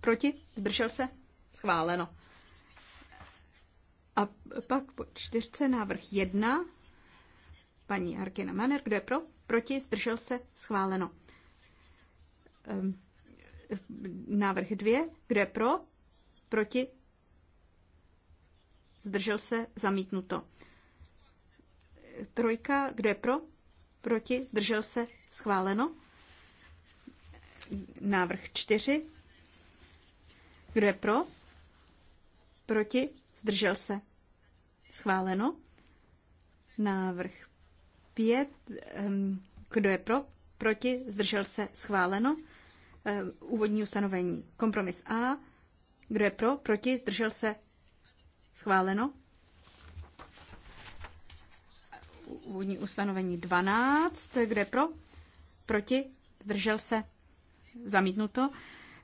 Proti? Zdržel se? Schváleno. A pak po čtyřce návrh jedna. Paní Harkina Manner, kdo je pro? Proti? Zdržel se? Schváleno. Ehm, návrh dvě. Kdo je pro? Proti? Zdržel se? Zamítnuto. Trojka. Kdo je pro? Proti? Zdržel se? Schváleno. Návrh 4. Kdo je pro? Proti? Zdržel se? Schváleno. Návrh 5. Kdo je pro? Proti? Zdržel se? Schváleno. Úvodní ustanovení. Kompromis A. Kdo je pro? Proti? Zdržel se? Schváleno. Úvodní ustanovení 12. Kdo je pro? Proti? Zdržel se? Zamítnuto.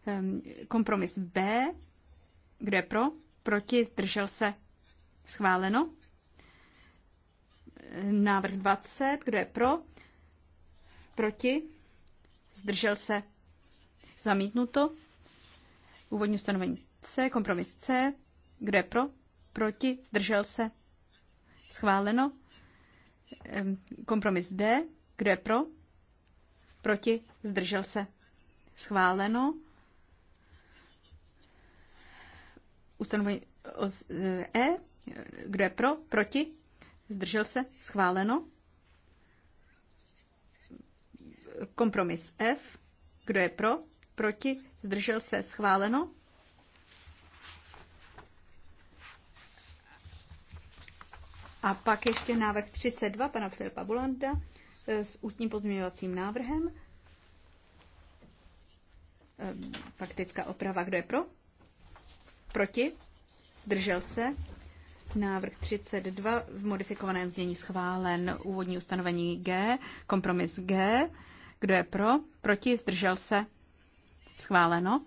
Ehm, kompromis B. Kdo je pro? Proti? Zdržel se? Schváleno. Ehm, návrh 20. Kdo je pro? Proti? Zdržel se? Zamítnuto. Úvodní ustanovení C. Kompromis C. Kdo je pro? Proti? Zdržel se? Schváleno. Ehm, kompromis D. Kdo je pro? Proti? Zdržel se? Schváleno. Ustanovení E. Kdo je pro? Proti? Zdržel se? Schváleno. Kompromis F. Kdo je pro? Proti? Zdržel se? Schváleno. A pak ještě návrh 32 pana Filipa Bulanda eh, s ústním pozměňovacím návrhem. Ehm, faktická oprava. Kdo je pro? Proti? Zdržel se? Návrh 32 v modifikovaném znění schválen. Úvodní ustanovení G, kompromis G. Kdo je pro? Proti? Zdržel se? Schváleno.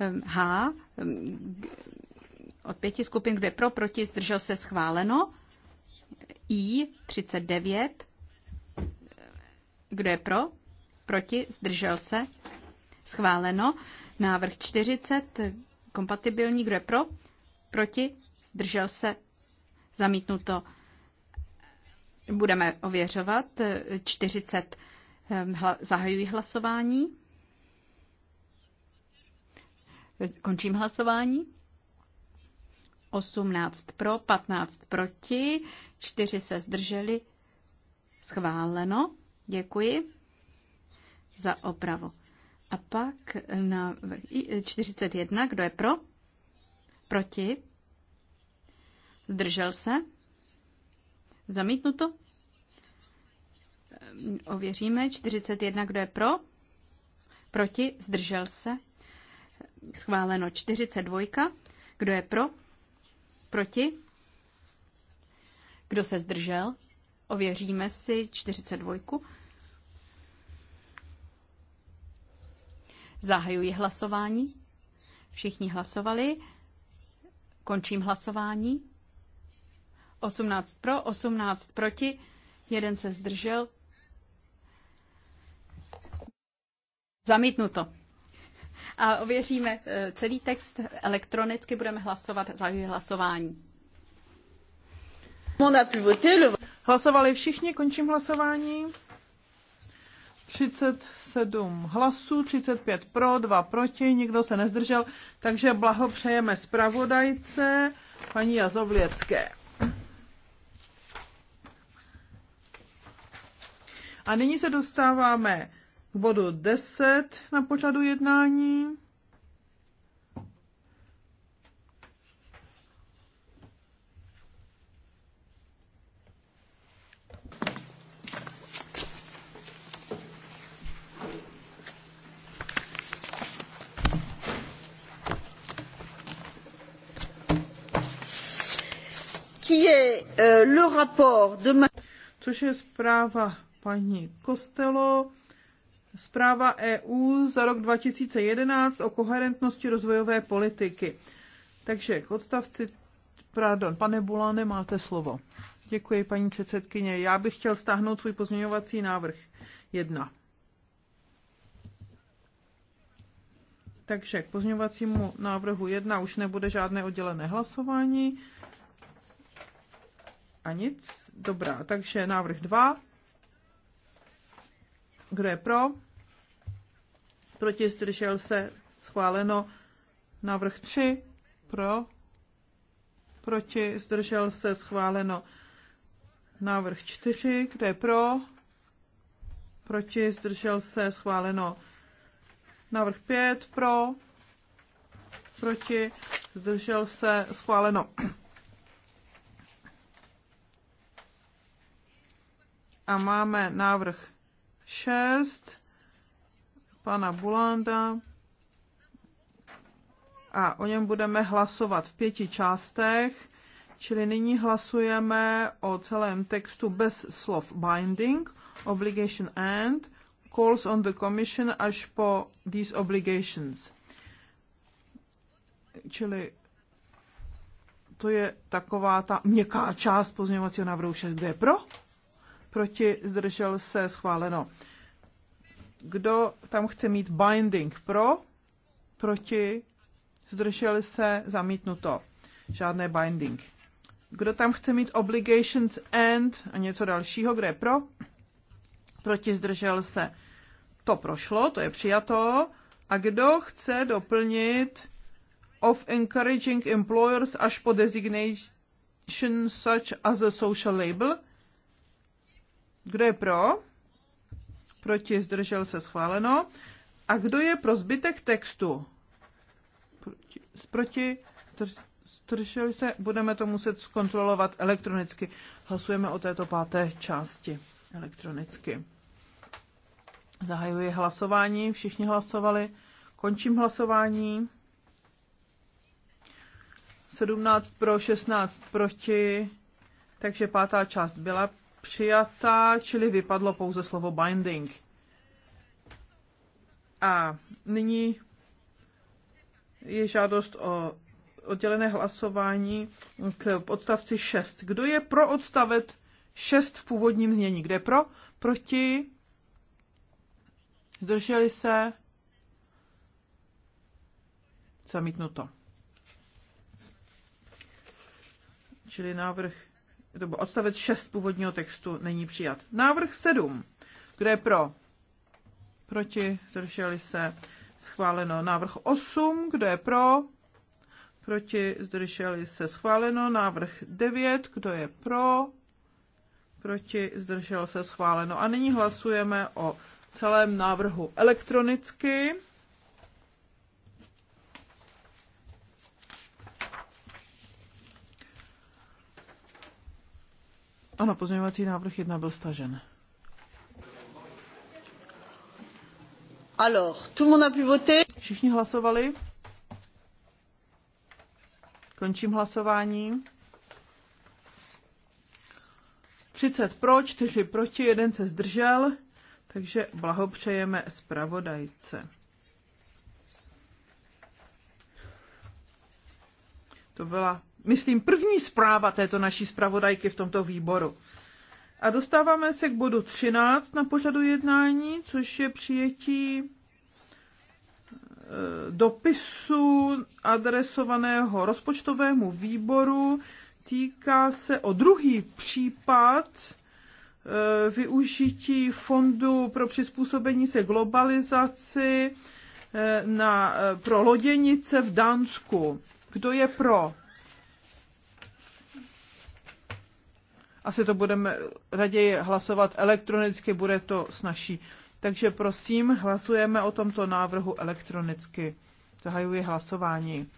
Ehm, H. Ehm, od pěti skupin, kde pro, proti, zdržel se schváleno. I 39. Kdo je pro? Proti, zdržel se Schváleno. Návrh 40, kompatibilní, kdo je pro? Proti? Zdržel se? Zamítnuto. Budeme ověřovat. 40. Ehm, zahajují hlasování. Končím hlasování. 18 pro, 15 proti, 4 se zdrželi. Schváleno. Děkuji za opravu. A pak na 41, eh, kdo je pro? Proti? Zdržel se? Zamítnuto? Eh, ověříme. 41, kdo je pro? Proti? Zdržel se? Schváleno 42. Kdo je pro? Proti? Kdo se zdržel? Ověříme si 42. Zahajuji hlasování. Všichni hlasovali. Končím hlasování. 18 pro, 18 proti, jeden se zdržel. Zamítnuto. A ověříme eh, celý text elektronicky, budeme hlasovat, zahajuji hlasování. Hlasovali všichni, končím hlasování. 37 hlasů, 35 pro, 2 proti, nikdo se nezdržel, takže blahopřejeme zpravodajce paní Jazovlěcké. A nyní se dostáváme k bodu 10 na pořadu jednání. Což je zpráva paní Kostelo, zpráva EU za rok 2011 o koherentnosti rozvojové politiky. Takže k odstavci, pardon, pane Bulane, máte slovo. Děkuji, paní předsedkyně. Já bych chtěl stáhnout svůj pozměňovací návrh 1. Takže k pozměňovacímu návrhu 1 už nebude žádné oddělené hlasování a nic. Dobrá, takže návrh 2. Kdo je pro? Proti zdržel se schváleno. Návrh 3. Pro. Proti zdržel se schváleno. Návrh 4. Kdo je pro? Proti zdržel se schváleno. Návrh 5. Pro. Proti zdržel se schváleno. A máme návrh 6 pana Bulanda a o něm budeme hlasovat v pěti částech, čili nyní hlasujeme o celém textu bez slov binding, obligation and, calls on the commission až po these obligations. Čili to je taková ta měkká část pozměňovacího návrhu 6. Kdo je pro? proti, zdržel se, schváleno. Kdo tam chce mít binding pro, proti, zdrželi se, zamítnuto. Žádné binding. Kdo tam chce mít obligations and a něco dalšího, kde je pro, proti, zdržel se. To prošlo, to je přijato. A kdo chce doplnit of encouraging employers až po designation such as a social label, kdo je pro? Proti zdržel se schváleno. A kdo je pro zbytek textu? Proti, zdržel zdrželi se, budeme to muset zkontrolovat elektronicky. Hlasujeme o této páté části elektronicky. Zahajuji hlasování, všichni hlasovali. Končím hlasování. 17 pro, 16 proti, takže pátá část byla přijata, čili vypadlo pouze slovo binding. A nyní je žádost o oddělené hlasování k odstavci 6. Kdo je pro odstavec 6 v původním znění? Kde pro? Proti? Zdrželi se? Zamítnuto. Čili návrh to byl odstavec 6 původního textu, není přijat. Návrh 7. Kdo je pro? Proti, zdrželi se, schváleno. Návrh 8. Kdo je pro? Proti, zdrželi se, schváleno. Návrh 9. Kdo je pro? Proti, zdržel se, schváleno. A nyní hlasujeme o celém návrhu elektronicky. Ano, pozměňovací návrh jedna byl stažen. Alors, tout monde a pu voter. Všichni hlasovali. Končím hlasování. 30 pro, 4 proti, jeden se zdržel, takže blahopřejeme zpravodajce. To byla myslím, první zpráva této naší zpravodajky v tomto výboru. A dostáváme se k bodu 13 na pořadu jednání, což je přijetí eh, dopisu adresovaného rozpočtovému výboru. Týká se o druhý případ eh, využití fondu pro přizpůsobení se globalizaci eh, na, pro loděnice v Dánsku. Kdo je pro? asi to budeme raději hlasovat elektronicky, bude to snažší. Takže prosím, hlasujeme o tomto návrhu elektronicky. Zahajuji hlasování.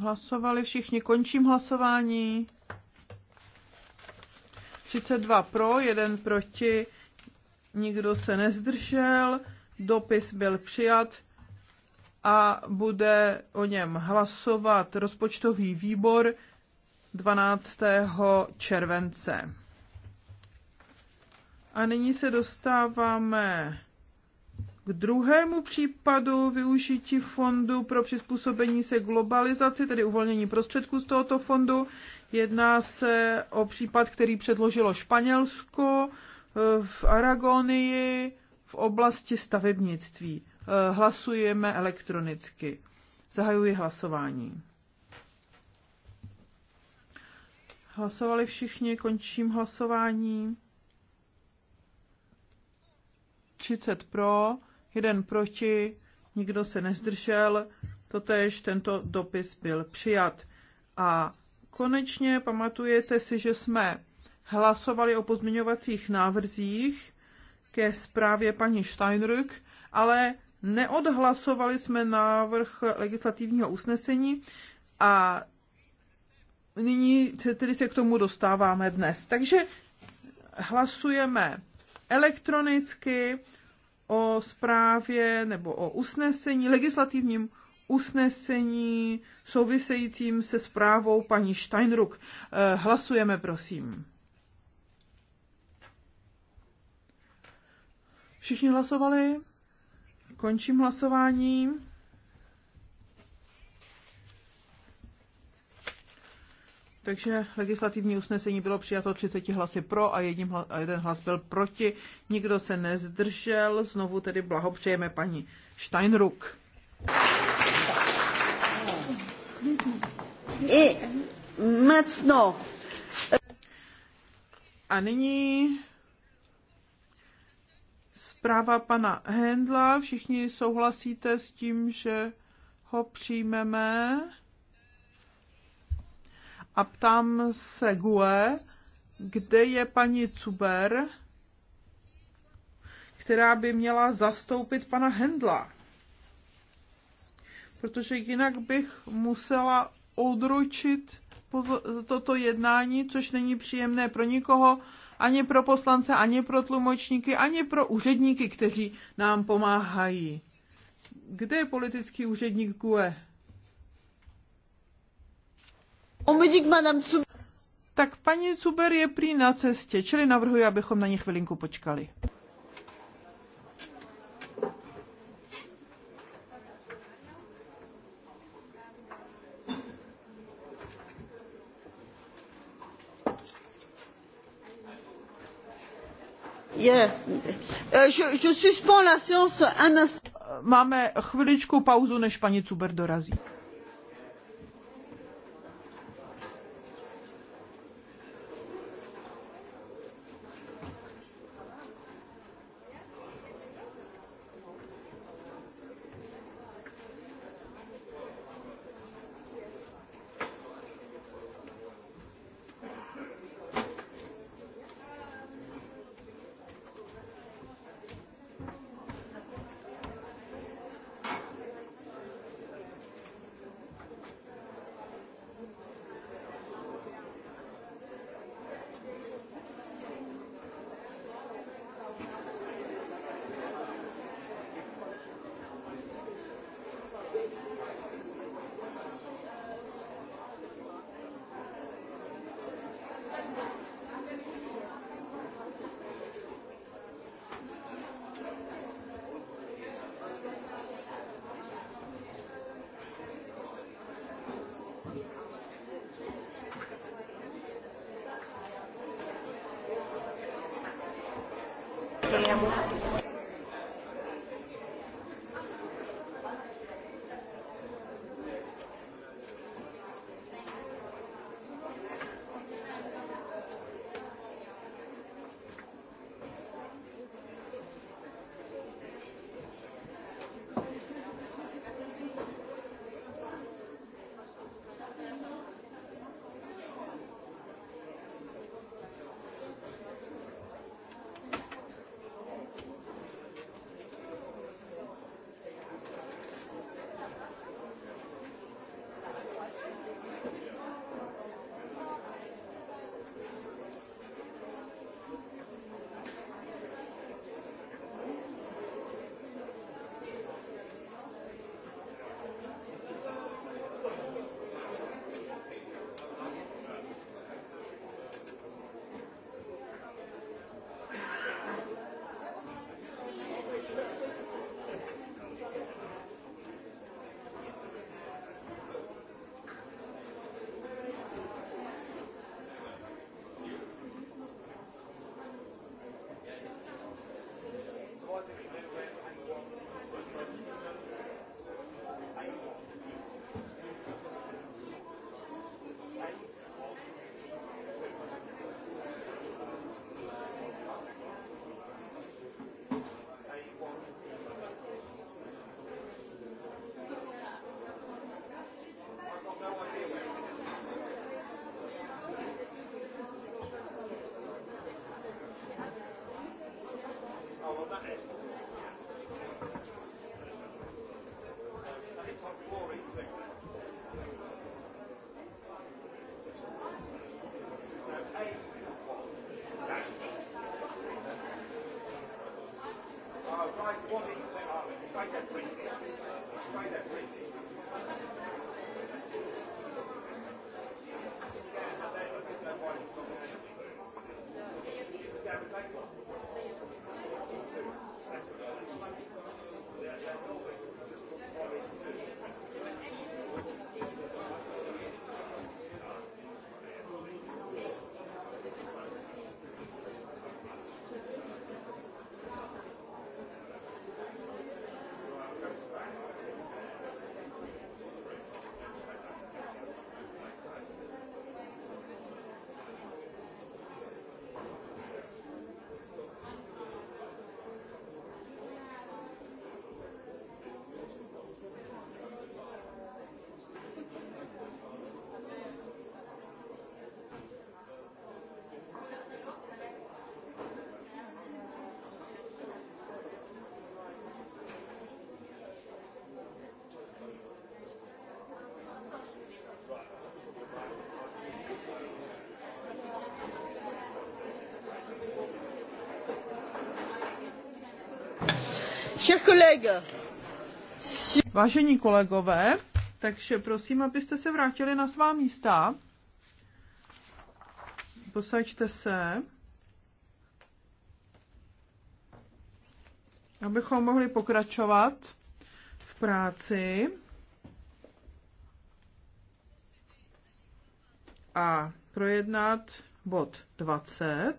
Hlasovali všichni, končím hlasování. 32 pro, 1 proti, nikdo se nezdržel, dopis byl přijat a bude o něm hlasovat rozpočtový výbor 12. července. A nyní se dostáváme k druhému případu využití fondu pro přizpůsobení se globalizaci, tedy uvolnění prostředků z tohoto fondu. Jedná se o případ, který předložilo Španělsko eh, v Aragonii v oblasti stavebnictví. Eh, hlasujeme elektronicky. Zahajuji hlasování. Hlasovali všichni, končím hlasování. 30 pro, 1 proti, nikdo se nezdržel. Totež tento dopis byl přijat. A konečně pamatujete si, že jsme hlasovali o pozměňovacích návrzích ke zprávě paní Steinrück, ale Neodhlasovali jsme návrh legislativního usnesení a nyní tedy se k tomu dostáváme dnes. Takže hlasujeme elektronicky o zprávě nebo o usnesení, legislativním usnesení souvisejícím se zprávou paní Steinruck. Eh, hlasujeme, prosím. Všichni hlasovali? Končím hlasování. Takže legislativní usnesení bylo přijato 30 hlasy pro a, jedním hlas, a jeden hlas byl proti. Nikdo se nezdržel. Znovu tedy blahopřejeme paní Steinruck. I, no. A nyní Zpráva pana Hendla, všichni souhlasíte s tím, že ho přijmeme. A ptám se Gue, kde je paní Cuber, která by měla zastoupit pana Hendla. Protože jinak bych musela odročit toto jednání, což není příjemné pro nikoho ani pro poslance, ani pro tlumočníky, ani pro úředníky, kteří nám pomáhají. Kde je politický úředník GUE? Tak paní Cuber je prý na cestě, čili navrhuji, abychom na ně chvilinku počkali. Euh, máme chviličku pauzu než paní zuber dorazí Right, one minute. Try that briefly. Try that briefly. Vážení kolegové, takže prosím, abyste se vrátili na svá místa. Posaďte se. Abychom mohli pokračovat v práci. A projednat bod 20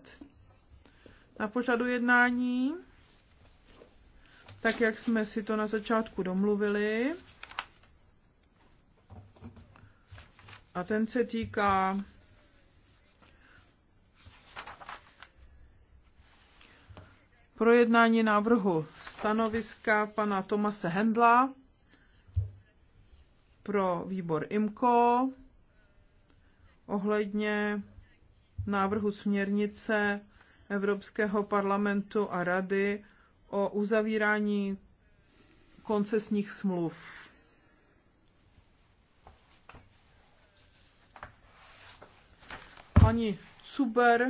na pořadu jednání tak jak jsme si to na začátku domluvili. A ten se týká projednání návrhu stanoviska pana Tomase Hendla pro výbor IMCO ohledně návrhu směrnice Evropského parlamentu a rady o uzavírání koncesních smluv. Paní Cuber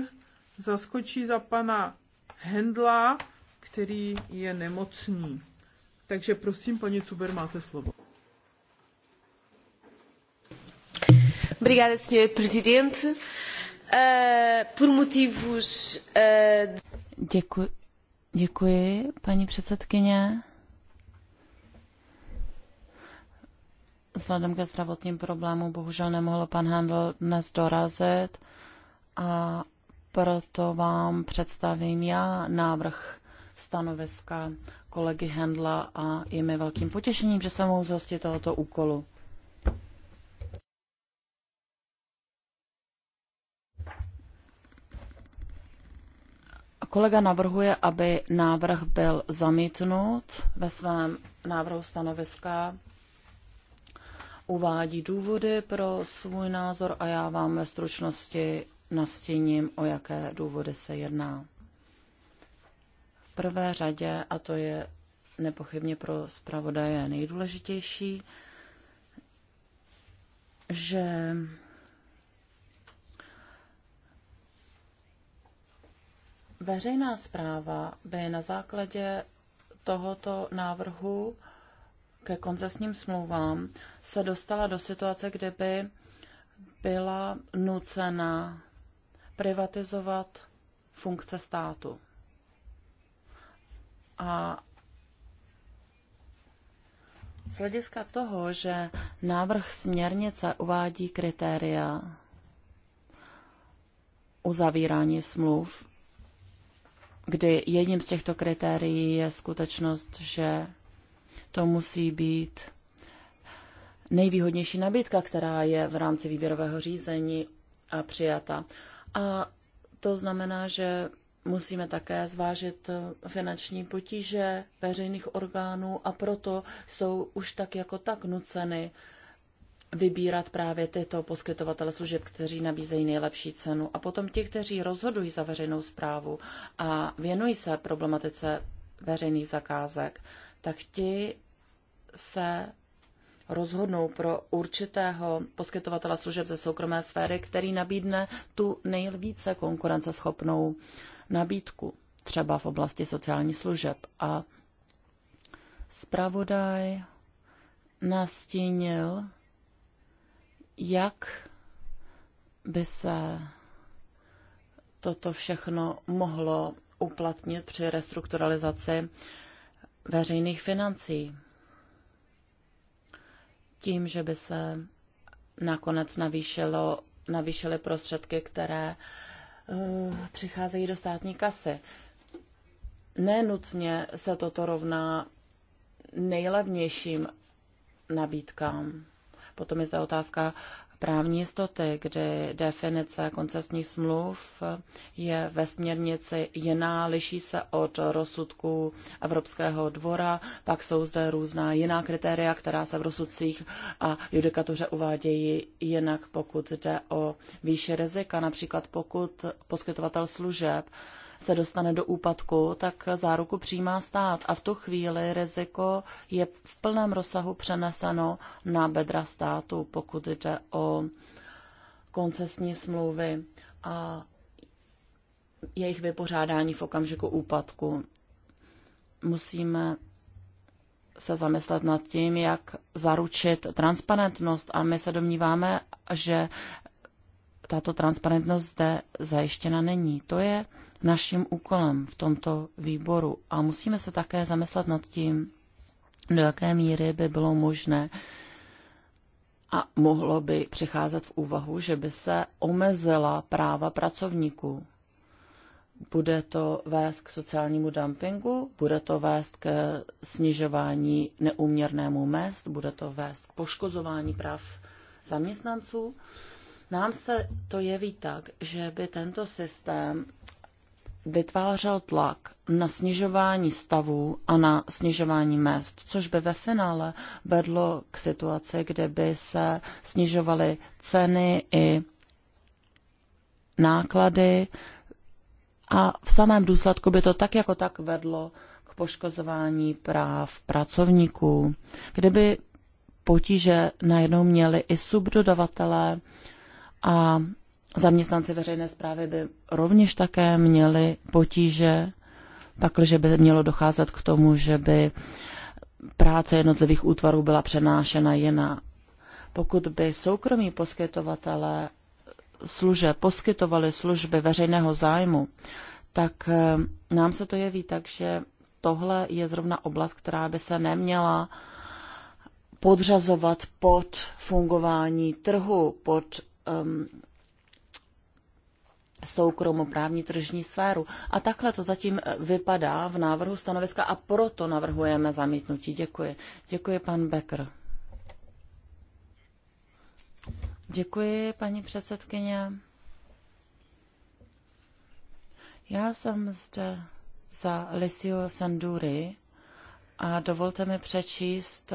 zaskočí za pana Hendla, který je nemocný. Takže prosím, paní Cuber, máte slovo. Obrigada, senhor presidente. Uh, por motivos. Uh... Děkuji. Děkuji, paní předsedkyně. Vzhledem ke zdravotním problémům bohužel nemohl pan Handel dnes dorazit a proto vám představím já návrh stanoviska kolegy Handla a je mi velkým potěšením, že se mohu zhostit tohoto úkolu. Kolega navrhuje, aby návrh byl zamítnut. Ve svém návrhu stanoviska uvádí důvody pro svůj názor a já vám ve stručnosti nastíním, o jaké důvody se jedná. V prvé řadě, a to je nepochybně pro zpravodaje nejdůležitější, že Veřejná zpráva by na základě tohoto návrhu ke koncesním smlouvám se dostala do situace, kde by byla nucena privatizovat funkce státu. A z hlediska toho, že návrh směrnice uvádí kritéria uzavírání smluv kdy jedním z těchto kritérií je skutečnost, že to musí být nejvýhodnější nabídka, která je v rámci výběrového řízení a přijata. A to znamená, že musíme také zvážit finanční potíže veřejných orgánů a proto jsou už tak jako tak nuceny vybírat právě tyto poskytovatele služeb, kteří nabízejí nejlepší cenu. A potom ti, kteří rozhodují za veřejnou zprávu a věnují se problematice veřejných zakázek, tak ti se rozhodnou pro určitého poskytovatele služeb ze soukromé sféry, který nabídne tu nejvíce konkurenceschopnou nabídku, třeba v oblasti sociálních služeb. A zpravodaj nastínil jak by se toto všechno mohlo uplatnit při restrukturalizaci veřejných financí. Tím, že by se nakonec navýšilo, navýšily prostředky, které uh, přicházejí do státní kasy. Nenutně se toto rovná nejlevnějším nabídkám. Potom je zde otázka právní jistoty, kdy definice koncesních smluv je ve směrnici jiná, liší se od rozsudků Evropského dvora, pak jsou zde různá jiná kritéria, která se v rozsudcích a judikatoře uvádějí jinak, pokud jde o výši rizika, například pokud poskytovatel služeb se dostane do úpadku, tak záruku přijímá stát a v tu chvíli riziko je v plném rozsahu přeneseno na bedra státu, pokud jde o koncesní smlouvy a jejich vypořádání v okamžiku úpadku. Musíme se zamyslet nad tím, jak zaručit transparentnost a my se domníváme, že tato transparentnost zde zajištěna není. To je naším úkolem v tomto výboru. A musíme se také zamyslet nad tím, do jaké míry by bylo možné a mohlo by přicházet v úvahu, že by se omezila práva pracovníků. Bude to vést k sociálnímu dumpingu, bude to vést k snižování neuměrnému mest, bude to vést k poškozování práv zaměstnanců. Nám se to jeví tak, že by tento systém vytvářel tlak na snižování stavů a na snižování mest, což by ve finále vedlo k situaci, kde by se snižovaly ceny i náklady a v samém důsledku by to tak jako tak vedlo k poškozování práv pracovníků, kde by potíže najednou měli i subdodavatelé a Zaměstnanci veřejné zprávy by rovněž také měli potíže, pakliže by mělo docházet k tomu, že by práce jednotlivých útvarů byla přenášena jiná. Pokud by soukromí poskytovatelé služeb poskytovali služby veřejného zájmu, tak eh, nám se to jeví tak, že tohle je zrovna oblast, která by se neměla podřazovat pod fungování trhu, pod um, soukromoprávní tržní sféru. A takhle to zatím vypadá v návrhu stanoviska a proto navrhujeme zamítnutí. Děkuji. Děkuji, pan Becker. Děkuji, paní předsedkyně. Já jsem zde za Lisio Sanduri a dovolte mi přečíst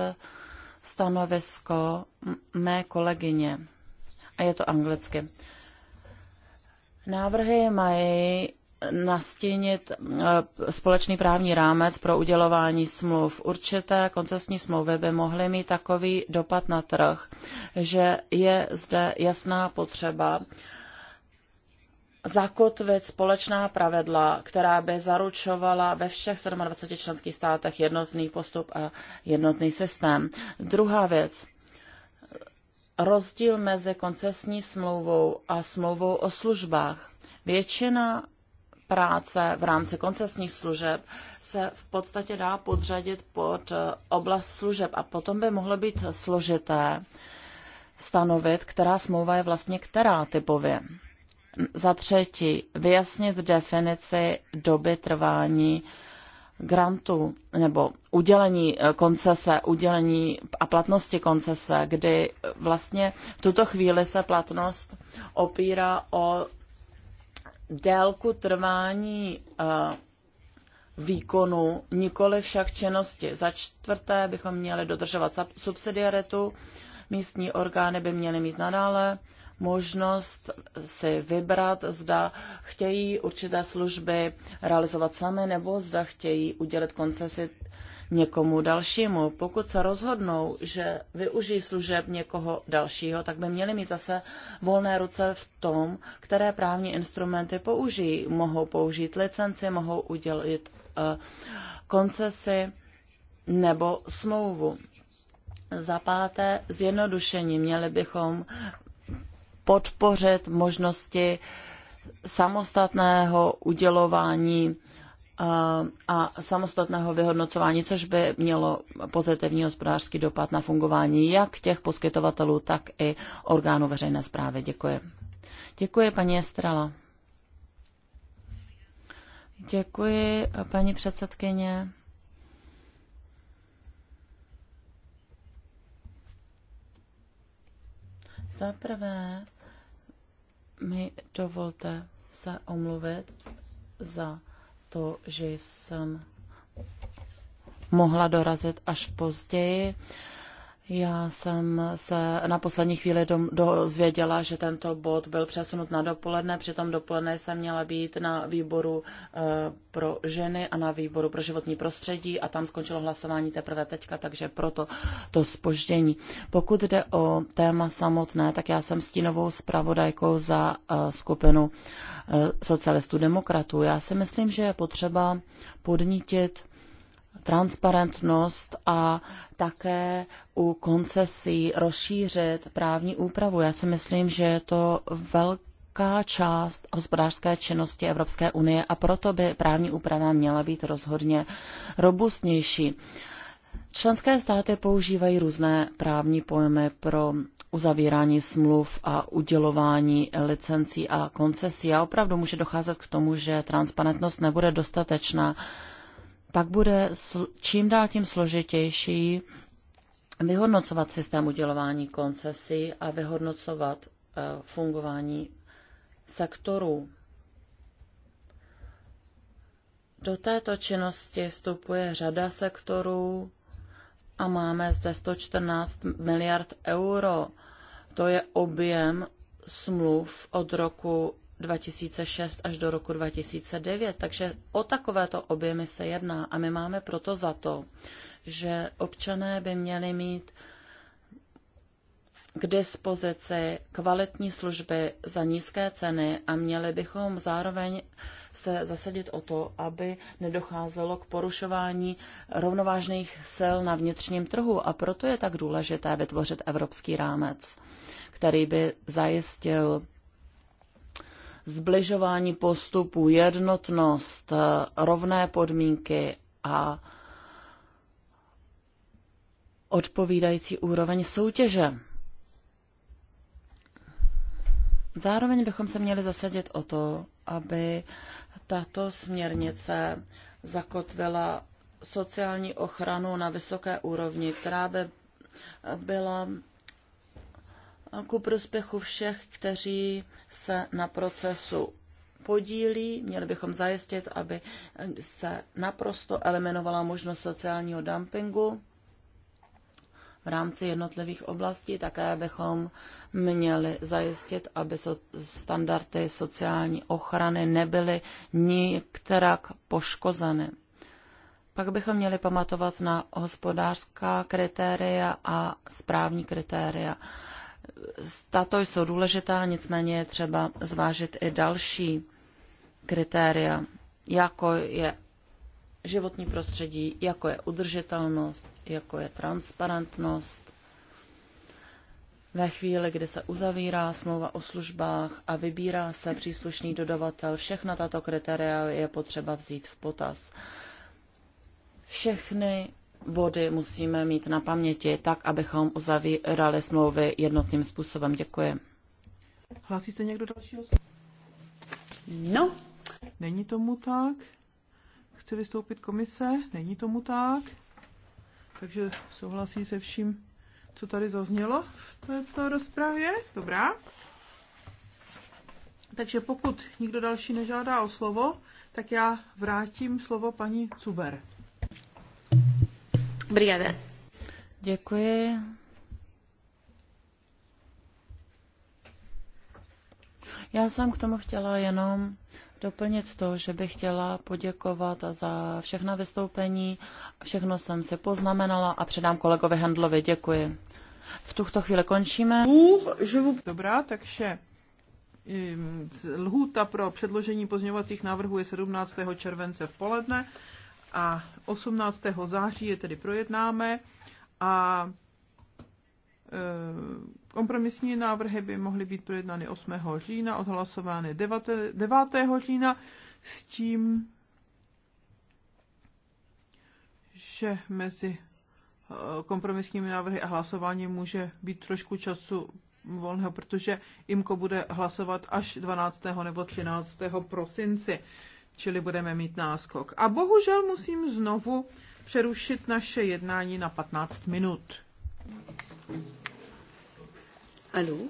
stanovisko mé kolegyně. A je to anglicky. Návrhy mají nastínit eh, společný právní rámec pro udělování smluv. Určité koncesní smlouvy by mohly mít takový dopad na trh, že je zde jasná potřeba zakotvit společná pravidla, která by zaručovala ve všech 27 členských státech jednotný postup a jednotný systém. Druhá věc rozdíl mezi koncesní smlouvou a smlouvou o službách. Většina práce v rámci koncesních služeb se v podstatě dá podřadit pod eh, oblast služeb a potom by mohlo být složité stanovit, která smlouva je vlastně která typově. Za třetí, vyjasnit definici doby trvání grantu nebo udělení eh, koncese, udělení a platnosti koncese, kdy vlastně v tuto chvíli se platnost opírá o délku trvání eh, výkonu, nikoli však činnosti. Za čtvrté bychom měli dodržovat subsidiaritu, místní orgány by měly mít nadále možnost si vybrat, zda chtějí určité služby realizovat sami nebo zda chtějí udělat koncesi někomu dalšímu. Pokud se rozhodnou, že využijí služeb někoho dalšího, tak by měli mít zase volné ruce v tom, které právní instrumenty použijí. Mohou použít licenci, mohou udělit uh, koncesi nebo smlouvu. Za páté, zjednodušení. Měli bychom podpořit možnosti samostatného udělování eh, a samostatného vyhodnocování, což by mělo pozitivní hospodářský dopad na fungování jak těch poskytovatelů, tak i orgánů veřejné zprávy. Děkuji. Děkuji, paní Estrela. Děkuji, paní předsedkyně. Za prvé mi dovolte se omluvit za to, že jsem mohla dorazit až později. Já jsem se na poslední chvíli do, dozvěděla, že tento bod byl přesunut na dopoledne, přitom dopoledne jsem měla být na výboru e, pro ženy a na výboru pro životní prostředí a tam skončilo hlasování teprve teďka, takže proto to spoždění. Pokud jde o téma samotné, tak já jsem stínovou zpravodajkou za e, skupinu e, socialistů demokratů. Já si myslím, že je potřeba podnítit transparentnost a také u koncesí rozšířit právní úpravu. Já si myslím, že je to velká část hospodářské činnosti Evropské unie a proto by právní úprava měla být rozhodně robustnější. Členské státy používají různé právní pojmy pro uzavírání smluv a udělování licencí a koncesí a opravdu může docházet k tomu, že transparentnost nebude dostatečná pak bude čím dál tím složitější vyhodnocovat systém udělování koncesí a vyhodnocovat eh, fungování sektorů. Do této činnosti vstupuje řada sektorů a máme zde 114 miliard euro. To je objem smluv od roku 2006 až do roku 2009. Takže o takovéto objemy se jedná a my máme proto za to, že občané by měli mít k dispozici kvalitní služby za nízké ceny a měli bychom zároveň se zasadit o to, aby nedocházelo k porušování rovnovážných sil na vnitřním trhu a proto je tak důležité vytvořit evropský rámec, který by zajistil zbližování postupů, jednotnost, eh, rovné podmínky a odpovídající úroveň soutěže. Zároveň bychom se měli zasadit o to, aby tato směrnice zakotvila sociální ochranu na vysoké úrovni, která by byla ku prospěchu všech, kteří se na procesu podílí. Měli bychom zajistit, aby se naprosto eliminovala možnost sociálního dumpingu v rámci jednotlivých oblastí. Také bychom měli zajistit, aby so standardy sociální ochrany nebyly nikterak poškozeny. Pak bychom měli pamatovat na hospodářská kritéria a správní kritéria. Tato jsou důležitá, nicméně je třeba zvážit i další kritéria, jako je životní prostředí, jako je udržitelnost, jako je transparentnost. Ve chvíli, kdy se uzavírá smlouva o službách a vybírá se příslušný dodavatel, všechna tato kritéria je potřeba vzít v potaz. Všechny body musíme mít na paměti, tak abychom uzavírali smlouvy jednotným způsobem. Děkuji. Hlásí se někdo dalšího? No. Není tomu tak. Chce vystoupit komise? Není tomu tak. Takže souhlasí se vším, co tady zaznělo v této rozpravě. Dobrá. Takže pokud nikdo další nežádá o slovo, tak já vrátím slovo paní Cuber. Obrigada. Děkuji. Já jsem k tomu chtěla jenom doplnit to, že bych chtěla poděkovat za všechna vystoupení. Všechno jsem si poznamenala a předám kolegovi Handlovi. Děkuji. V tuto chvíli končíme. Dobrá, takže hm, lhůta pro předložení pozměňovacích návrhů je 17. července v poledne a 18. září je tedy projednáme a e, kompromisní návrhy by mohly být projednány 8. října, odhlasovány 9. října s tím, že mezi e, kompromisními návrhy a hlasováním může být trošku času volného, protože IMKO bude hlasovat až 12. nebo 13. prosinci čili budeme mít náskok. A bohužel musím znovu přerušit naše jednání na 15 minut. Allô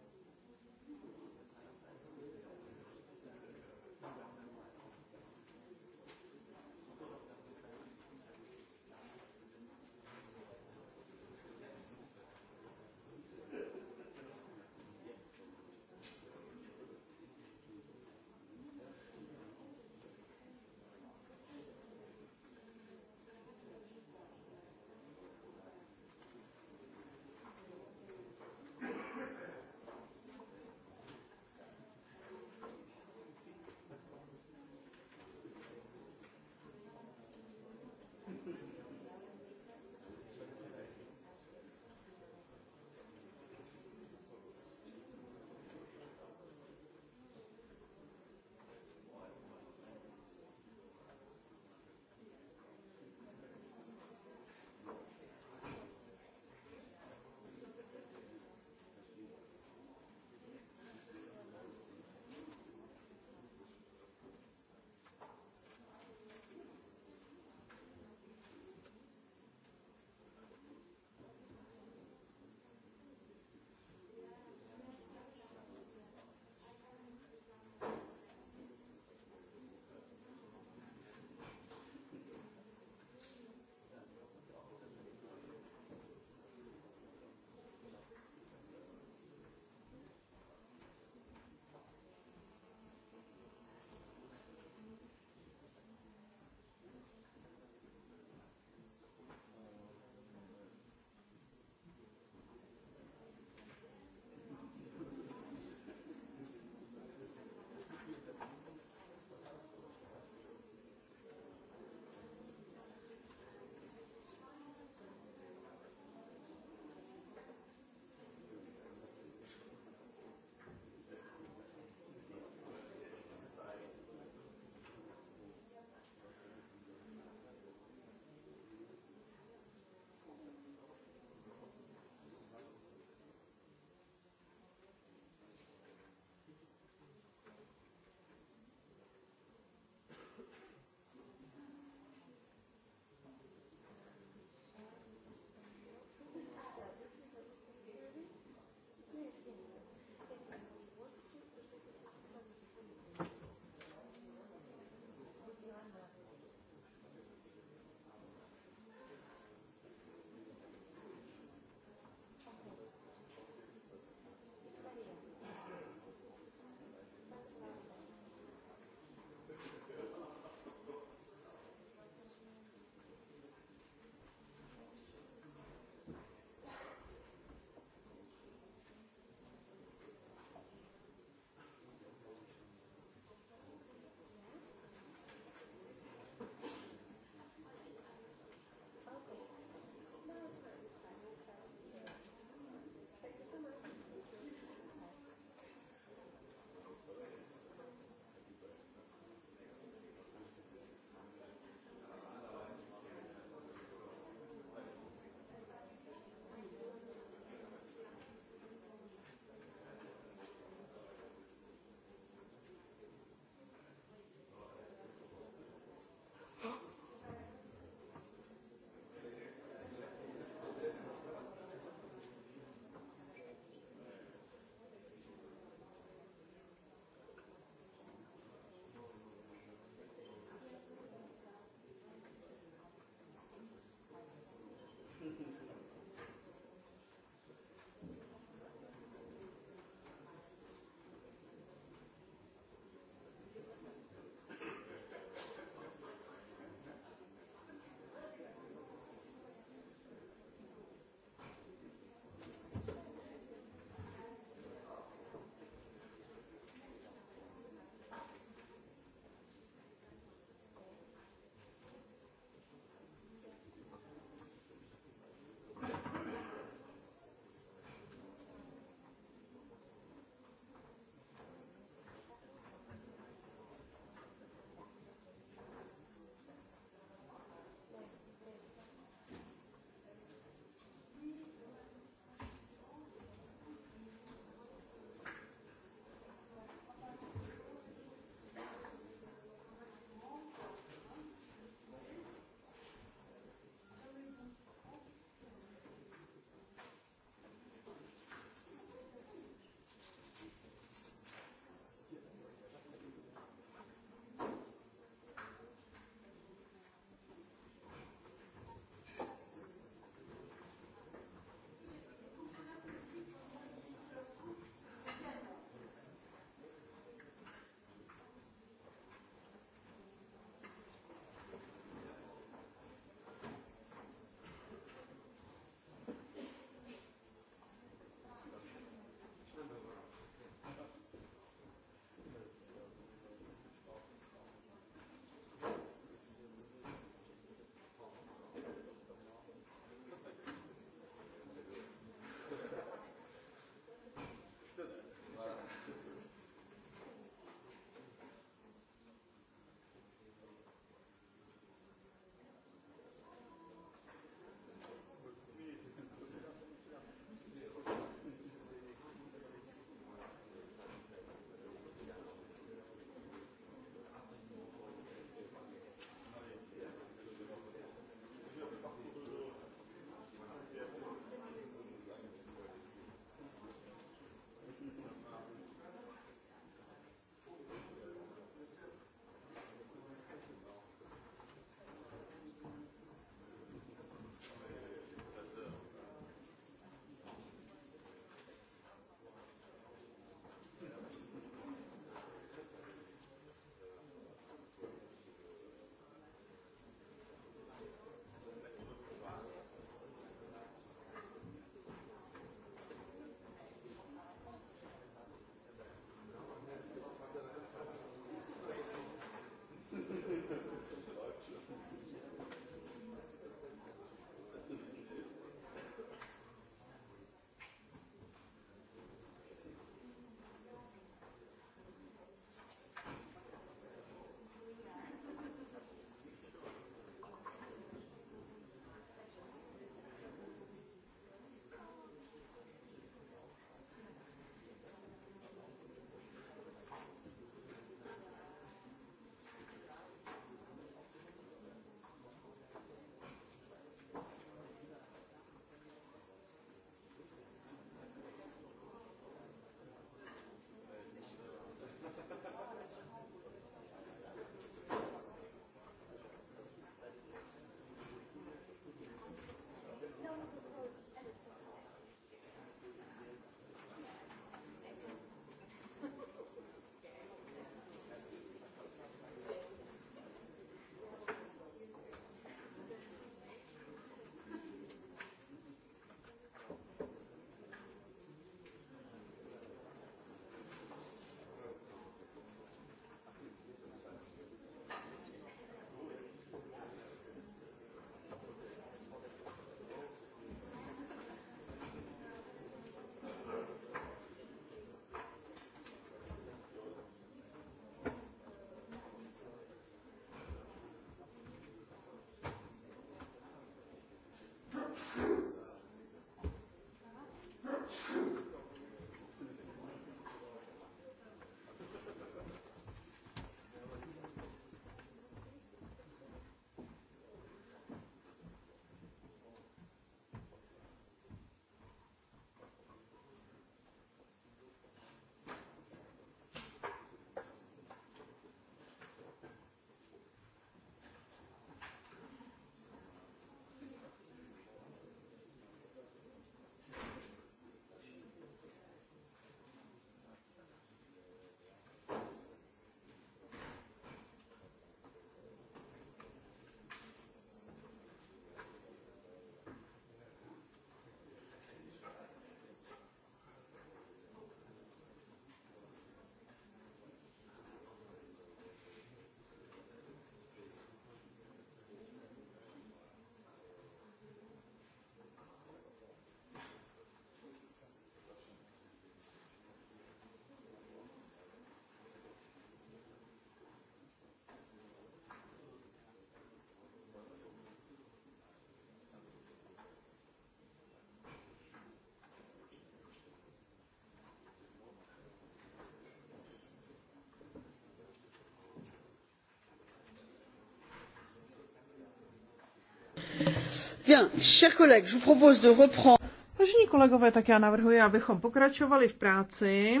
Vážení kolegové, tak já navrhuji, abychom pokračovali v práci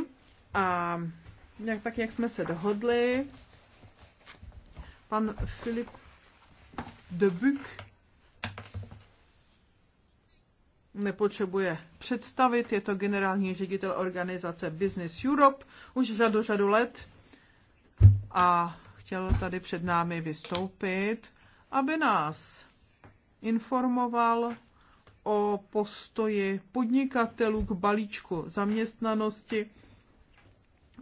a jak, tak, jak jsme se dohodli, pan Filip Debuk nepotřebuje představit, je to generální ředitel organizace Business Europe už řadu, řadu let a chtěl tady před námi vystoupit, aby nás informoval o postoji podnikatelů k balíčku zaměstnanosti.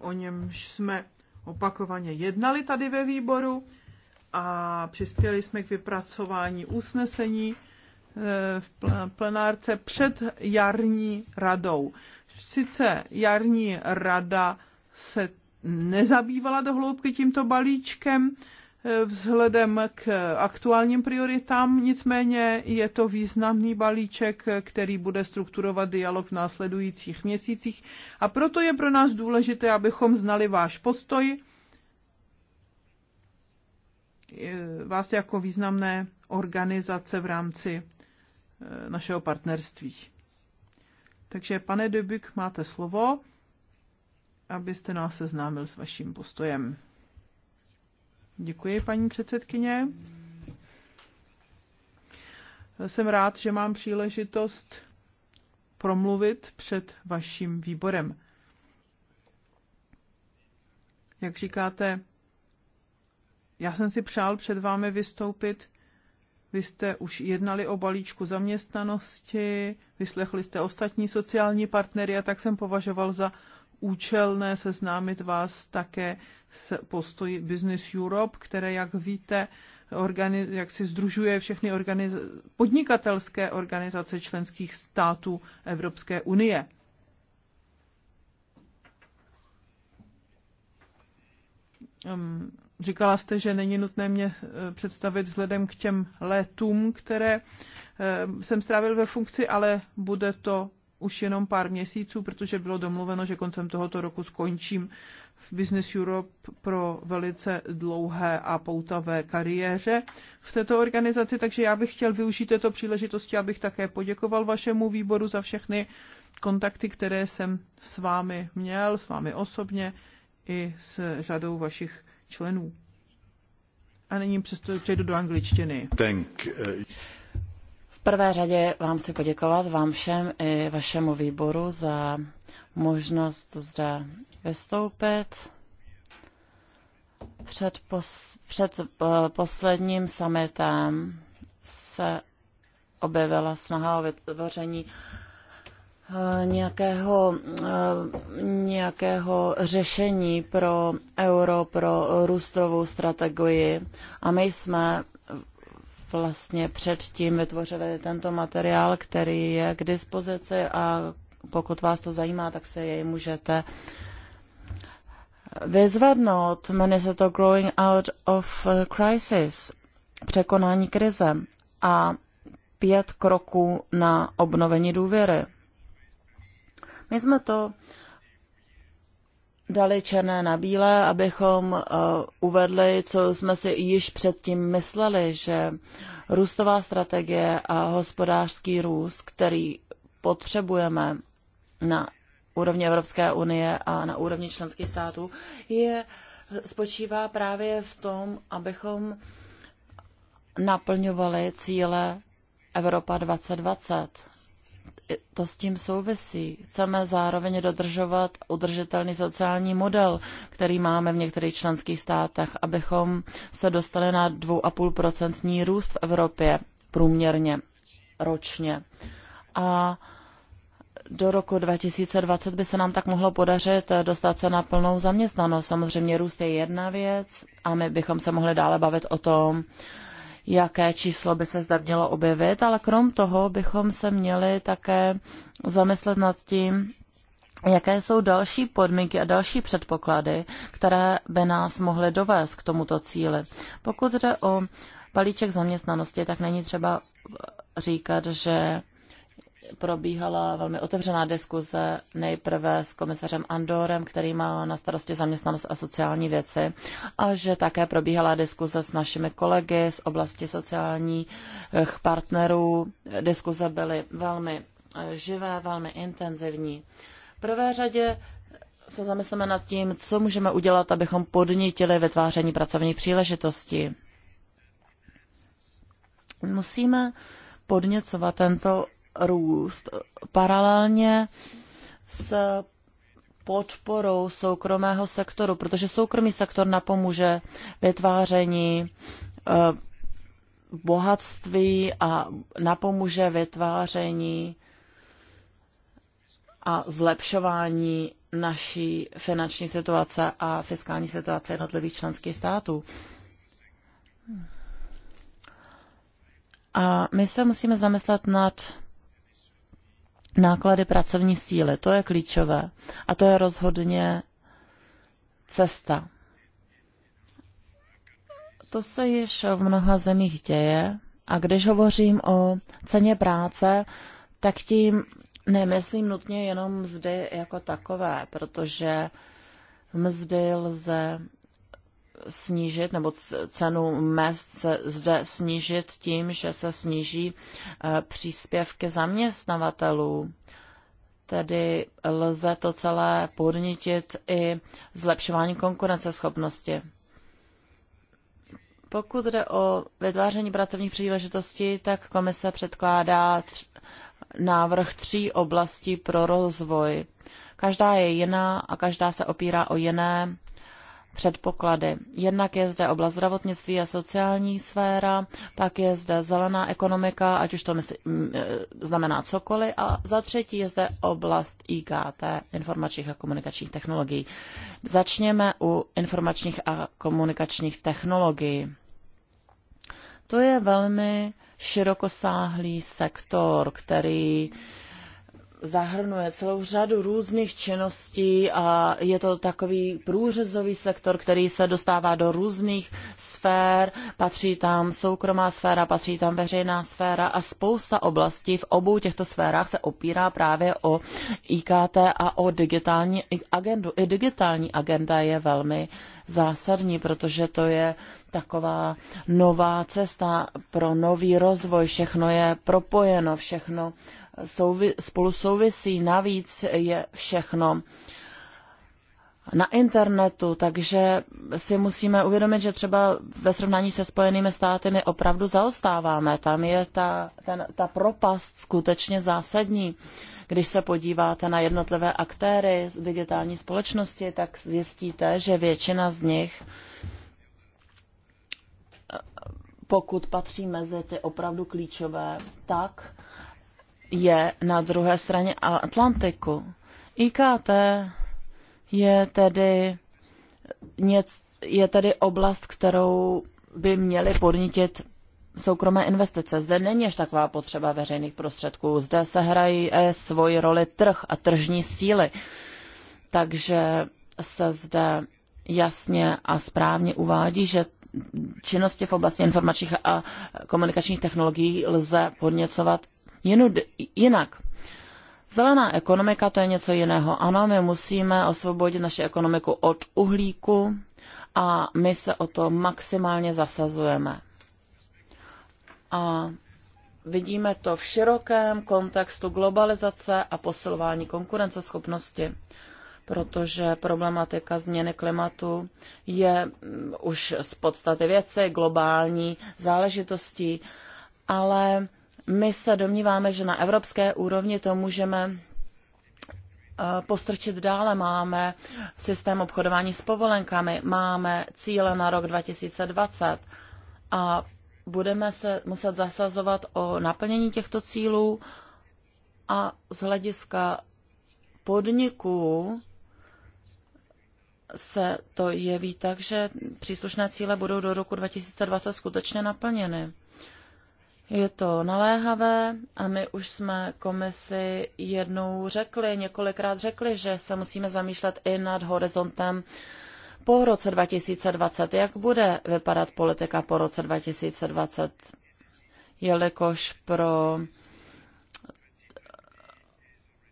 O němž jsme opakovaně jednali tady ve výboru a přispěli jsme k vypracování usnesení eh, v plenárce před jarní radou. Sice jarní rada se nezabývala do hloubky tímto balíčkem, vzhledem k aktuálním prioritám, nicméně je to významný balíček, který bude strukturovat dialog v následujících měsících a proto je pro nás důležité, abychom znali váš postoj, eh, vás jako významné organizace v rámci eh, našeho partnerství. Takže pane Debük, máte slovo, abyste nás seznámil s vaším postojem. Děkuji, paní předsedkyně. Jsem rád, že mám příležitost promluvit před vaším výborem. Jak říkáte, já jsem si přál před vámi vystoupit. Vy jste už jednali o balíčku zaměstnanosti, vyslechli jste ostatní sociální partnery a tak jsem považoval za účelné seznámit vás také s postoji Business Europe, které, jak víte, organi- jak si združuje všechny organiz- podnikatelské organizace členských států Evropské unie. Um, Říkala jste, že není nutné mě eh, představit vzhledem k těm letům, které eh, jsem strávil ve funkci, ale bude to už jenom pár měsíců, protože bylo domluveno, že koncem tohoto roku skončím v Business Europe pro velice dlouhé a poutavé kariéře v této organizaci, takže já bych chtěl využít této příležitosti, abych také poděkoval vašemu výboru za všechny kontakty, které jsem s vámi měl, s vámi osobně i s řadou vašich členů. A nyní přesto přejdu do angličtiny. Thank, uh... V prvé řadě vám chci poděkovat vám všem i vašemu výboru za možnost zde vystoupit před, pos, před eh, posledním summitem se objevila snaha o vytvoření eh, nějakého, eh, nějakého řešení pro euro, pro růstovou strategii. A my jsme vlastně předtím vytvořili tento materiál, který je k dispozici a pokud vás to zajímá, tak se jej můžete vyzvednout. Jmenuje se to Growing Out of Crisis, překonání krize a pět kroků na obnovení důvěry. My jsme to dali černé na bílé, abychom uh, uvedli, co jsme si již předtím mysleli, že růstová strategie a hospodářský růst, který potřebujeme na úrovni Evropské unie a na úrovni členských států, je, spočívá právě v tom, abychom naplňovali cíle Evropa 2020 to s tím souvisí. Chceme zároveň dodržovat udržitelný sociální model, který máme v některých členských státech, abychom se dostali na 2,5% růst v Evropě průměrně ročně. A do roku 2020 by se nám tak mohlo podařit dostat se na plnou zaměstnanost. Samozřejmě růst je jedna věc a my bychom se mohli dále bavit o tom, jaké číslo by se zde mělo objevit, ale krom toho bychom se měli také zamyslet nad tím, jaké jsou další podmínky a další předpoklady, které by nás mohly dovést k tomuto cíli. Pokud jde o balíček zaměstnanosti, tak není třeba říkat, že probíhala velmi otevřená diskuze nejprve s komisařem Andorem, který má na starosti zaměstnanost a sociální věci, a že také probíhala diskuze s našimi kolegy z oblasti sociálních partnerů. Diskuze byly velmi eh, živé, velmi intenzivní. V prvé řadě se zamysleme nad tím, co můžeme udělat, abychom podnítili vytváření pracovní příležitosti. Musíme podněcovat tento růst paralelně s podporou soukromého sektoru, protože soukromý sektor napomůže vytváření eh, bohatství a napomůže vytváření a zlepšování naší finanční situace a fiskální situace jednotlivých členských států. A my se musíme zamyslet nad náklady pracovní síly. To je klíčové. A to je rozhodně cesta. To se již v mnoha zemích děje. A když hovořím o ceně práce, tak tím nemyslím nutně jenom mzdy jako takové, protože mzdy lze snížit, nebo cenu mest se zde snížit tím, že se sníží eh, příspěvky zaměstnavatelů. Tedy lze to celé podnitit i zlepšování konkurenceschopnosti. Pokud jde o vytváření pracovních příležitostí, tak komise předkládá návrh tří oblastí pro rozvoj. Každá je jiná a každá se opírá o jiné předpoklady. Jednak je zde oblast zdravotnictví a sociální sféra, pak je zde zelená ekonomika, ať už to mysl, mm, e, znamená cokoliv, a za třetí je zde oblast IKT, informačních a komunikačních technologií. Začněme u informačních a komunikačních technologií. To je velmi širokosáhlý sektor, který zahrnuje celou řadu různých činností a je to takový průřezový sektor, který se dostává do různých sfér. Patří tam soukromá sféra, patří tam veřejná sféra a spousta oblastí v obou těchto sférách se opírá právě o IKT a o digitální agendu. I digitální agenda je velmi zásadní, protože to je taková nová cesta pro nový rozvoj. Všechno je propojeno, všechno uh, souvi- spolu souvisí. Navíc je všechno na internetu, takže si musíme uvědomit, že třeba ve srovnání se Spojenými státy my opravdu zaostáváme. Tam je ta, ten, ta propast skutečně zásadní. Když se podíváte na jednotlivé aktéry z digitální společnosti, tak zjistíte, že většina z nich, pokud patří mezi ty opravdu klíčové, tak je na druhé straně Atlantiku. IKT je tedy, něc, je tedy oblast, kterou by měly podnítit soukromé investice. Zde není až taková potřeba veřejných prostředků. Zde se hrají eh, svoji roli trh a tržní síly. Takže se zde jasně a správně uvádí, že činnosti v oblasti informačních a komunikačních technologií lze podněcovat jinak. Zelená ekonomika to je něco jiného. Ano, my musíme osvobodit naši ekonomiku od uhlíku a my se o to maximálně zasazujeme. A vidíme to v širokém kontextu globalizace a posilování konkurenceschopnosti, protože problematika změny klimatu je mm, už z podstaty věci globální záležitostí, ale my se domníváme, že na evropské úrovni to můžeme eh, postrčit dále. Máme systém obchodování s povolenkami, máme cíle na rok 2020 a budeme se muset zasazovat o naplnění těchto cílů a z hlediska podniků se to jeví tak, že příslušné cíle budou do roku 2020 skutečně naplněny. Je to naléhavé a my už jsme komisi jednou řekli, několikrát řekli, že se musíme zamýšlet i nad horizontem po roce 2020. Jak bude vypadat politika po roce 2020? Jelikož pro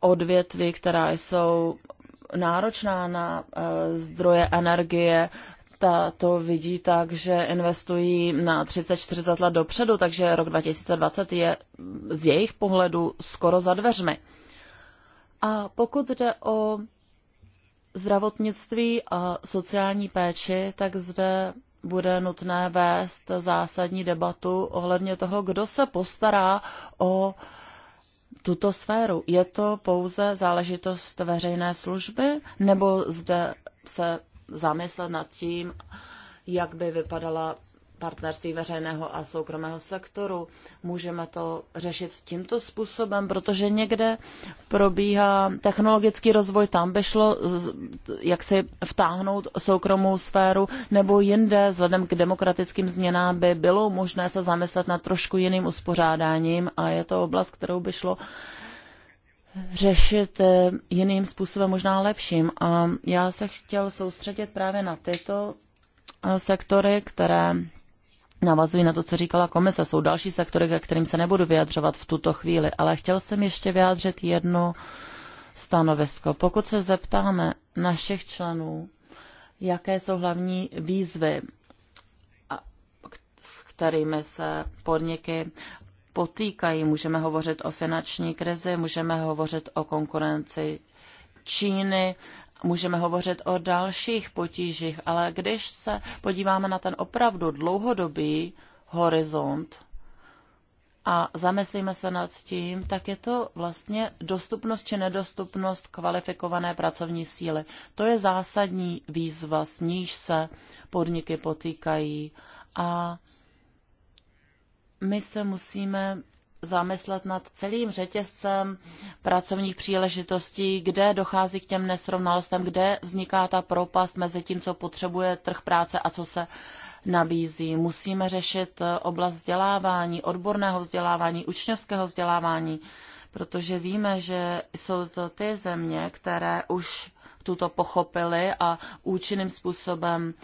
odvětví, která jsou náročná na eh, zdroje energie, ta to vidí tak, že investují na 30-40 let dopředu, takže rok 2020 je z jejich pohledu skoro za dveřmi. A pokud jde o zdravotnictví a sociální péči, tak zde bude nutné vést zásadní debatu ohledně toho, kdo se postará o tuto sféru. Je to pouze záležitost veřejné služby, nebo zde se zamyslet nad tím, jak by vypadala partnerství veřejného a soukromého sektoru. Můžeme to řešit tímto způsobem, protože někde probíhá technologický rozvoj, tam by šlo jak si vtáhnout soukromou sféru, nebo jinde, vzhledem k demokratickým změnám, by bylo možné se zamyslet nad trošku jiným uspořádáním a je to oblast, kterou by šlo uh, řešit eh, jiným způsobem, možná lepším. A já se chtěl soustředit právě na tyto eh, sektory, které navazují na to, co říkala komise. Jsou další sektory, ke kterým se nebudu vyjadřovat v tuto chvíli, ale chtěl jsem ještě vyjádřit jedno stanovisko. Pokud se zeptáme našich členů, jaké jsou hlavní výzvy, s kterými se podniky potýkají. Můžeme hovořit o finanční krizi, můžeme hovořit o konkurenci Číny, můžeme hovořit o dalších potížích, ale když se podíváme na ten opravdu dlouhodobý horizont a zamyslíme se nad tím, tak je to vlastně dostupnost či nedostupnost kvalifikované pracovní síly. To je zásadní výzva, s níž se podniky potýkají a my se musíme zamyslet nad celým řetězcem pracovních příležitostí, kde dochází k těm nesrovnalostem, kde vzniká ta propast mezi tím, co potřebuje trh práce a co se nabízí. Musíme řešit eh, oblast vzdělávání, odborného vzdělávání, učňovského vzdělávání, protože víme, že jsou to ty země, které už tuto pochopili a účinným způsobem uh,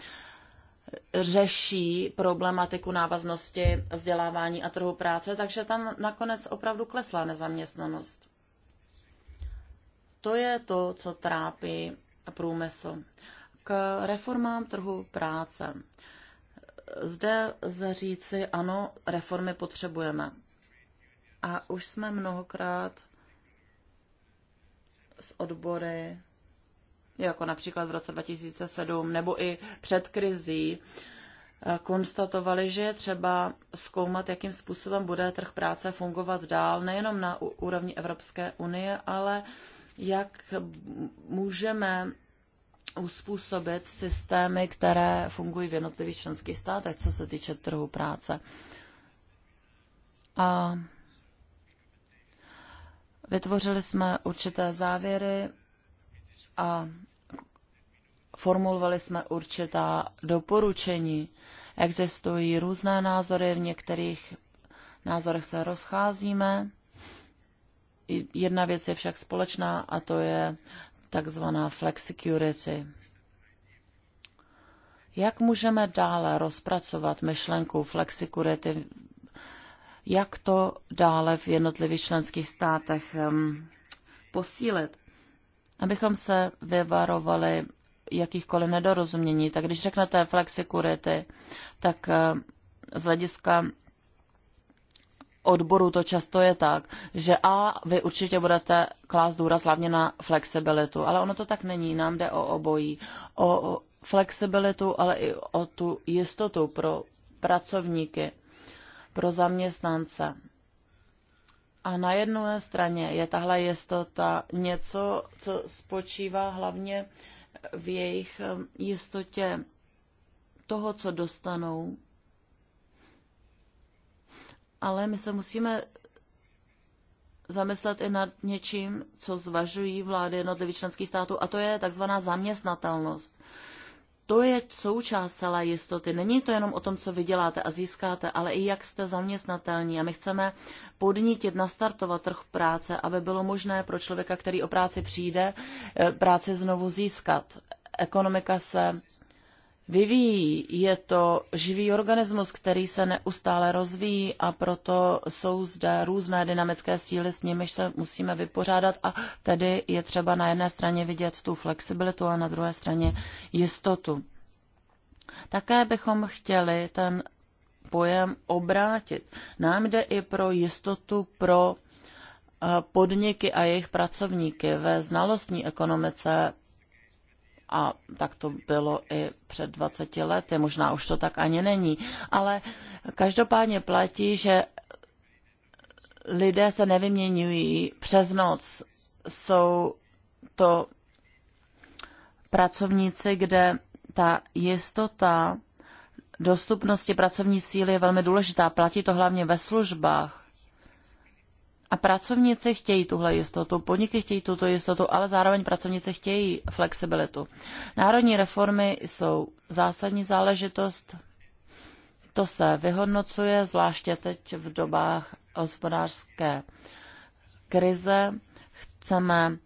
řeší problematiku návaznosti vzdělávání a trhu práce, takže tam nakonec opravdu klesla nezaměstnanost. To je to, co trápí průmysl. K reformám trhu práce. Zde zaříci, ano, reformy potřebujeme. A už jsme mnohokrát s odbory jako například v roce 2007 nebo i před krizí, eh, konstatovali, že je třeba zkoumat, jakým způsobem bude trh práce fungovat dál, nejenom na úrovni Evropské unie, ale jak můžeme uspůsobit systémy, které fungují v jednotlivých členských státech, co se týče trhu práce. A vytvořili jsme určité závěry, a formulovali jsme určitá doporučení. Existují různé názory, v některých názorech se rozcházíme. Jedna věc je však společná a to je takzvaná flexicurity. Jak můžeme dále rozpracovat myšlenku flexikurity? Jak to dále v jednotlivých členských státech um, posílit? abychom se vyvarovali jakýchkoliv nedorozumění. Tak když řeknete flexikurity, tak eh, z hlediska odboru to často je tak, že a vy určitě budete klást důraz hlavně na flexibilitu, ale ono to tak není, nám jde o obojí, o flexibilitu, ale i o tu jistotu pro pracovníky, pro zaměstnance. A na jedné straně je tahle jistota něco, co spočívá hlavně v jejich um, jistotě toho, co dostanou. Ale my se musíme zamyslet i nad něčím, co zvažují vlády jednotlivých členských států, a to je takzvaná zaměstnatelnost. Uh, to je součást celé jistoty. Není to jenom o tom, co vyděláte a získáte, ale i jak jste zaměstnatelní. A my chceme podnítit, nastartovat trh práce, aby bylo možné pro člověka, který o práci přijde, eh, práci znovu získat. Ekonomika se vyvíjí. Je to živý organismus, který se neustále rozvíjí a proto jsou zde různé dynamické síly, s nimiž se musíme vypořádat a tedy je třeba na jedné straně vidět tu flexibilitu a na druhé straně jistotu. Také bychom chtěli ten pojem obrátit. Nám jde i pro jistotu pro eh, podniky a jejich pracovníky. Ve znalostní ekonomice a tak to bylo i před 20 lety, možná už to tak ani není, ale každopádně platí, že lidé se nevyměňují přes noc, jsou to pracovníci, kde ta jistota dostupnosti pracovní síly je velmi důležitá. Platí to hlavně ve službách. A pracovníci chtějí tuhle jistotu, podniky chtějí tuto jistotu, ale zároveň pracovníci chtějí flexibilitu. Národní reformy jsou zásadní záležitost, to se vyhodnocuje, zvláště teď v dobách hospodářské krize. Chceme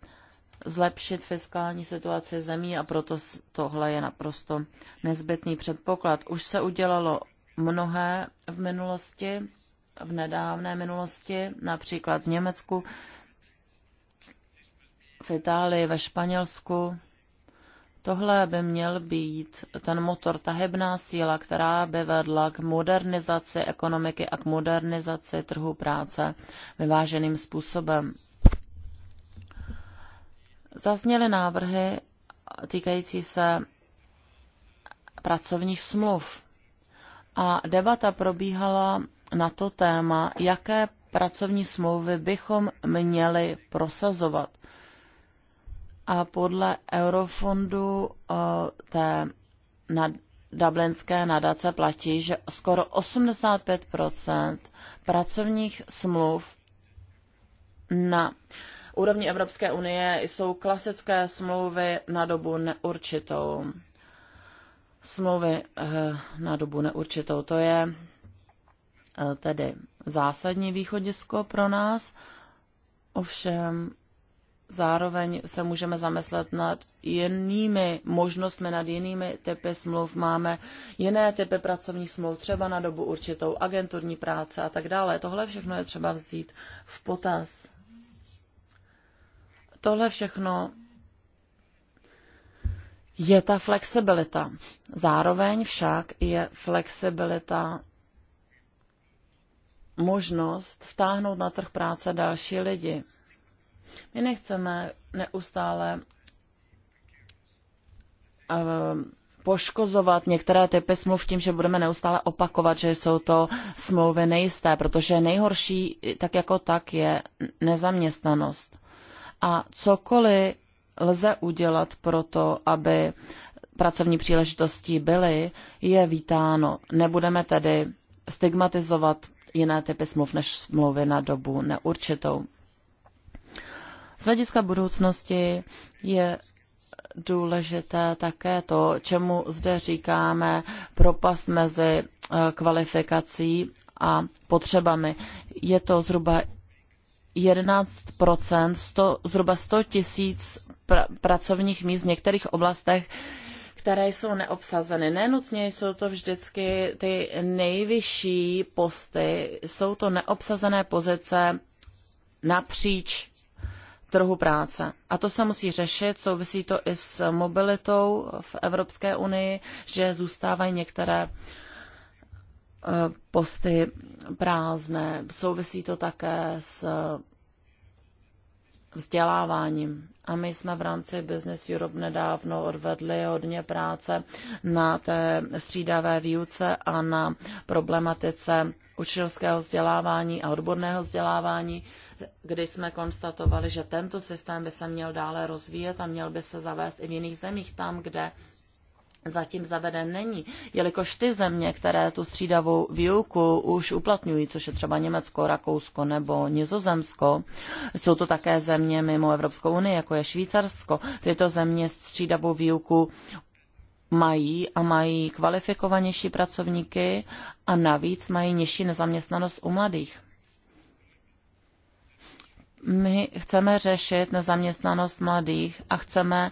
zlepšit fiskální situaci zemí a proto tohle je naprosto nezbytný předpoklad. Už se udělalo mnohé v minulosti v nedávné minulosti, například v Německu, v Itálii, ve Španělsku. Tohle by měl být ten motor, tahebná síla, která by vedla k modernizaci ekonomiky a k modernizaci trhu práce vyváženým způsobem. Zazněly návrhy týkající se pracovních smluv. A debata probíhala na to téma, jaké pracovní smlouvy bychom měli prosazovat. A podle Eurofondu eh, té na dublinské nadace platí, že skoro 85 pracovních smluv na úrovni Evropské unie jsou klasické smlouvy na dobu neurčitou. Smlouvy eh, na dobu neurčitou, to je E, tedy zásadní východisko pro nás, ovšem zároveň se můžeme zamyslet nad jinými možnostmi, nad jinými typy smluv. Máme jiné typy pracovních smluv, třeba na dobu určitou, agenturní práce a tak dále. Tohle všechno je třeba vzít v potaz. Tohle všechno je ta flexibilita. Zároveň však je flexibilita možnost vtáhnout na trh práce další lidi. My nechceme neustále eh, poškozovat některé typy smluv tím, že budeme neustále opakovat, že jsou to smlouvy nejisté, protože nejhorší tak jako tak je nezaměstnanost. A cokoliv lze udělat pro to, aby pracovní příležitosti byly, je vítáno. Nebudeme tedy stigmatizovat jiné typy smluv než smlouvy na dobu neurčitou. Z hlediska budoucnosti je důležité také to, čemu zde říkáme propast mezi eh, kvalifikací a potřebami. Je to zhruba 11 100, zhruba 100 tisíc pr pracovních míst v některých oblastech které jsou neobsazeny. Nenutně jsou to vždycky ty nejvyšší posty, jsou to neobsazené pozice napříč trhu práce. A to se musí řešit, souvisí to i s mobilitou v Evropské unii, že zůstávají některé e, posty prázdné. Souvisí to také s vzděláváním. A my jsme v rámci Business Europe nedávno odvedli hodně práce na té střídavé výuce a na problematice učňovského vzdělávání a odborného vzdělávání, kdy jsme konstatovali, že tento systém by se měl dále rozvíjet a měl by se zavést i v jiných zemích tam, kde zatím zaveden není, jelikož ty země, které tu střídavou výuku už uplatňují, což je třeba Německo, Rakousko nebo Nizozemsko, jsou to také země mimo Evropskou unii, jako je Švýcarsko. Tyto země střídavou výuku mají a mají kvalifikovanější pracovníky a navíc mají nižší nezaměstnanost u mladých. My chceme řešit nezaměstnanost mladých a chceme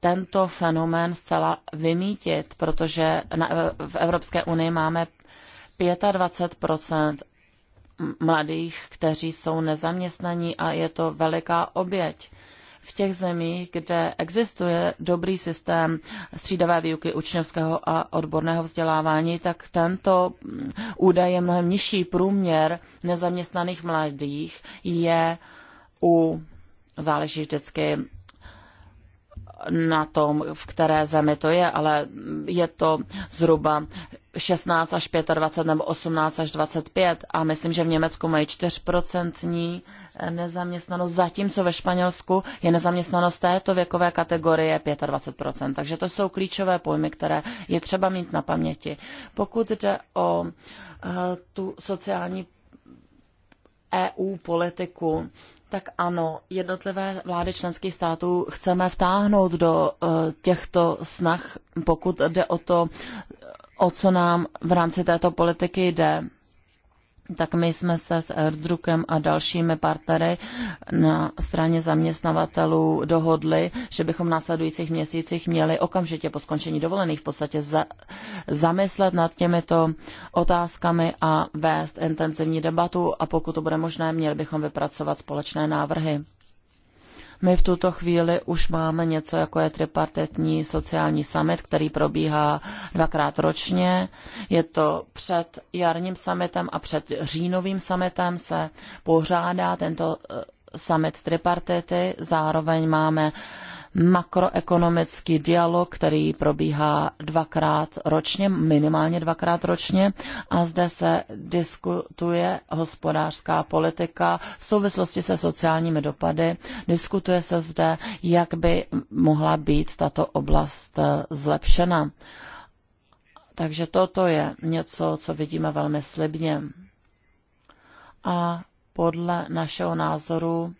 tento fenomén zcela vymítit, protože na, v Evropské unii máme 25 mladých, kteří jsou nezaměstnaní a je to veliká oběť. V těch zemích, kde existuje dobrý systém střídavé výuky učňovského a odborného vzdělávání, tak tento údaj je mnohem nižší. Průměr nezaměstnaných mladých je u záleží vždycky na tom, v které zemi to je, ale je to zhruba 16 až 25 nebo 18 až 25 a myslím, že v Německu mají 4% eh, nezaměstnanost, zatímco ve Španělsku je nezaměstnanost této věkové kategorie 25%. Takže to jsou klíčové pojmy, které je třeba mít na paměti. Pokud jde o eh, tu sociální EU eh, e politiku, tak ano, jednotlivé vlády členských států chceme vtáhnout do eh, těchto snah, pokud jde o to, eh, o co nám v rámci této politiky jde tak my jsme se s Erdrukem a dalšími partnery na straně zaměstnavatelů dohodli, že bychom v následujících měsících měli okamžitě po skončení dovolených v podstatě za, zamyslet nad těmito otázkami a vést intenzivní debatu a pokud to bude možné, měli bychom vypracovat společné návrhy. My v tuto chvíli už máme něco jako je tripartitní sociální summit, který probíhá dvakrát ročně. Je to před jarním summitem a před říjnovým summitem se pořádá tento eh, summit tripartity. Zároveň máme uh, makroekonomický dialog, který probíhá dvakrát ročně, minimálně dvakrát ročně a zde se diskutuje hospodářská politika v souvislosti se sociálními dopady. Diskutuje se zde, jak by mohla být tato oblast eh, zlepšena. Takže toto je něco, co vidíme velmi slibně. A podle našeho názoru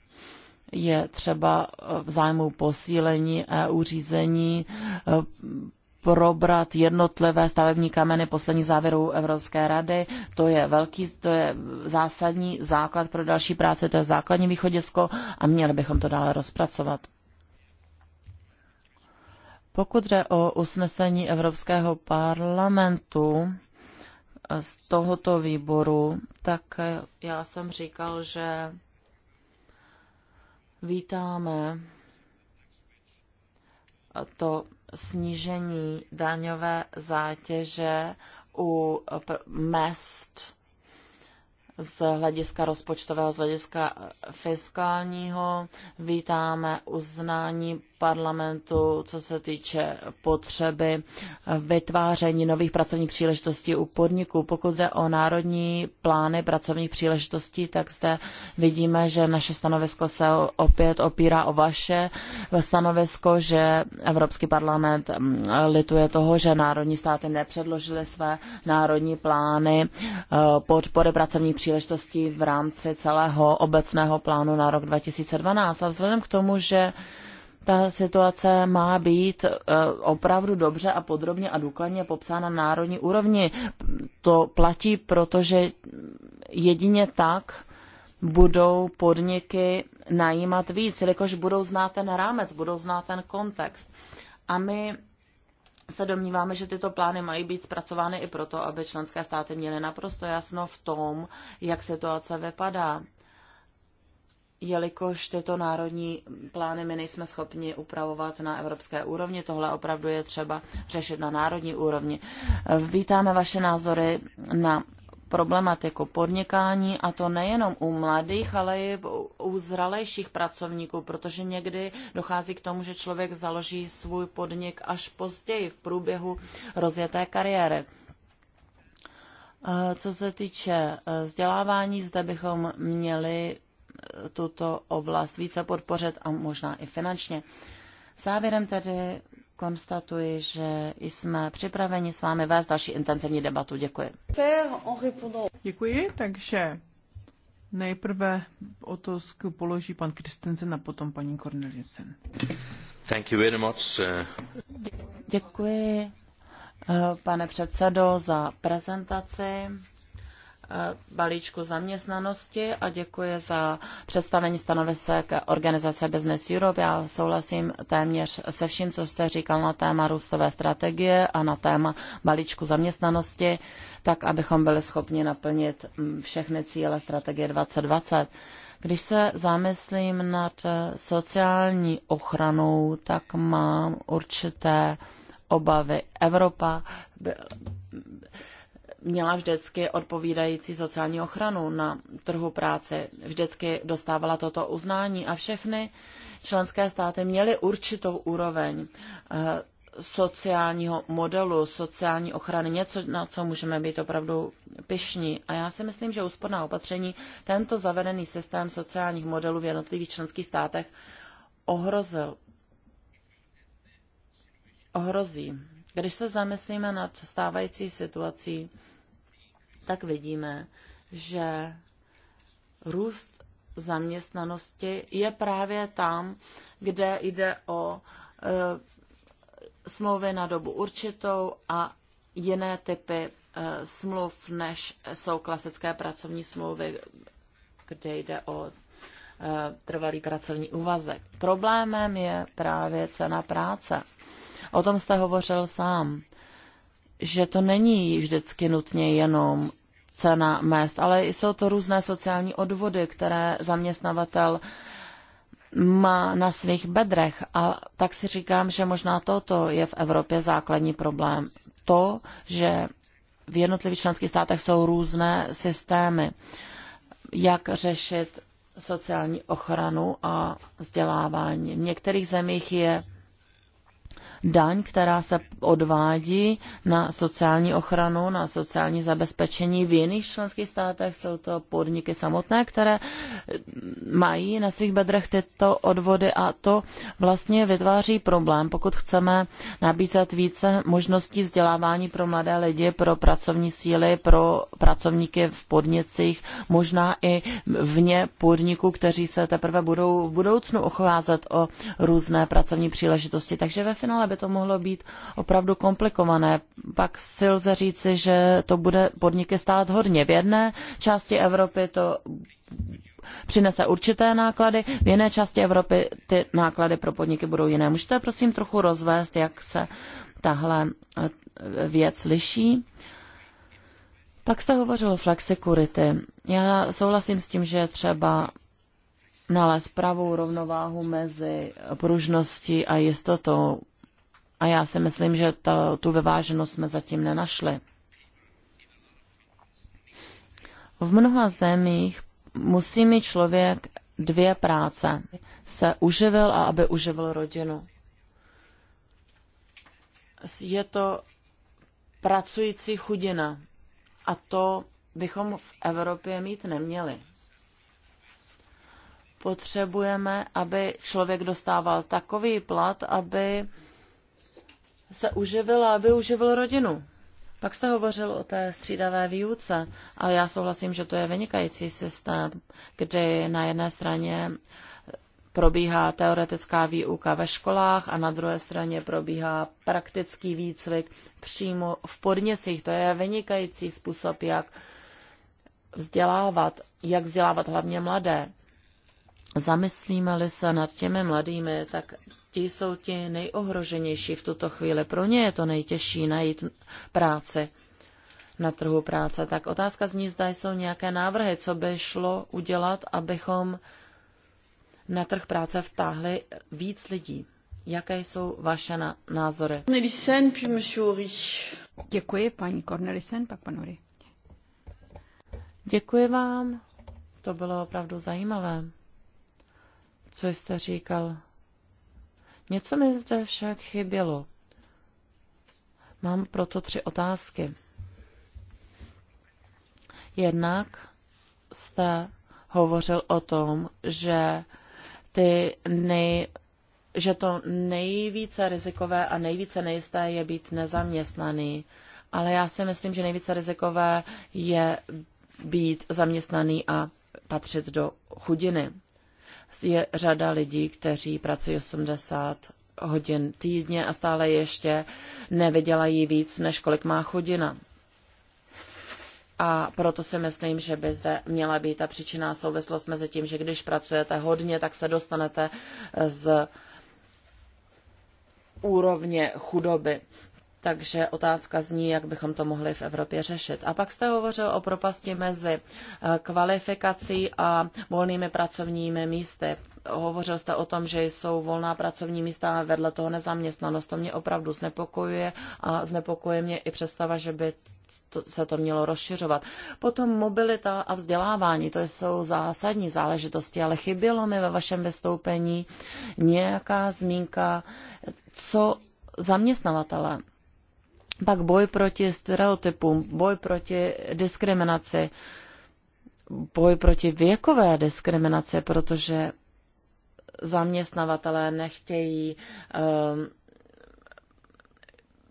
je třeba eh, v zájmu posílení EU řízení eh, probrat jednotlivé stavební kameny poslední závěrů Evropské rady. To je velký, to je zásadní základ pro další práci, to je základní východisko a měli bychom to dále rozpracovat. Pokud jde o usnesení Evropského parlamentu eh, z tohoto výboru, tak já jsem říkal, že vítáme to snížení daňové zátěže u mest z hlediska rozpočtového, z hlediska fiskálního. Vítáme uznání parlamentu, co se týče potřeby vytváření nových pracovních příležitostí u podniků. Pokud jde o národní plány pracovních příležitostí, tak zde vidíme, že naše stanovisko se opět opírá o vaše stanovisko, že Evropský parlament mm, lituje toho, že národní státy nepředložily své národní plány e, podpory pracovních příležitostí v rámci celého obecného plánu na rok 2012. A vzhledem k tomu, že ta situace má být eh, opravdu dobře a podrobně a důkladně popsána na národní úrovni. To platí, protože jedině tak budou podniky najímat víc, jelikož budou znát ten rámec, budou znát ten kontext. A my se domníváme, že tyto plány mají být zpracovány i proto, aby členské státy měly naprosto jasno v tom, jak situace vypadá jelikož tyto národní plány my nejsme schopni upravovat na evropské úrovni, tohle opravdu je třeba řešit na národní úrovni. Vítáme vaše názory na problematiku podnikání a to nejenom u mladých, ale i u zralejších pracovníků, protože někdy dochází k tomu, že člověk založí svůj podnik až později v průběhu rozjeté kariéry. Eh, co se týče eh, vzdělávání, zde bychom měli tuto oblast více podpořit a možná i finančně. Závěrem tedy konstatuji, že jsme připraveni s vámi vést další intenzivní debatu. Děkuji. Děkuji, takže nejprve otázku položí pan Kristensen a potom paní Cornelissen. Thank you very much. Děkuji, eh, pane předsedo, za prezentaci. Eh, balíčku zaměstnanosti a děkuji za představení stanovisek organizace Business Europe. Já souhlasím téměř se vším, co jste říkal na téma růstové strategie a na téma balíčku zaměstnanosti, tak abychom byli schopni naplnit mm, všechny cíle strategie 2020. Když se zamyslím nad eh, sociální ochranou, tak mám určité obavy. Evropa by měla vždycky odpovídající sociální ochranu na trhu práce, vždycky dostávala toto uznání a všechny členské státy měly určitou úroveň eh, sociálního modelu, sociální ochrany, něco, na co můžeme být opravdu pyšní. A já si myslím, že úsporná opatření tento zavedený systém sociálních modelů v jednotlivých členských státech ohrozil. Ohrozí. Když se zamyslíme nad stávající situací, tak vidíme, že růst zaměstnanosti je právě tam, kde jde o e, smlouvy na dobu určitou a jiné typy e, smluv, než jsou klasické pracovní smlouvy, kde jde o e, trvalý pracovní úvazek. Problémem je právě cena práce. O tom jste hovořil sám že to není vždycky nutně jenom cena mest, ale jsou to různé sociální odvody, které zaměstnavatel má na svých bedrech. A tak si říkám, že možná toto je v Evropě základní problém. To, že v jednotlivých členských státech jsou různé systémy, jak řešit sociální ochranu a vzdělávání. V některých zemích je daň, která se odvádí na sociální ochranu, na sociální zabezpečení. V jiných členských státech jsou to podniky samotné, které mají na svých bedrech tyto odvody a to vlastně vytváří problém, pokud chceme nabízet více možností vzdělávání pro mladé lidi, pro pracovní síly, pro pracovníky v podnicích, možná i vně podniku, kteří se teprve budou v budoucnu ocházet o různé pracovní příležitosti. Takže ve finále by to mohlo být opravdu komplikované. Pak si lze říci, že to bude podniky stát hodně. V jedné části Evropy to přinese určité náklady, v jiné části Evropy ty náklady pro podniky budou jiné. Můžete prosím trochu rozvést, jak se tahle eh, věc liší? Pak jste hovořil o flexikurity. Já souhlasím s tím, že třeba nalézt pravou rovnováhu mezi pružností a jistotou. A já si myslím, že ta, tu vyváženost jsme zatím nenašli. V mnoha zemích musí mít člověk dvě práce. Se uživil a aby uživil rodinu. Je to pracující chudina. A to bychom v Evropě mít neměli. Potřebujeme, aby člověk dostával takový plat, aby se uživil a aby uživil rodinu. Pak jste hovořil o té střídavé výuce a já souhlasím, že to je vynikající systém, kdy na jedné straně probíhá teoretická výuka ve školách a na druhé straně probíhá praktický výcvik přímo v podněcích. To je vynikající způsob, jak vzdělávat, jak vzdělávat hlavně mladé zamyslíme-li se nad těmi mladými, tak ti jsou ti nejohroženější v tuto chvíli. Pro ně je to nejtěžší najít práci na trhu práce. Tak otázka zní, zda jsou nějaké návrhy, co by šlo udělat, abychom na trh práce vtáhli víc lidí. Jaké jsou vaše na- názory? Cornelisen, Děkuji, paní Cornelisen, pak pan Děkuji vám. To bylo opravdu zajímavé co jste říkal. Něco mi zde však chybělo. Mám proto tři otázky. Jednak jste hovořil o tom, že ty nej, že to nejvíce rizikové a nejvíce nejisté je být nezaměstnaný. Ale já si myslím, že nejvíce rizikové je být zaměstnaný a patřit do chudiny je řada lidí, kteří pracují 80 hodin týdně a stále ještě nevydělají víc, než kolik má chodina. A proto si myslím, že by zde měla být ta příčinná souvislost mezi tím, že když pracujete hodně, tak se dostanete z úrovně chudoby takže otázka zní, jak bychom to mohli v Evropě řešit. A pak jste hovořil o propasti mezi eh, kvalifikací a volnými pracovními místy. Hovořil jste o tom, že jsou volná pracovní místa a vedle toho nezaměstnanost. To mě opravdu znepokojuje a znepokojuje mě i představa, že by to, se to mělo rozšiřovat. Potom mobilita a vzdělávání, to jsou zásadní záležitosti, ale chybělo mi ve vašem vystoupení nějaká zmínka, co zaměstnavatele pak boj proti stereotypům, boj proti diskriminaci, boj proti věkové diskriminaci, protože zaměstnavatelé nechtějí um,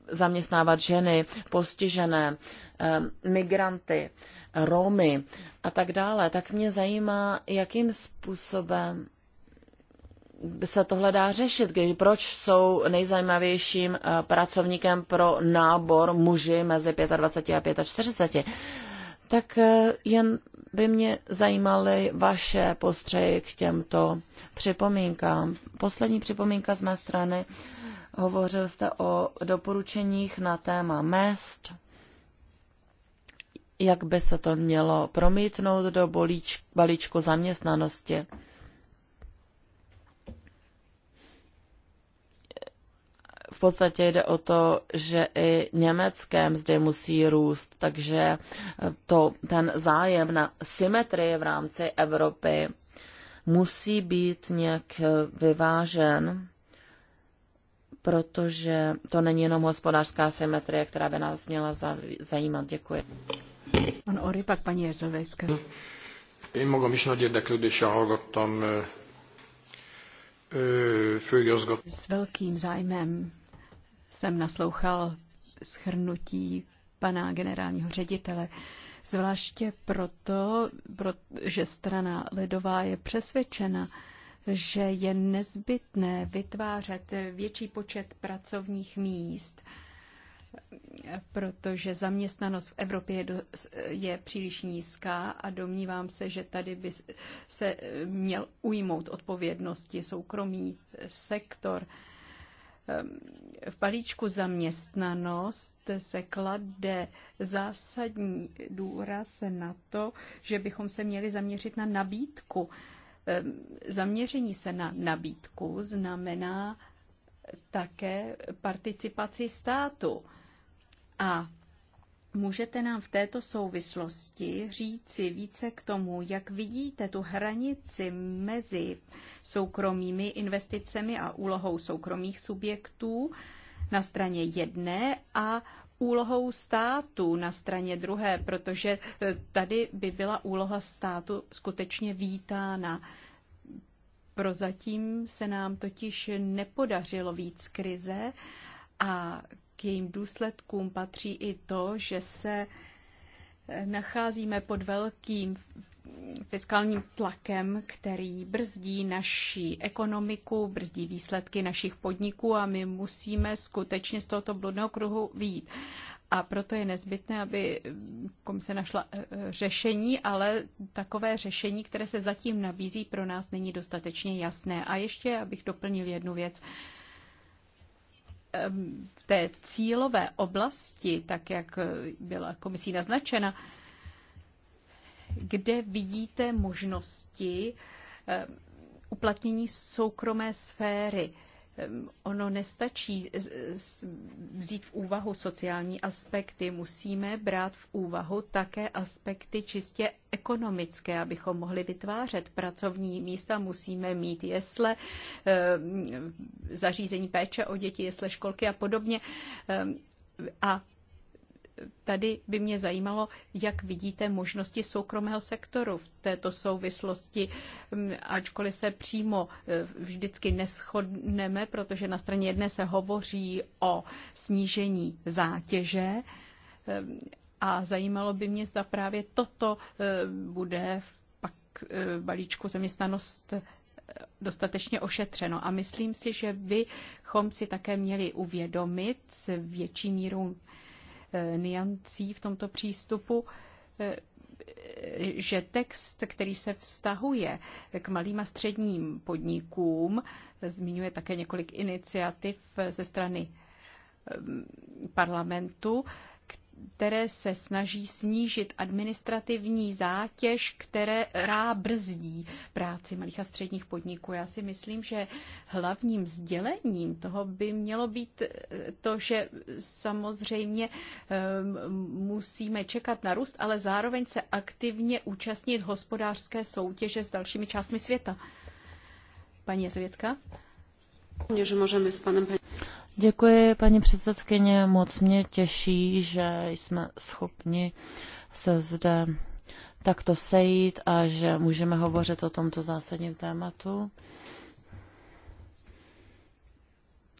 zaměstnávat ženy, postižené, um, migranty, Romy a tak dále. Tak mě zajímá, jakým způsobem se tohle dá řešit, kdy proč jsou nejzajímavějším eh, pracovníkem pro nábor muži mezi 25 a 45. Tak eh, jen by mě zajímaly vaše postřeji k těmto připomínkám. Poslední připomínka z mé strany. Hovořil jste o doporučeních na téma mest, jak by se to mělo promítnout do balíčku zaměstnanosti. V podstatě jde o to, že i německé mzdy musí růst, takže to, ten zájem na symetrii v rámci Evropy musí být nějak vyvážen, protože to není jenom hospodářská symetrie, která by nás měla zajímat. Děkuji. Pan Ory, pak paní Jezovecká. Én magam is nagy érdeklődéssel hallgattam S velkým zájmem jsem naslouchal schrnutí pana generálního ředitele. Zvláště proto, že strana Lidová je přesvědčena, že je nezbytné vytvářet větší počet pracovních míst, protože zaměstnanost v Evropě je, do, je příliš nízká a domnívám se, že tady by se měl ujmout odpovědnosti soukromý sektor v balíčku zaměstnanost se klade zásadní důraz na to, že bychom se měli zaměřit na nabídku. Ehm, zaměření se na nabídku znamená také participaci státu. A Můžete nám v této souvislosti říci více k tomu, jak vidíte tu hranici mezi soukromými investicemi a úlohou soukromých subjektů na straně jedné a úlohou státu na straně druhé, protože eh, tady by byla úloha státu skutečně vítána. Prozatím se nám totiž nepodařilo víc krize a k jejím důsledkům patří i to, že se eh, nacházíme pod velkým fiskálním tlakem, který brzdí naši ekonomiku, brzdí výsledky našich podniků a my musíme skutečně z tohoto bludného kruhu výjít. A proto je nezbytné, aby komise našla eh, eh, řešení, ale takové řešení, které se zatím nabízí, pro nás není dostatečně jasné. A ještě, abych doplnil jednu věc v té cílové oblasti, tak jak byla komisí naznačena, kde vidíte možnosti uplatnění soukromé sféry Ehm, ono nestačí vzít v úvahu sociální aspekty, musíme brát v úvahu také aspekty čistě ekonomické, abychom mohli vytvářet pracovní místa, musíme mít jesle, ehm, zařízení péče o děti, jesle školky a podobně. Ehm, a tady by mě zajímalo, jak vidíte možnosti soukromého sektoru v této souvislosti, ačkoliv se přímo e, vždycky neschodneme, protože na straně jedné se hovoří o snížení zátěže e, a zajímalo by mě, zda právě toto e, bude pak balíčku zaměstnanost dostatečně ošetřeno. A myslím si, že bychom si také měli uvědomit s větší mírou Eh, niancí v tomto přístupu, eh, že text, který se vztahuje k malým a středním podnikům, zmiňuje také několik iniciativ ze strany eh, parlamentu, které se snaží snížit administrativní zátěž, která brzdí práci malých a středních podniků. Já si myslím, že hlavním sdělením toho by mělo být to, že samozřejmě ehm, musíme čekat na růst, ale zároveň se aktivně účastnit hospodářské soutěže s dalšími částmi světa. Paní Jezověcka? Děkuji, paní předsedkyně. Moc mě těší, že jsme schopni se zde takto sejít a že můžeme hovořit o tomto zásadním tématu.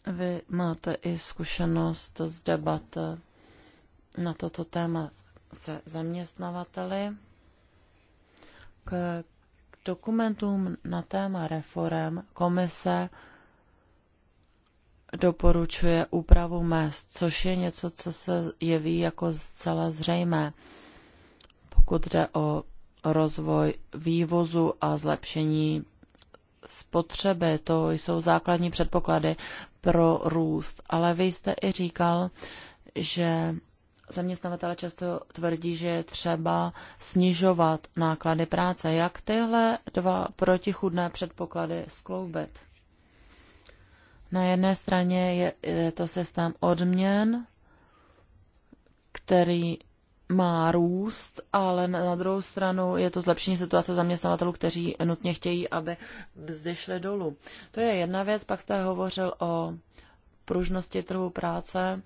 Vy máte i zkušenost z debat na toto téma se zaměstnavateli. K dokumentům na téma reform komise doporučuje úpravu mest, což je něco, co se jeví jako zcela zřejmé, pokud jde o rozvoj vývozu a zlepšení spotřeby. To jsou základní předpoklady pro růst. Ale vy jste i říkal, že zaměstnavatele často tvrdí, že je třeba snižovat náklady práce. Jak tyhle dva protichudné předpoklady skloubit? Na jedné straně je, je to systém odměn, který má růst, ale na druhou stranu je to zlepšení situace zaměstnavatelů, kteří nutně chtějí, aby zde šli dolů. To je jedna věc, pak jste hovořil o pružnosti trhu práce,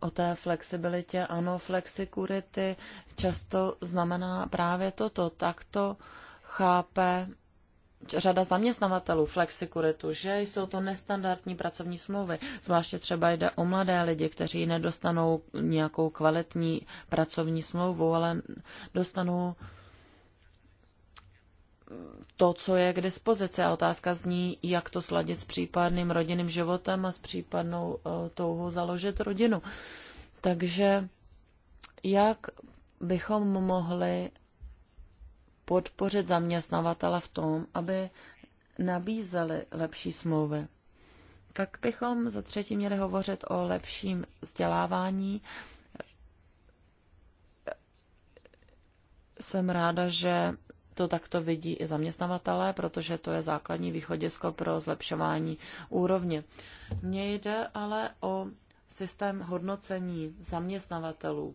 o té flexibilitě. Ano, flexikurity často znamená právě toto. Takto chápe řada zaměstnavatelů flexikuritu, že jsou to nestandardní pracovní smlouvy. Zvláště třeba jde o mladé lidi, kteří nedostanou nějakou kvalitní pracovní smlouvu, ale dostanou to, co je k dispozici. A otázka zní, jak to sladit s případným rodinným životem a s případnou eh, touhou založit rodinu. Takže jak bychom mohli podpořit zaměstnavatele v tom, aby nabízeli lepší smlouvy. Tak bychom za třetí měli hovořit o lepším vzdělávání. Jsem ráda, že to takto vidí i zaměstnavatelé, protože to je základní východisko pro zlepšování úrovně. Mně jde ale o systém hodnocení zaměstnavatelů,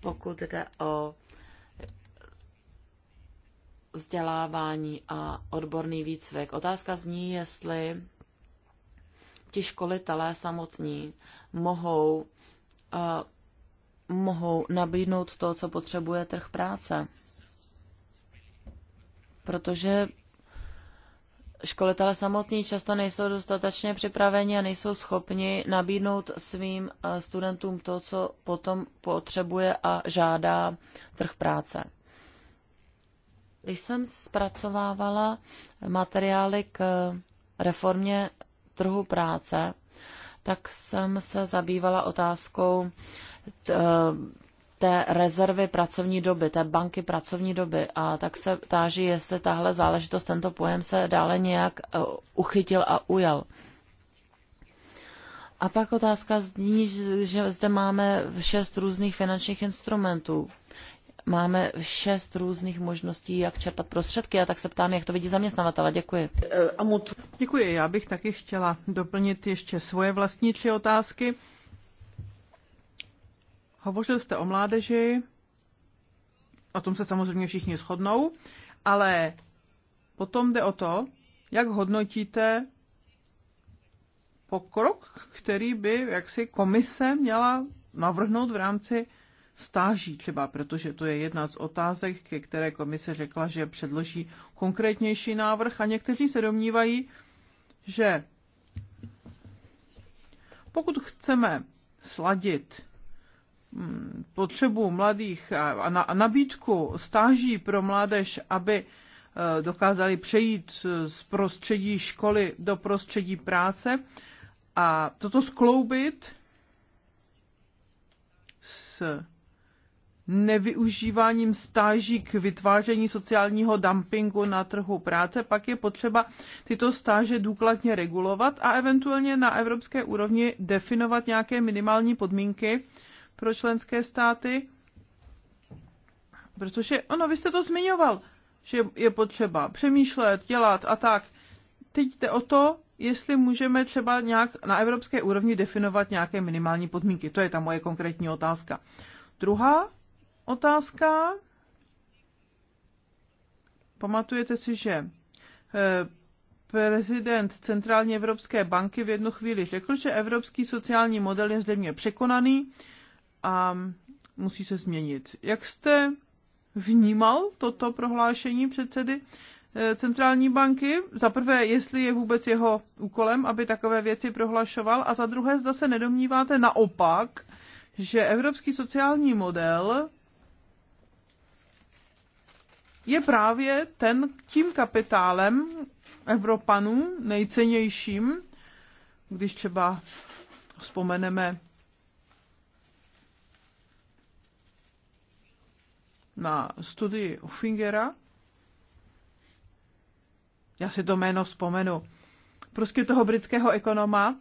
pokud jde o vzdělávání a odborný výcvik. Otázka zní, jestli ti školitelé samotní mohou, uh, mohou nabídnout to, co potřebuje trh práce. Protože školitelé samotní často nejsou dostatečně připraveni a nejsou schopni nabídnout svým eh, studentům to, co potom potřebuje a žádá trh práce. Když jsem zpracovávala materiály k reformě trhu práce, tak jsem se zabývala otázkou eh, té rezervy pracovní doby, té banky pracovní doby. A tak se táží, jestli tahle záležitost, tento pojem se dále nějak eh, uchytil a ujal. A pak otázka zní, že zde máme šest různých finančních instrumentů máme šest různých možností, jak čerpat prostředky a tak se ptám, jak to vidí zaměstnavatele. Děkuji. Děkuji. Já bych taky chtěla doplnit ještě svoje vlastní tři otázky. Hovořil jste o mládeži, o tom se samozřejmě všichni shodnou, ale potom jde o to, jak hodnotíte pokrok, který by jaksi komise měla navrhnout v rámci stáží třeba, protože to je jedna z otázek, ke které komise řekla, že předloží konkrétnější návrh a někteří se domnívají, že pokud chceme sladit mm, potřebu mladých a, nabídku stáží pro mládež, aby e, dokázali přejít z prostředí školy do prostředí práce a toto skloubit s nevyužíváním stáží k vytváření sociálního dumpingu na trhu práce, pak je potřeba tyto stáže důkladně regulovat a eventuálně na evropské úrovni definovat nějaké minimální podmínky pro členské státy. Protože, ono, vy jste to zmiňoval, že je potřeba přemýšlet, dělat a tak. Teď jde o to, jestli můžeme třeba nějak na evropské úrovni definovat nějaké minimální podmínky. To je ta moje konkrétní otázka. Druhá Otázka. Pamatujete si, že eh, prezident Centrální Evropské banky v jednu chvíli řekl, že evropský sociální model je zřejmě překonaný a musí se změnit. Jak jste vnímal toto prohlášení předsedy eh, centrální banky. Za prvé, jestli je vůbec jeho úkolem, aby takové věci prohlašoval, a za druhé, zda se nedomníváte naopak, že evropský sociální model je právě ten tím kapitálem Evropanů nejcennějším, když třeba vzpomeneme na studii Uffingera. Já si to jméno vzpomenu. Prostě toho britského ekonoma,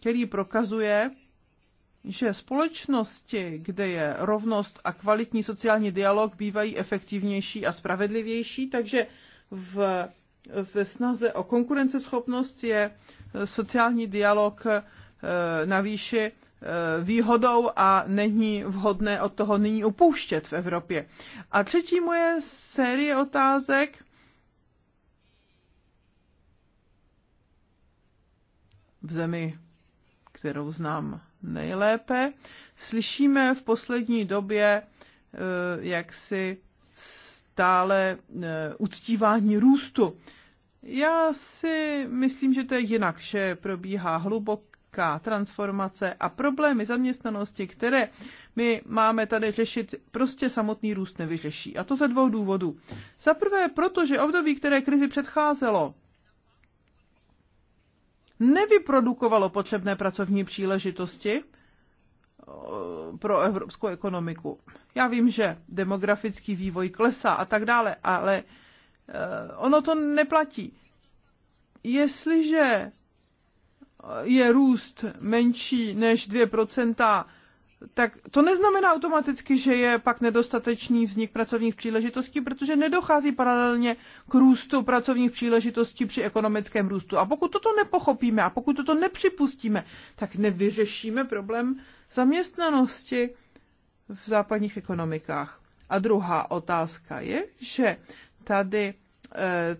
který prokazuje, že společnosti, kde je rovnost a kvalitní sociální dialog, bývají efektivnější a spravedlivější, takže v, ve snaze o konkurenceschopnost je e, sociální dialog e, na výši e, výhodou a není vhodné od toho nyní upouštět v Evropě. A třetí moje série otázek. V zemi, kterou znám nejlépe. Slyšíme v poslední době eh, jak si stále eh, uctívání růstu. Já si myslím, že to je jinak, že probíhá hluboká transformace a problémy zaměstnanosti, které my máme tady řešit, prostě samotný růst nevyřeší. A to ze dvou důvodů. Za prvé, protože období, které krizi předcházelo, nevyprodukovalo potřebné pracovní příležitosti eh, pro evropskou ekonomiku. Já vím, že demografický vývoj klesá a tak dále, ale eh, ono to neplatí. Jestliže eh, je růst menší než 2 tak to neznamená automaticky, že je pak nedostatečný vznik pracovních příležitostí, protože nedochází paralelně k růstu pracovních příležitostí při ekonomickém růstu. A pokud toto nepochopíme a pokud toto nepřipustíme, tak nevyřešíme problém zaměstnanosti v západních ekonomikách. A druhá otázka je, že tady eh,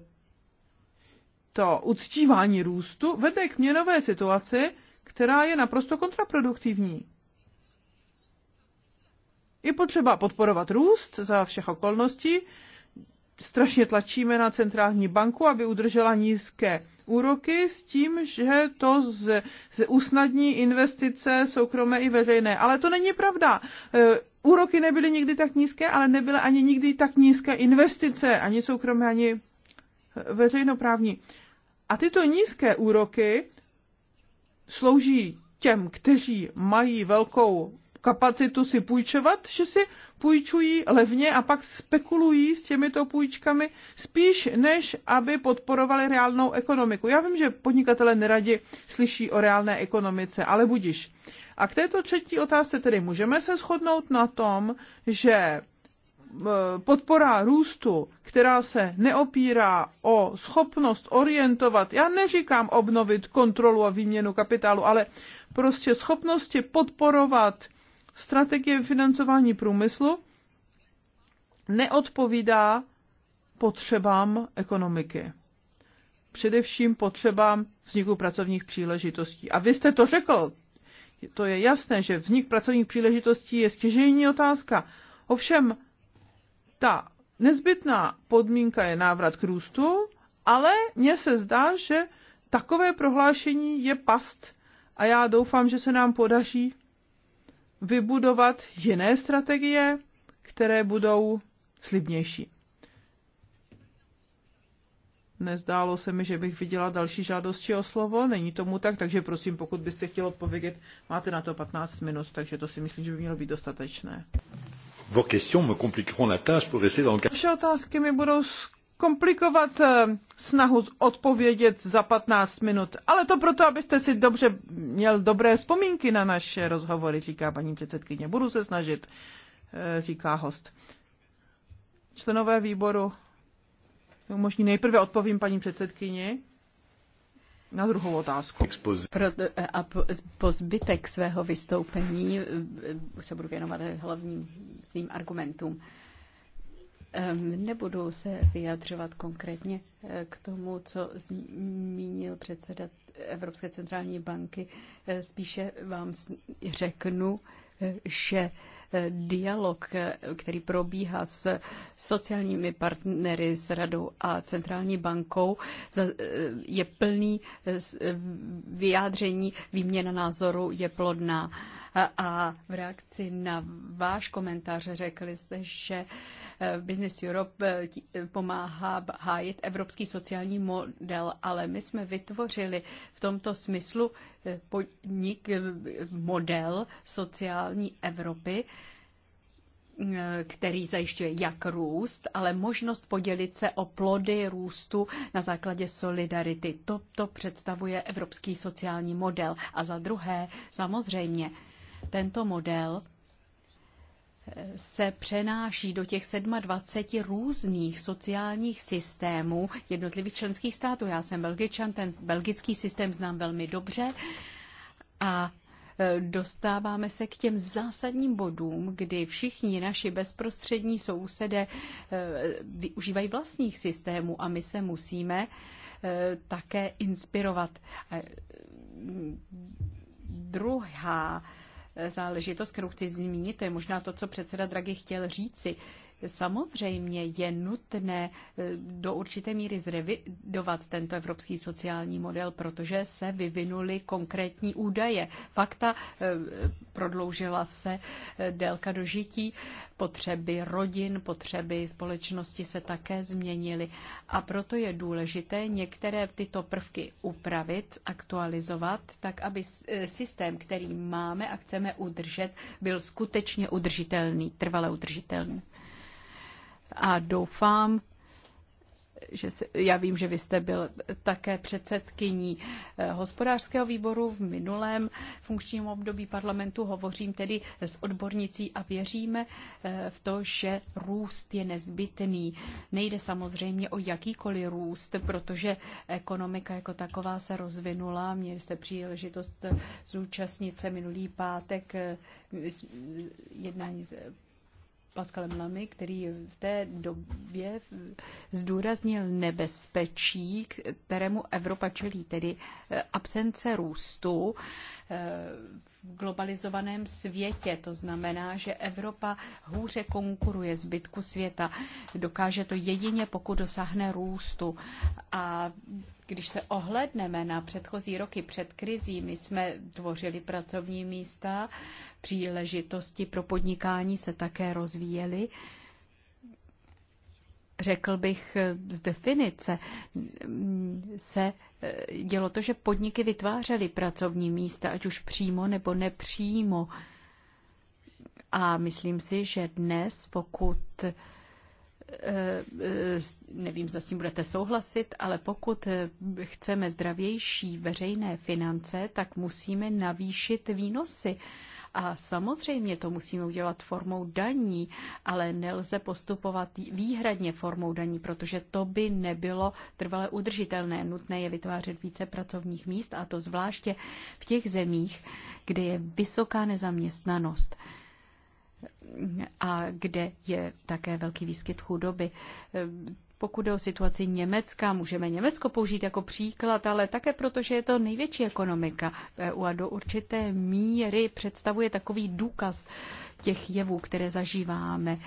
to uctívání růstu vede k měnové situaci, která je naprosto kontraproduktivní je potřeba podporovat růst za všech okolností. Strašně tlačíme na centrální banku, aby udržela nízké úroky s tím, že to z, z usnadní investice soukromé i veřejné. Ale to není pravda. E, úroky nebyly nikdy tak nízké, ale nebyly ani nikdy tak nízké investice, ani soukromé, ani e, veřejnoprávní. A tyto nízké úroky slouží těm, kteří mají velkou kapacitu si půjčovat, že si půjčují levně a pak spekulují s těmito půjčkami spíš, než aby podporovali reálnou ekonomiku. Já vím, že podnikatele neradi slyší o reálné ekonomice, ale budiš. A k této třetí otázce tedy můžeme se shodnout na tom, že eh, podpora růstu, která se neopírá o schopnost orientovat, já neříkám obnovit kontrolu a výměnu kapitálu, ale prostě schopnosti podporovat strategie financování průmyslu neodpovídá potřebám ekonomiky. Především potřebám vzniku pracovních příležitostí. A vy jste to řekl. To je jasné, že vznik pracovních příležitostí je stěžejní otázka. Ovšem, ta nezbytná podmínka je návrat k růstu, ale mně se zdá, že takové prohlášení je past a já doufám, že se nám podaří vybudovat jiné strategie, které budou slibnější. Nezdálo se mi, že bych viděla další žádosti o slovo, není tomu tak, takže prosím, pokud byste chtěl odpovědět, máte na to 15 minut, takže to si myslím, že by mělo být dostatečné. Vaše otázky mi budou komplikovat eh, snahu odpovědět za 15 minut, ale to proto, abyste si dobře měl dobré vzpomínky na naše rozhovory, říká paní předsedkyně. Budu se snažit, eh, říká host. Členové výboru Možná nejprve odpovím paní předsedkyni na druhou otázku. Pro eh, a po, po zbytek svého vystoupení se budu věnovat hlavním svým argumentům. Ehm, nebudu se vyjadřovat konkrétně eh, k tomu, co zmínil předseda Evropské centrální banky. Eh, spíše vám řeknu, eh, že dialog, který probíhá s sociálními partnery, s radou a centrální bankou, je plný vyjádření, výměna názoru je plodná. A v reakci na váš komentář řekli jste, že Eh, Business Europe eh, eh, pomáhá hájit evropský sociální model, ale my jsme vytvořili v tomto smyslu podnik, model sociální Evropy, který zajišťuje jak růst, ale možnost podělit se o plody růstu na základě solidarity. To, to představuje evropský sociální model. A za druhé, samozřejmě, tento model se přenáší do těch 27 různých sociálních systémů jednotlivých členských států. Já jsem belgičan, ten belgický systém znám velmi dobře a e, dostáváme se k těm zásadním bodům, kdy všichni naši bezprostřední sousedé e, využívají vlastních systémů a my se musíme e, také inspirovat. Druhá záležitost, kterou chci zmínit, to je možná to, co předseda Draghi chtěl říci. Samozřejmě je nutné eh, do určité míry zrevidovat tento evropský sociální model, protože se vyvinuly konkrétní údaje. Fakta, eh, prodloužila se eh, délka dožití, potřeby rodin, potřeby společnosti se také změnily. A proto je důležité některé tyto prvky upravit, aktualizovat, tak aby systém, který máme a chceme udržet, byl skutečně udržitelný, trvale udržitelný a doufám, že se, já vím, že vy jste byl také předsedkyní eh, hospodářského výboru v minulém funkčním období parlamentu, hovořím tedy s odbornicí a věříme eh, v to, že růst je nezbytný. Nejde samozřejmě o jakýkoliv růst, protože ekonomika jako taková se rozvinula. Měli jste příležitost eh, zúčastnit se minulý pátek jednání Pascalem Lamy, který v té době zdůraznil nebezpečí, kterému Evropa čelí, tedy eh, absence růstu eh, v globalizovaném světě. To znamená, že Evropa hůře konkuruje zbytku světa. Dokáže to jedině, pokud dosáhne růstu. A když se ohledneme na předchozí roky před krizí, my jsme tvořili pracovní místa, příležitosti pro podnikání se také rozvíjely. Řekl bych eh, z definice, mm, se eh, dělo to, že podniky vytvářely pracovní místa, ať už přímo nebo nepřímo. A myslím si, že dnes, pokud Eh, nevím, zda s tím budete souhlasit, ale pokud eh, chceme zdravější veřejné finance, tak musíme navýšit výnosy. A samozřejmě to musíme udělat formou daní, ale nelze postupovat výhradně formou daní, protože to by nebylo trvale udržitelné. Nutné je vytvářet více pracovních míst a to zvláště v těch zemích, kde je vysoká nezaměstnanost a kde je také velký výskyt chudoby. Pokud jde o situaci Německa, můžeme Německo použít jako příklad, ale také proto, že je to největší ekonomika EU a do určité míry představuje takový důkaz těch jevů, které zažíváme.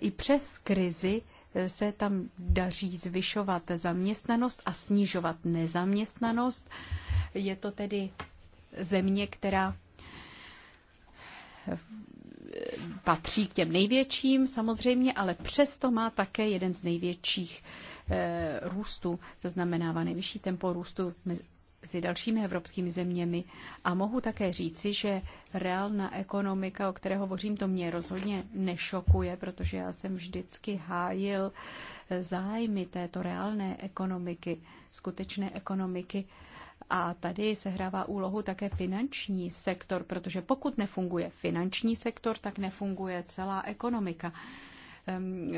I přes krizi se tam daří zvyšovat zaměstnanost a snižovat nezaměstnanost. Je to tedy země, která patří k těm největším samozřejmě, ale přesto má také jeden z největších eh, růstů, znamená nejvyšší tempo růstu mezi dalšími evropskými zeměmi. A mohu také říci, že reálná ekonomika, o které hovořím, to mě rozhodně nešokuje, protože já jsem vždycky hájil eh, zájmy této reálné ekonomiky, skutečné ekonomiky a tady se hrává úlohu také finanční sektor, protože pokud nefunguje finanční sektor, tak nefunguje celá ekonomika. Ehm,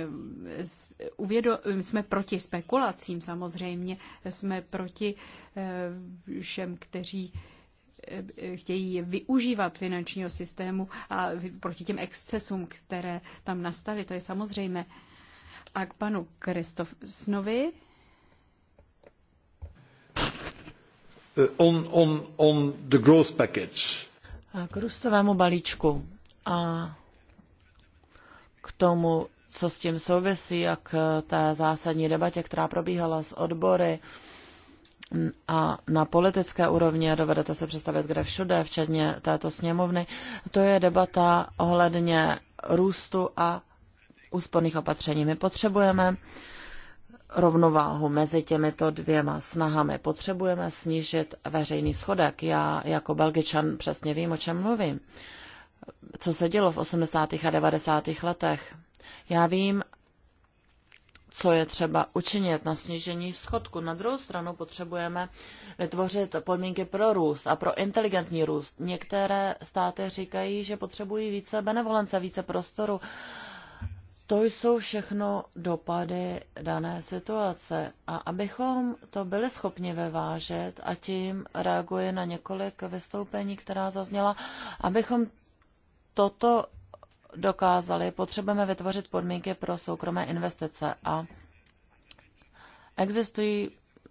uvědo, jsme proti spekulacím samozřejmě, jsme proti eh, všem, kteří eh, chtějí využívat finančního systému a proti těm excesům, které tam nastaly, to je samozřejmé. A k panu Kristofsnovi Eh, on, on, on the growth package. K růstovému balíčku a k tomu, co s tím souvisí a k té zásadní debatě, která probíhala s odbory a na politické úrovni, a dovedete se představit, kde všude, včetně této sněmovny, to je debata ohledně růstu a úsporných opatření. My potřebujeme uh, rovnováhu mezi těmito dvěma snahami. Potřebujeme snížit veřejný schodek. Já jako belgičan přesně vím, o čem mluvím. Co se dělo v 80. a 90. letech? Já vím, co je třeba učinit na snížení schodku. Na druhou stranu potřebujeme vytvořit podmínky pro růst a pro inteligentní růst. Některé státy říkají, že potřebují více benevolence, více prostoru. Uh, to jsou všechno dopady dané situace. A abychom to byli schopni vyvážet, a tím reaguje na několik vystoupení, která zazněla, abychom toto dokázali, potřebujeme vytvořit podmínky pro soukromé investice. A existují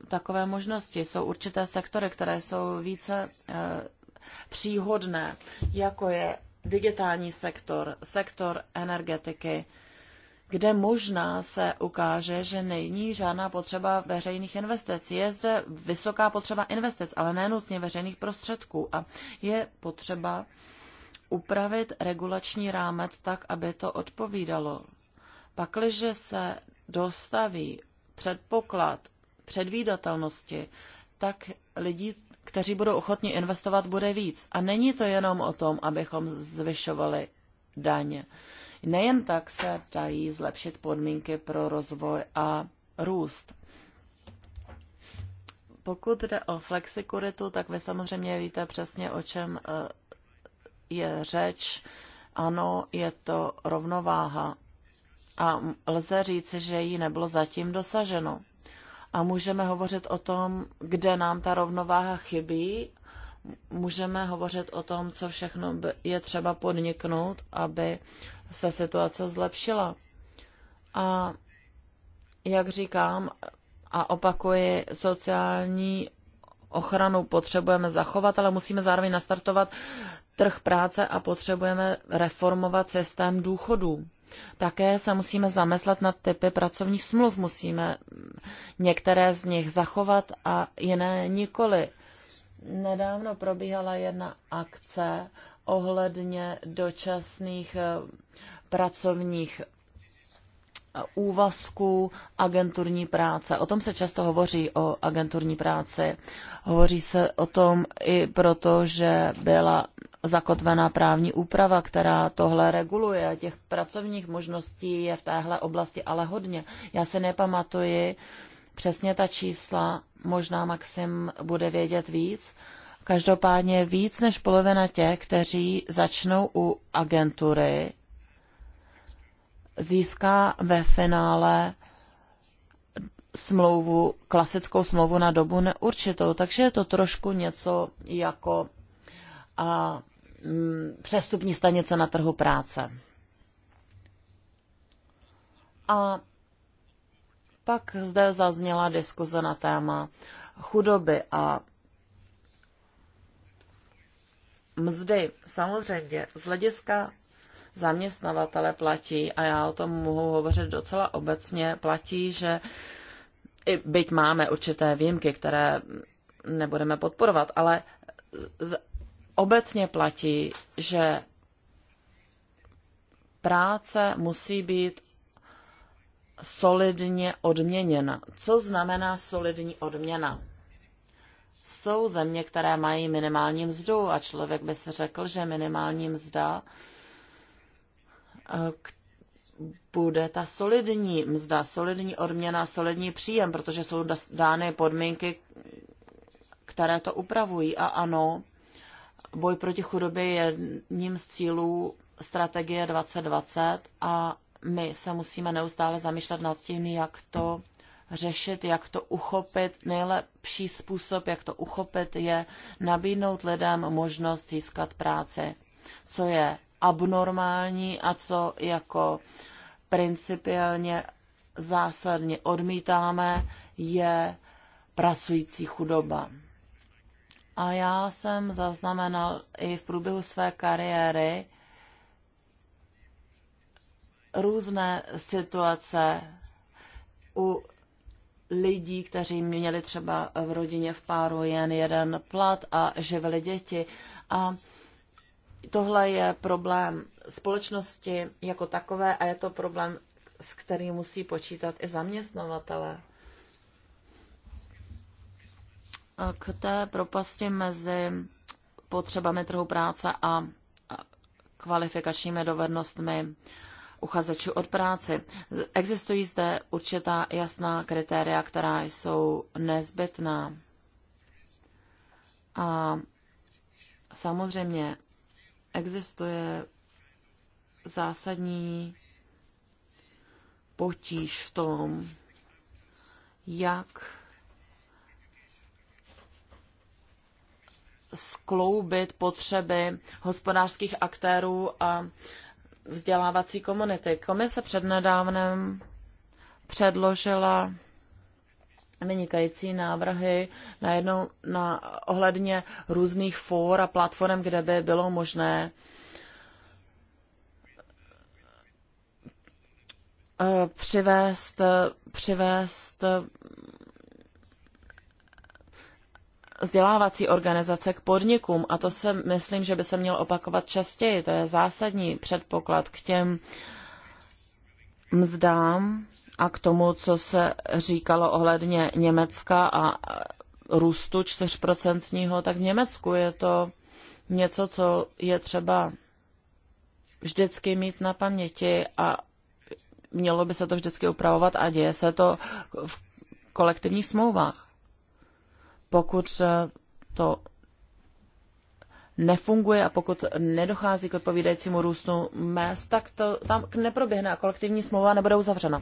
takové možnosti. Jsou určité sektory, které jsou více e, příhodné, jako je digitální sektor, sektor energetiky, kde možná se ukáže, že není žádná potřeba veřejných investic. Je zde vysoká potřeba investic, ale nenutně veřejných prostředků. A je potřeba upravit regulační rámec tak, aby to odpovídalo. Pakliže se dostaví předpoklad předvídatelnosti, tak lidí, kteří budou ochotni investovat, bude víc. A není to jenom o tom, abychom zvyšovali daně. Nejen tak se dají zlepšit podmínky pro rozvoj a růst. Pokud jde o flexikuritu, tak vy samozřejmě víte přesně, o čem eh, je řeč. Ano, je to rovnováha. A lze říci, že ji nebylo zatím dosaženo. A můžeme hovořit o tom, kde nám ta rovnováha chybí můžeme hovořit o tom, co všechno je třeba podniknout, aby se situace zlepšila. A jak říkám a opakuji, sociální ochranu potřebujeme zachovat, ale musíme zároveň nastartovat trh práce a potřebujeme reformovat systém důchodů. Také se musíme zamyslet nad typy pracovních smluv. Musíme některé z nich zachovat a jiné nikoli. Nedávno probíhala jedna akce ohledně dočasných eh, pracovních eh, úvazků agenturní práce. O tom se často hovoří o agenturní práci. Hovoří se o tom i proto, že byla zakotvená právní úprava, která tohle reguluje. Těch pracovních možností je v téhle oblasti ale hodně. Já se nepamatuji, přesně ta čísla, možná Maxim bude vědět víc. Každopádně víc než polovina těch, kteří začnou u agentury, získá ve finále smlouvu, klasickou smlouvu na dobu neurčitou. Takže je to trošku něco jako a, m, mm, přestupní stanice na trhu práce. A pak zde zazněla diskuze na téma chudoby a mzdy. Samozřejmě z hlediska zaměstnavatele platí, a já o tom mohu hovořit docela obecně, platí, že i byť máme určité výjimky, které nebudeme podporovat, ale z, obecně platí, že práce musí být solidně odměněna. Co znamená solidní odměna? Jsou země, které mají minimální mzdu a člověk by se řekl, že minimální mzda eh, bude ta solidní mzda, solidní odměna, solidní příjem, protože jsou dány podmínky, které to upravují. A ano, boj proti chudobě je jedním z cílů strategie 2020 a my se musíme neustále zamýšlet nad tím, jak to řešit, jak to uchopit. Nejlepší způsob, jak to uchopit, je nabídnout lidem možnost získat práci, co je abnormální a co jako principiálně zásadně odmítáme, je pracující chudoba. A já jsem zaznamenal i v průběhu své kariéry, různé situace u lidí, kteří měli třeba v rodině v páru jen jeden plat a živili děti. A tohle je problém společnosti jako takové a je to problém, s kterým musí počítat i zaměstnavatele. A k té propasti mezi potřebami trhu práce a kvalifikačními dovednostmi uchazečů od práci. Existují zde určitá jasná kritéria, která jsou nezbytná. A samozřejmě existuje zásadní potíž v tom, jak skloubit potřeby hospodářských aktérů a vzdělávací komunity. Komise přednedávnem předložila vynikající návrhy na jednou, na ohledně různých fór a platform, kde by bylo možné eh, přivést, přivést vzdělávací organizace k podnikům a to se myslím, že by se měl opakovat častěji. To je zásadní předpoklad k těm mzdám a k tomu, co se říkalo ohledně Německa a růstu 4%, tak v Německu je to něco, co je třeba vždycky mít na paměti a mělo by se to vždycky upravovat a děje se to v kolektivních smlouvách pokud eh, to nefunguje a pokud nedochází k odpovídajícímu růstu mest, tak to tam neproběhne a kolektivní smlouva nebude uzavřena.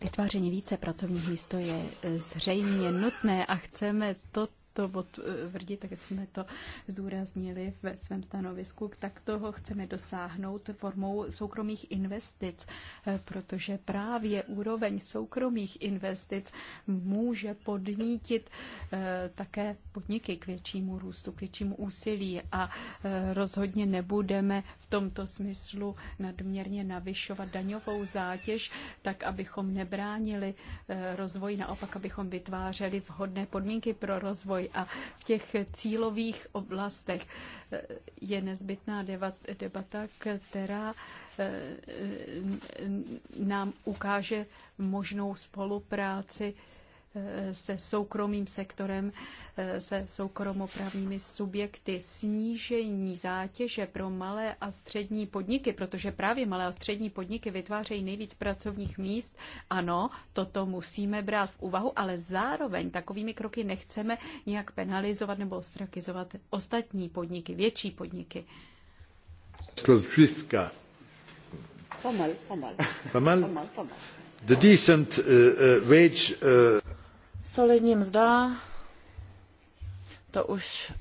Vytváření více pracovních míst je eh, zřejmě nutné a chceme to to potvrdit, eh, tak jsme to zdůraznili ve svém stanovisku, tak toho chceme dosáhnout formou soukromých investic, eh, protože právě úroveň soukromých investic může podnítit eh, také podniky k většímu růstu, k většímu úsilí a rozhodně nebudeme v tomto smyslu nadměrně navyšovat daňovou zátěž, tak abychom nebránili rozvoj naopak abychom vytvářeli vhodné podmínky pro rozvoj a v těch cílových oblastech je nezbytná debata, která eh, nám ukáže možnou spolupráci se soukromým sektorem, eh, se soukromoprávními subjekty, snížení zátěže pro malé a střední podniky, protože právě malé a střední podniky vytvářejí nejvíc pracovních míst. Ano, toto musíme brát v úvahu, ale zároveň takovými kroky nechceme nějak penalizovat nebo ostrakizovat ostatní podniky, větší podniky. Prodfiska. Pomal, pomal. Pomal? Pomal, pomal. The decent uh, uh, wage... Uh... Solidní mzda, to už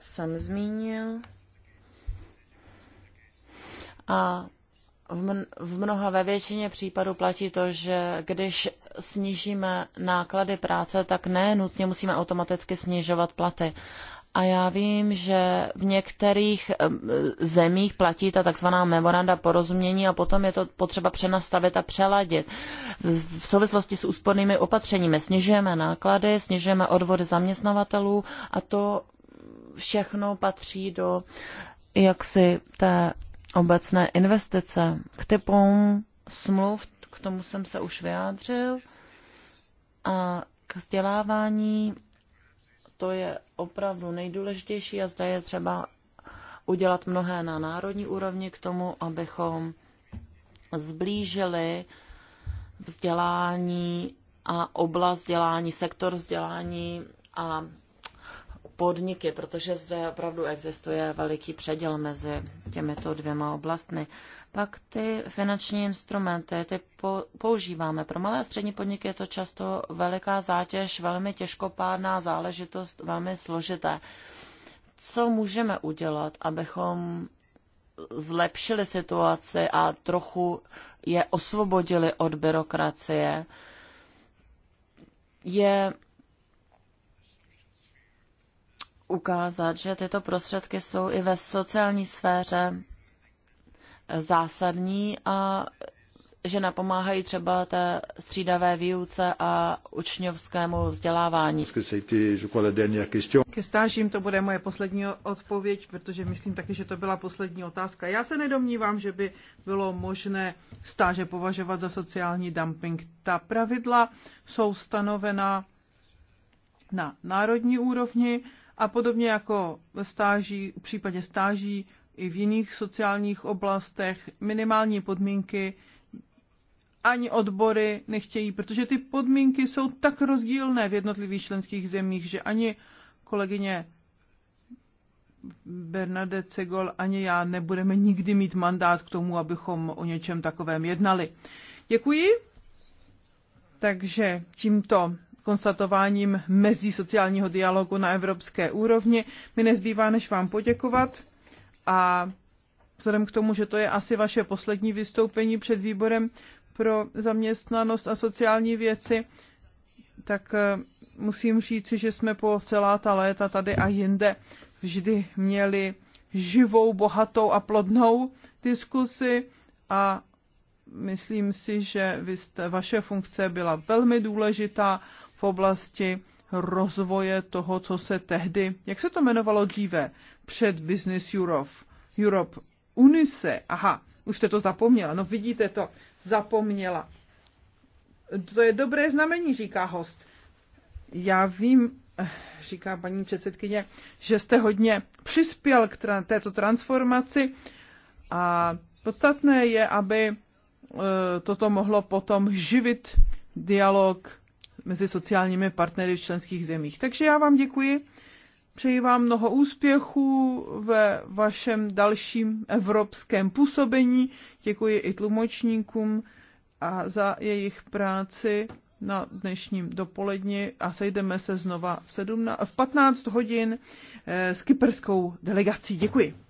jsem zmínil. A v mnoha ve většině případů platí to, že když snížíme náklady práce, tak ne nutně musíme automaticky snižovat platy. A já vím, že v některých zemích platí ta takzvaná memoranda porozumění a potom je to potřeba přenastavit a přeladit. V souvislosti s úspornými opatřeními snižujeme náklady, snižujeme odvody zaměstnavatelů a to všechno patří do jaksi té obecné investice. K typům smluv, k tomu jsem se už vyjádřil, a k vzdělávání to je opravdu nejdůležitější a zda je třeba udělat mnohé na národní úrovni k tomu, abychom zblížili vzdělání a oblast vzdělání, sektor vzdělání a podniky, protože zde opravdu existuje veliký předěl mezi těmito dvěma oblastmi. Pak ty finanční instrumenty, ty používáme. Pro malé a střední podniky je to často veliká zátěž, velmi těžkopádná záležitost, velmi složité. Co můžeme udělat, abychom zlepšili situaci a trochu je osvobodili od byrokracie, je ukázat, že tyto prostředky jsou i ve sociální sféře zásadní a že napomáhají třeba té střídavé výuce a učňovskému vzdělávání. Ke stážím to bude moje poslední odpověď, protože myslím taky, že to byla poslední otázka. Já se nedomnívám, že by bylo možné stáže považovat za sociální dumping. Ta pravidla jsou stanovena na národní úrovni a podobně jako ve stáží, v případě stáží i v jiných sociálních oblastech minimální podmínky ani odbory nechtějí, protože ty podmínky jsou tak rozdílné v jednotlivých členských zemích, že ani kolegyně Bernadette Segol ani já nebudeme nikdy mít mandát k tomu, abychom o něčem takovém jednali. Děkuji. Takže tímto konstatováním mezí sociálního dialogu na evropské úrovni. Mi nezbývá, než vám poděkovat a vzhledem k tomu, že to je asi vaše poslední vystoupení před výborem pro zaměstnanost a sociální věci, tak eh, musím říci, že jsme po celá ta léta tady a jinde vždy měli živou, bohatou a plodnou diskusi a myslím si, že vy jste, vaše funkce byla velmi důležitá oblasti rozvoje toho, co se tehdy, jak se to jmenovalo dříve, před Business Europe, Europe Unise, aha, už jste to zapomněla, no vidíte to, zapomněla. To je dobré znamení, říká host. Já vím, eh, říká paní předsedkyně, že jste hodně přispěl k tra- této transformaci a podstatné je, aby e, toto mohlo potom živit dialog mezi sociálními partnery v členských zemích. Takže já vám děkuji, přeji vám mnoho úspěchů ve vašem dalším evropském působení, děkuji i tlumočníkům a za jejich práci na dnešním dopoledni a sejdeme se znova v, 17, v 15 hodin eh, s kyperskou delegací. Děkuji.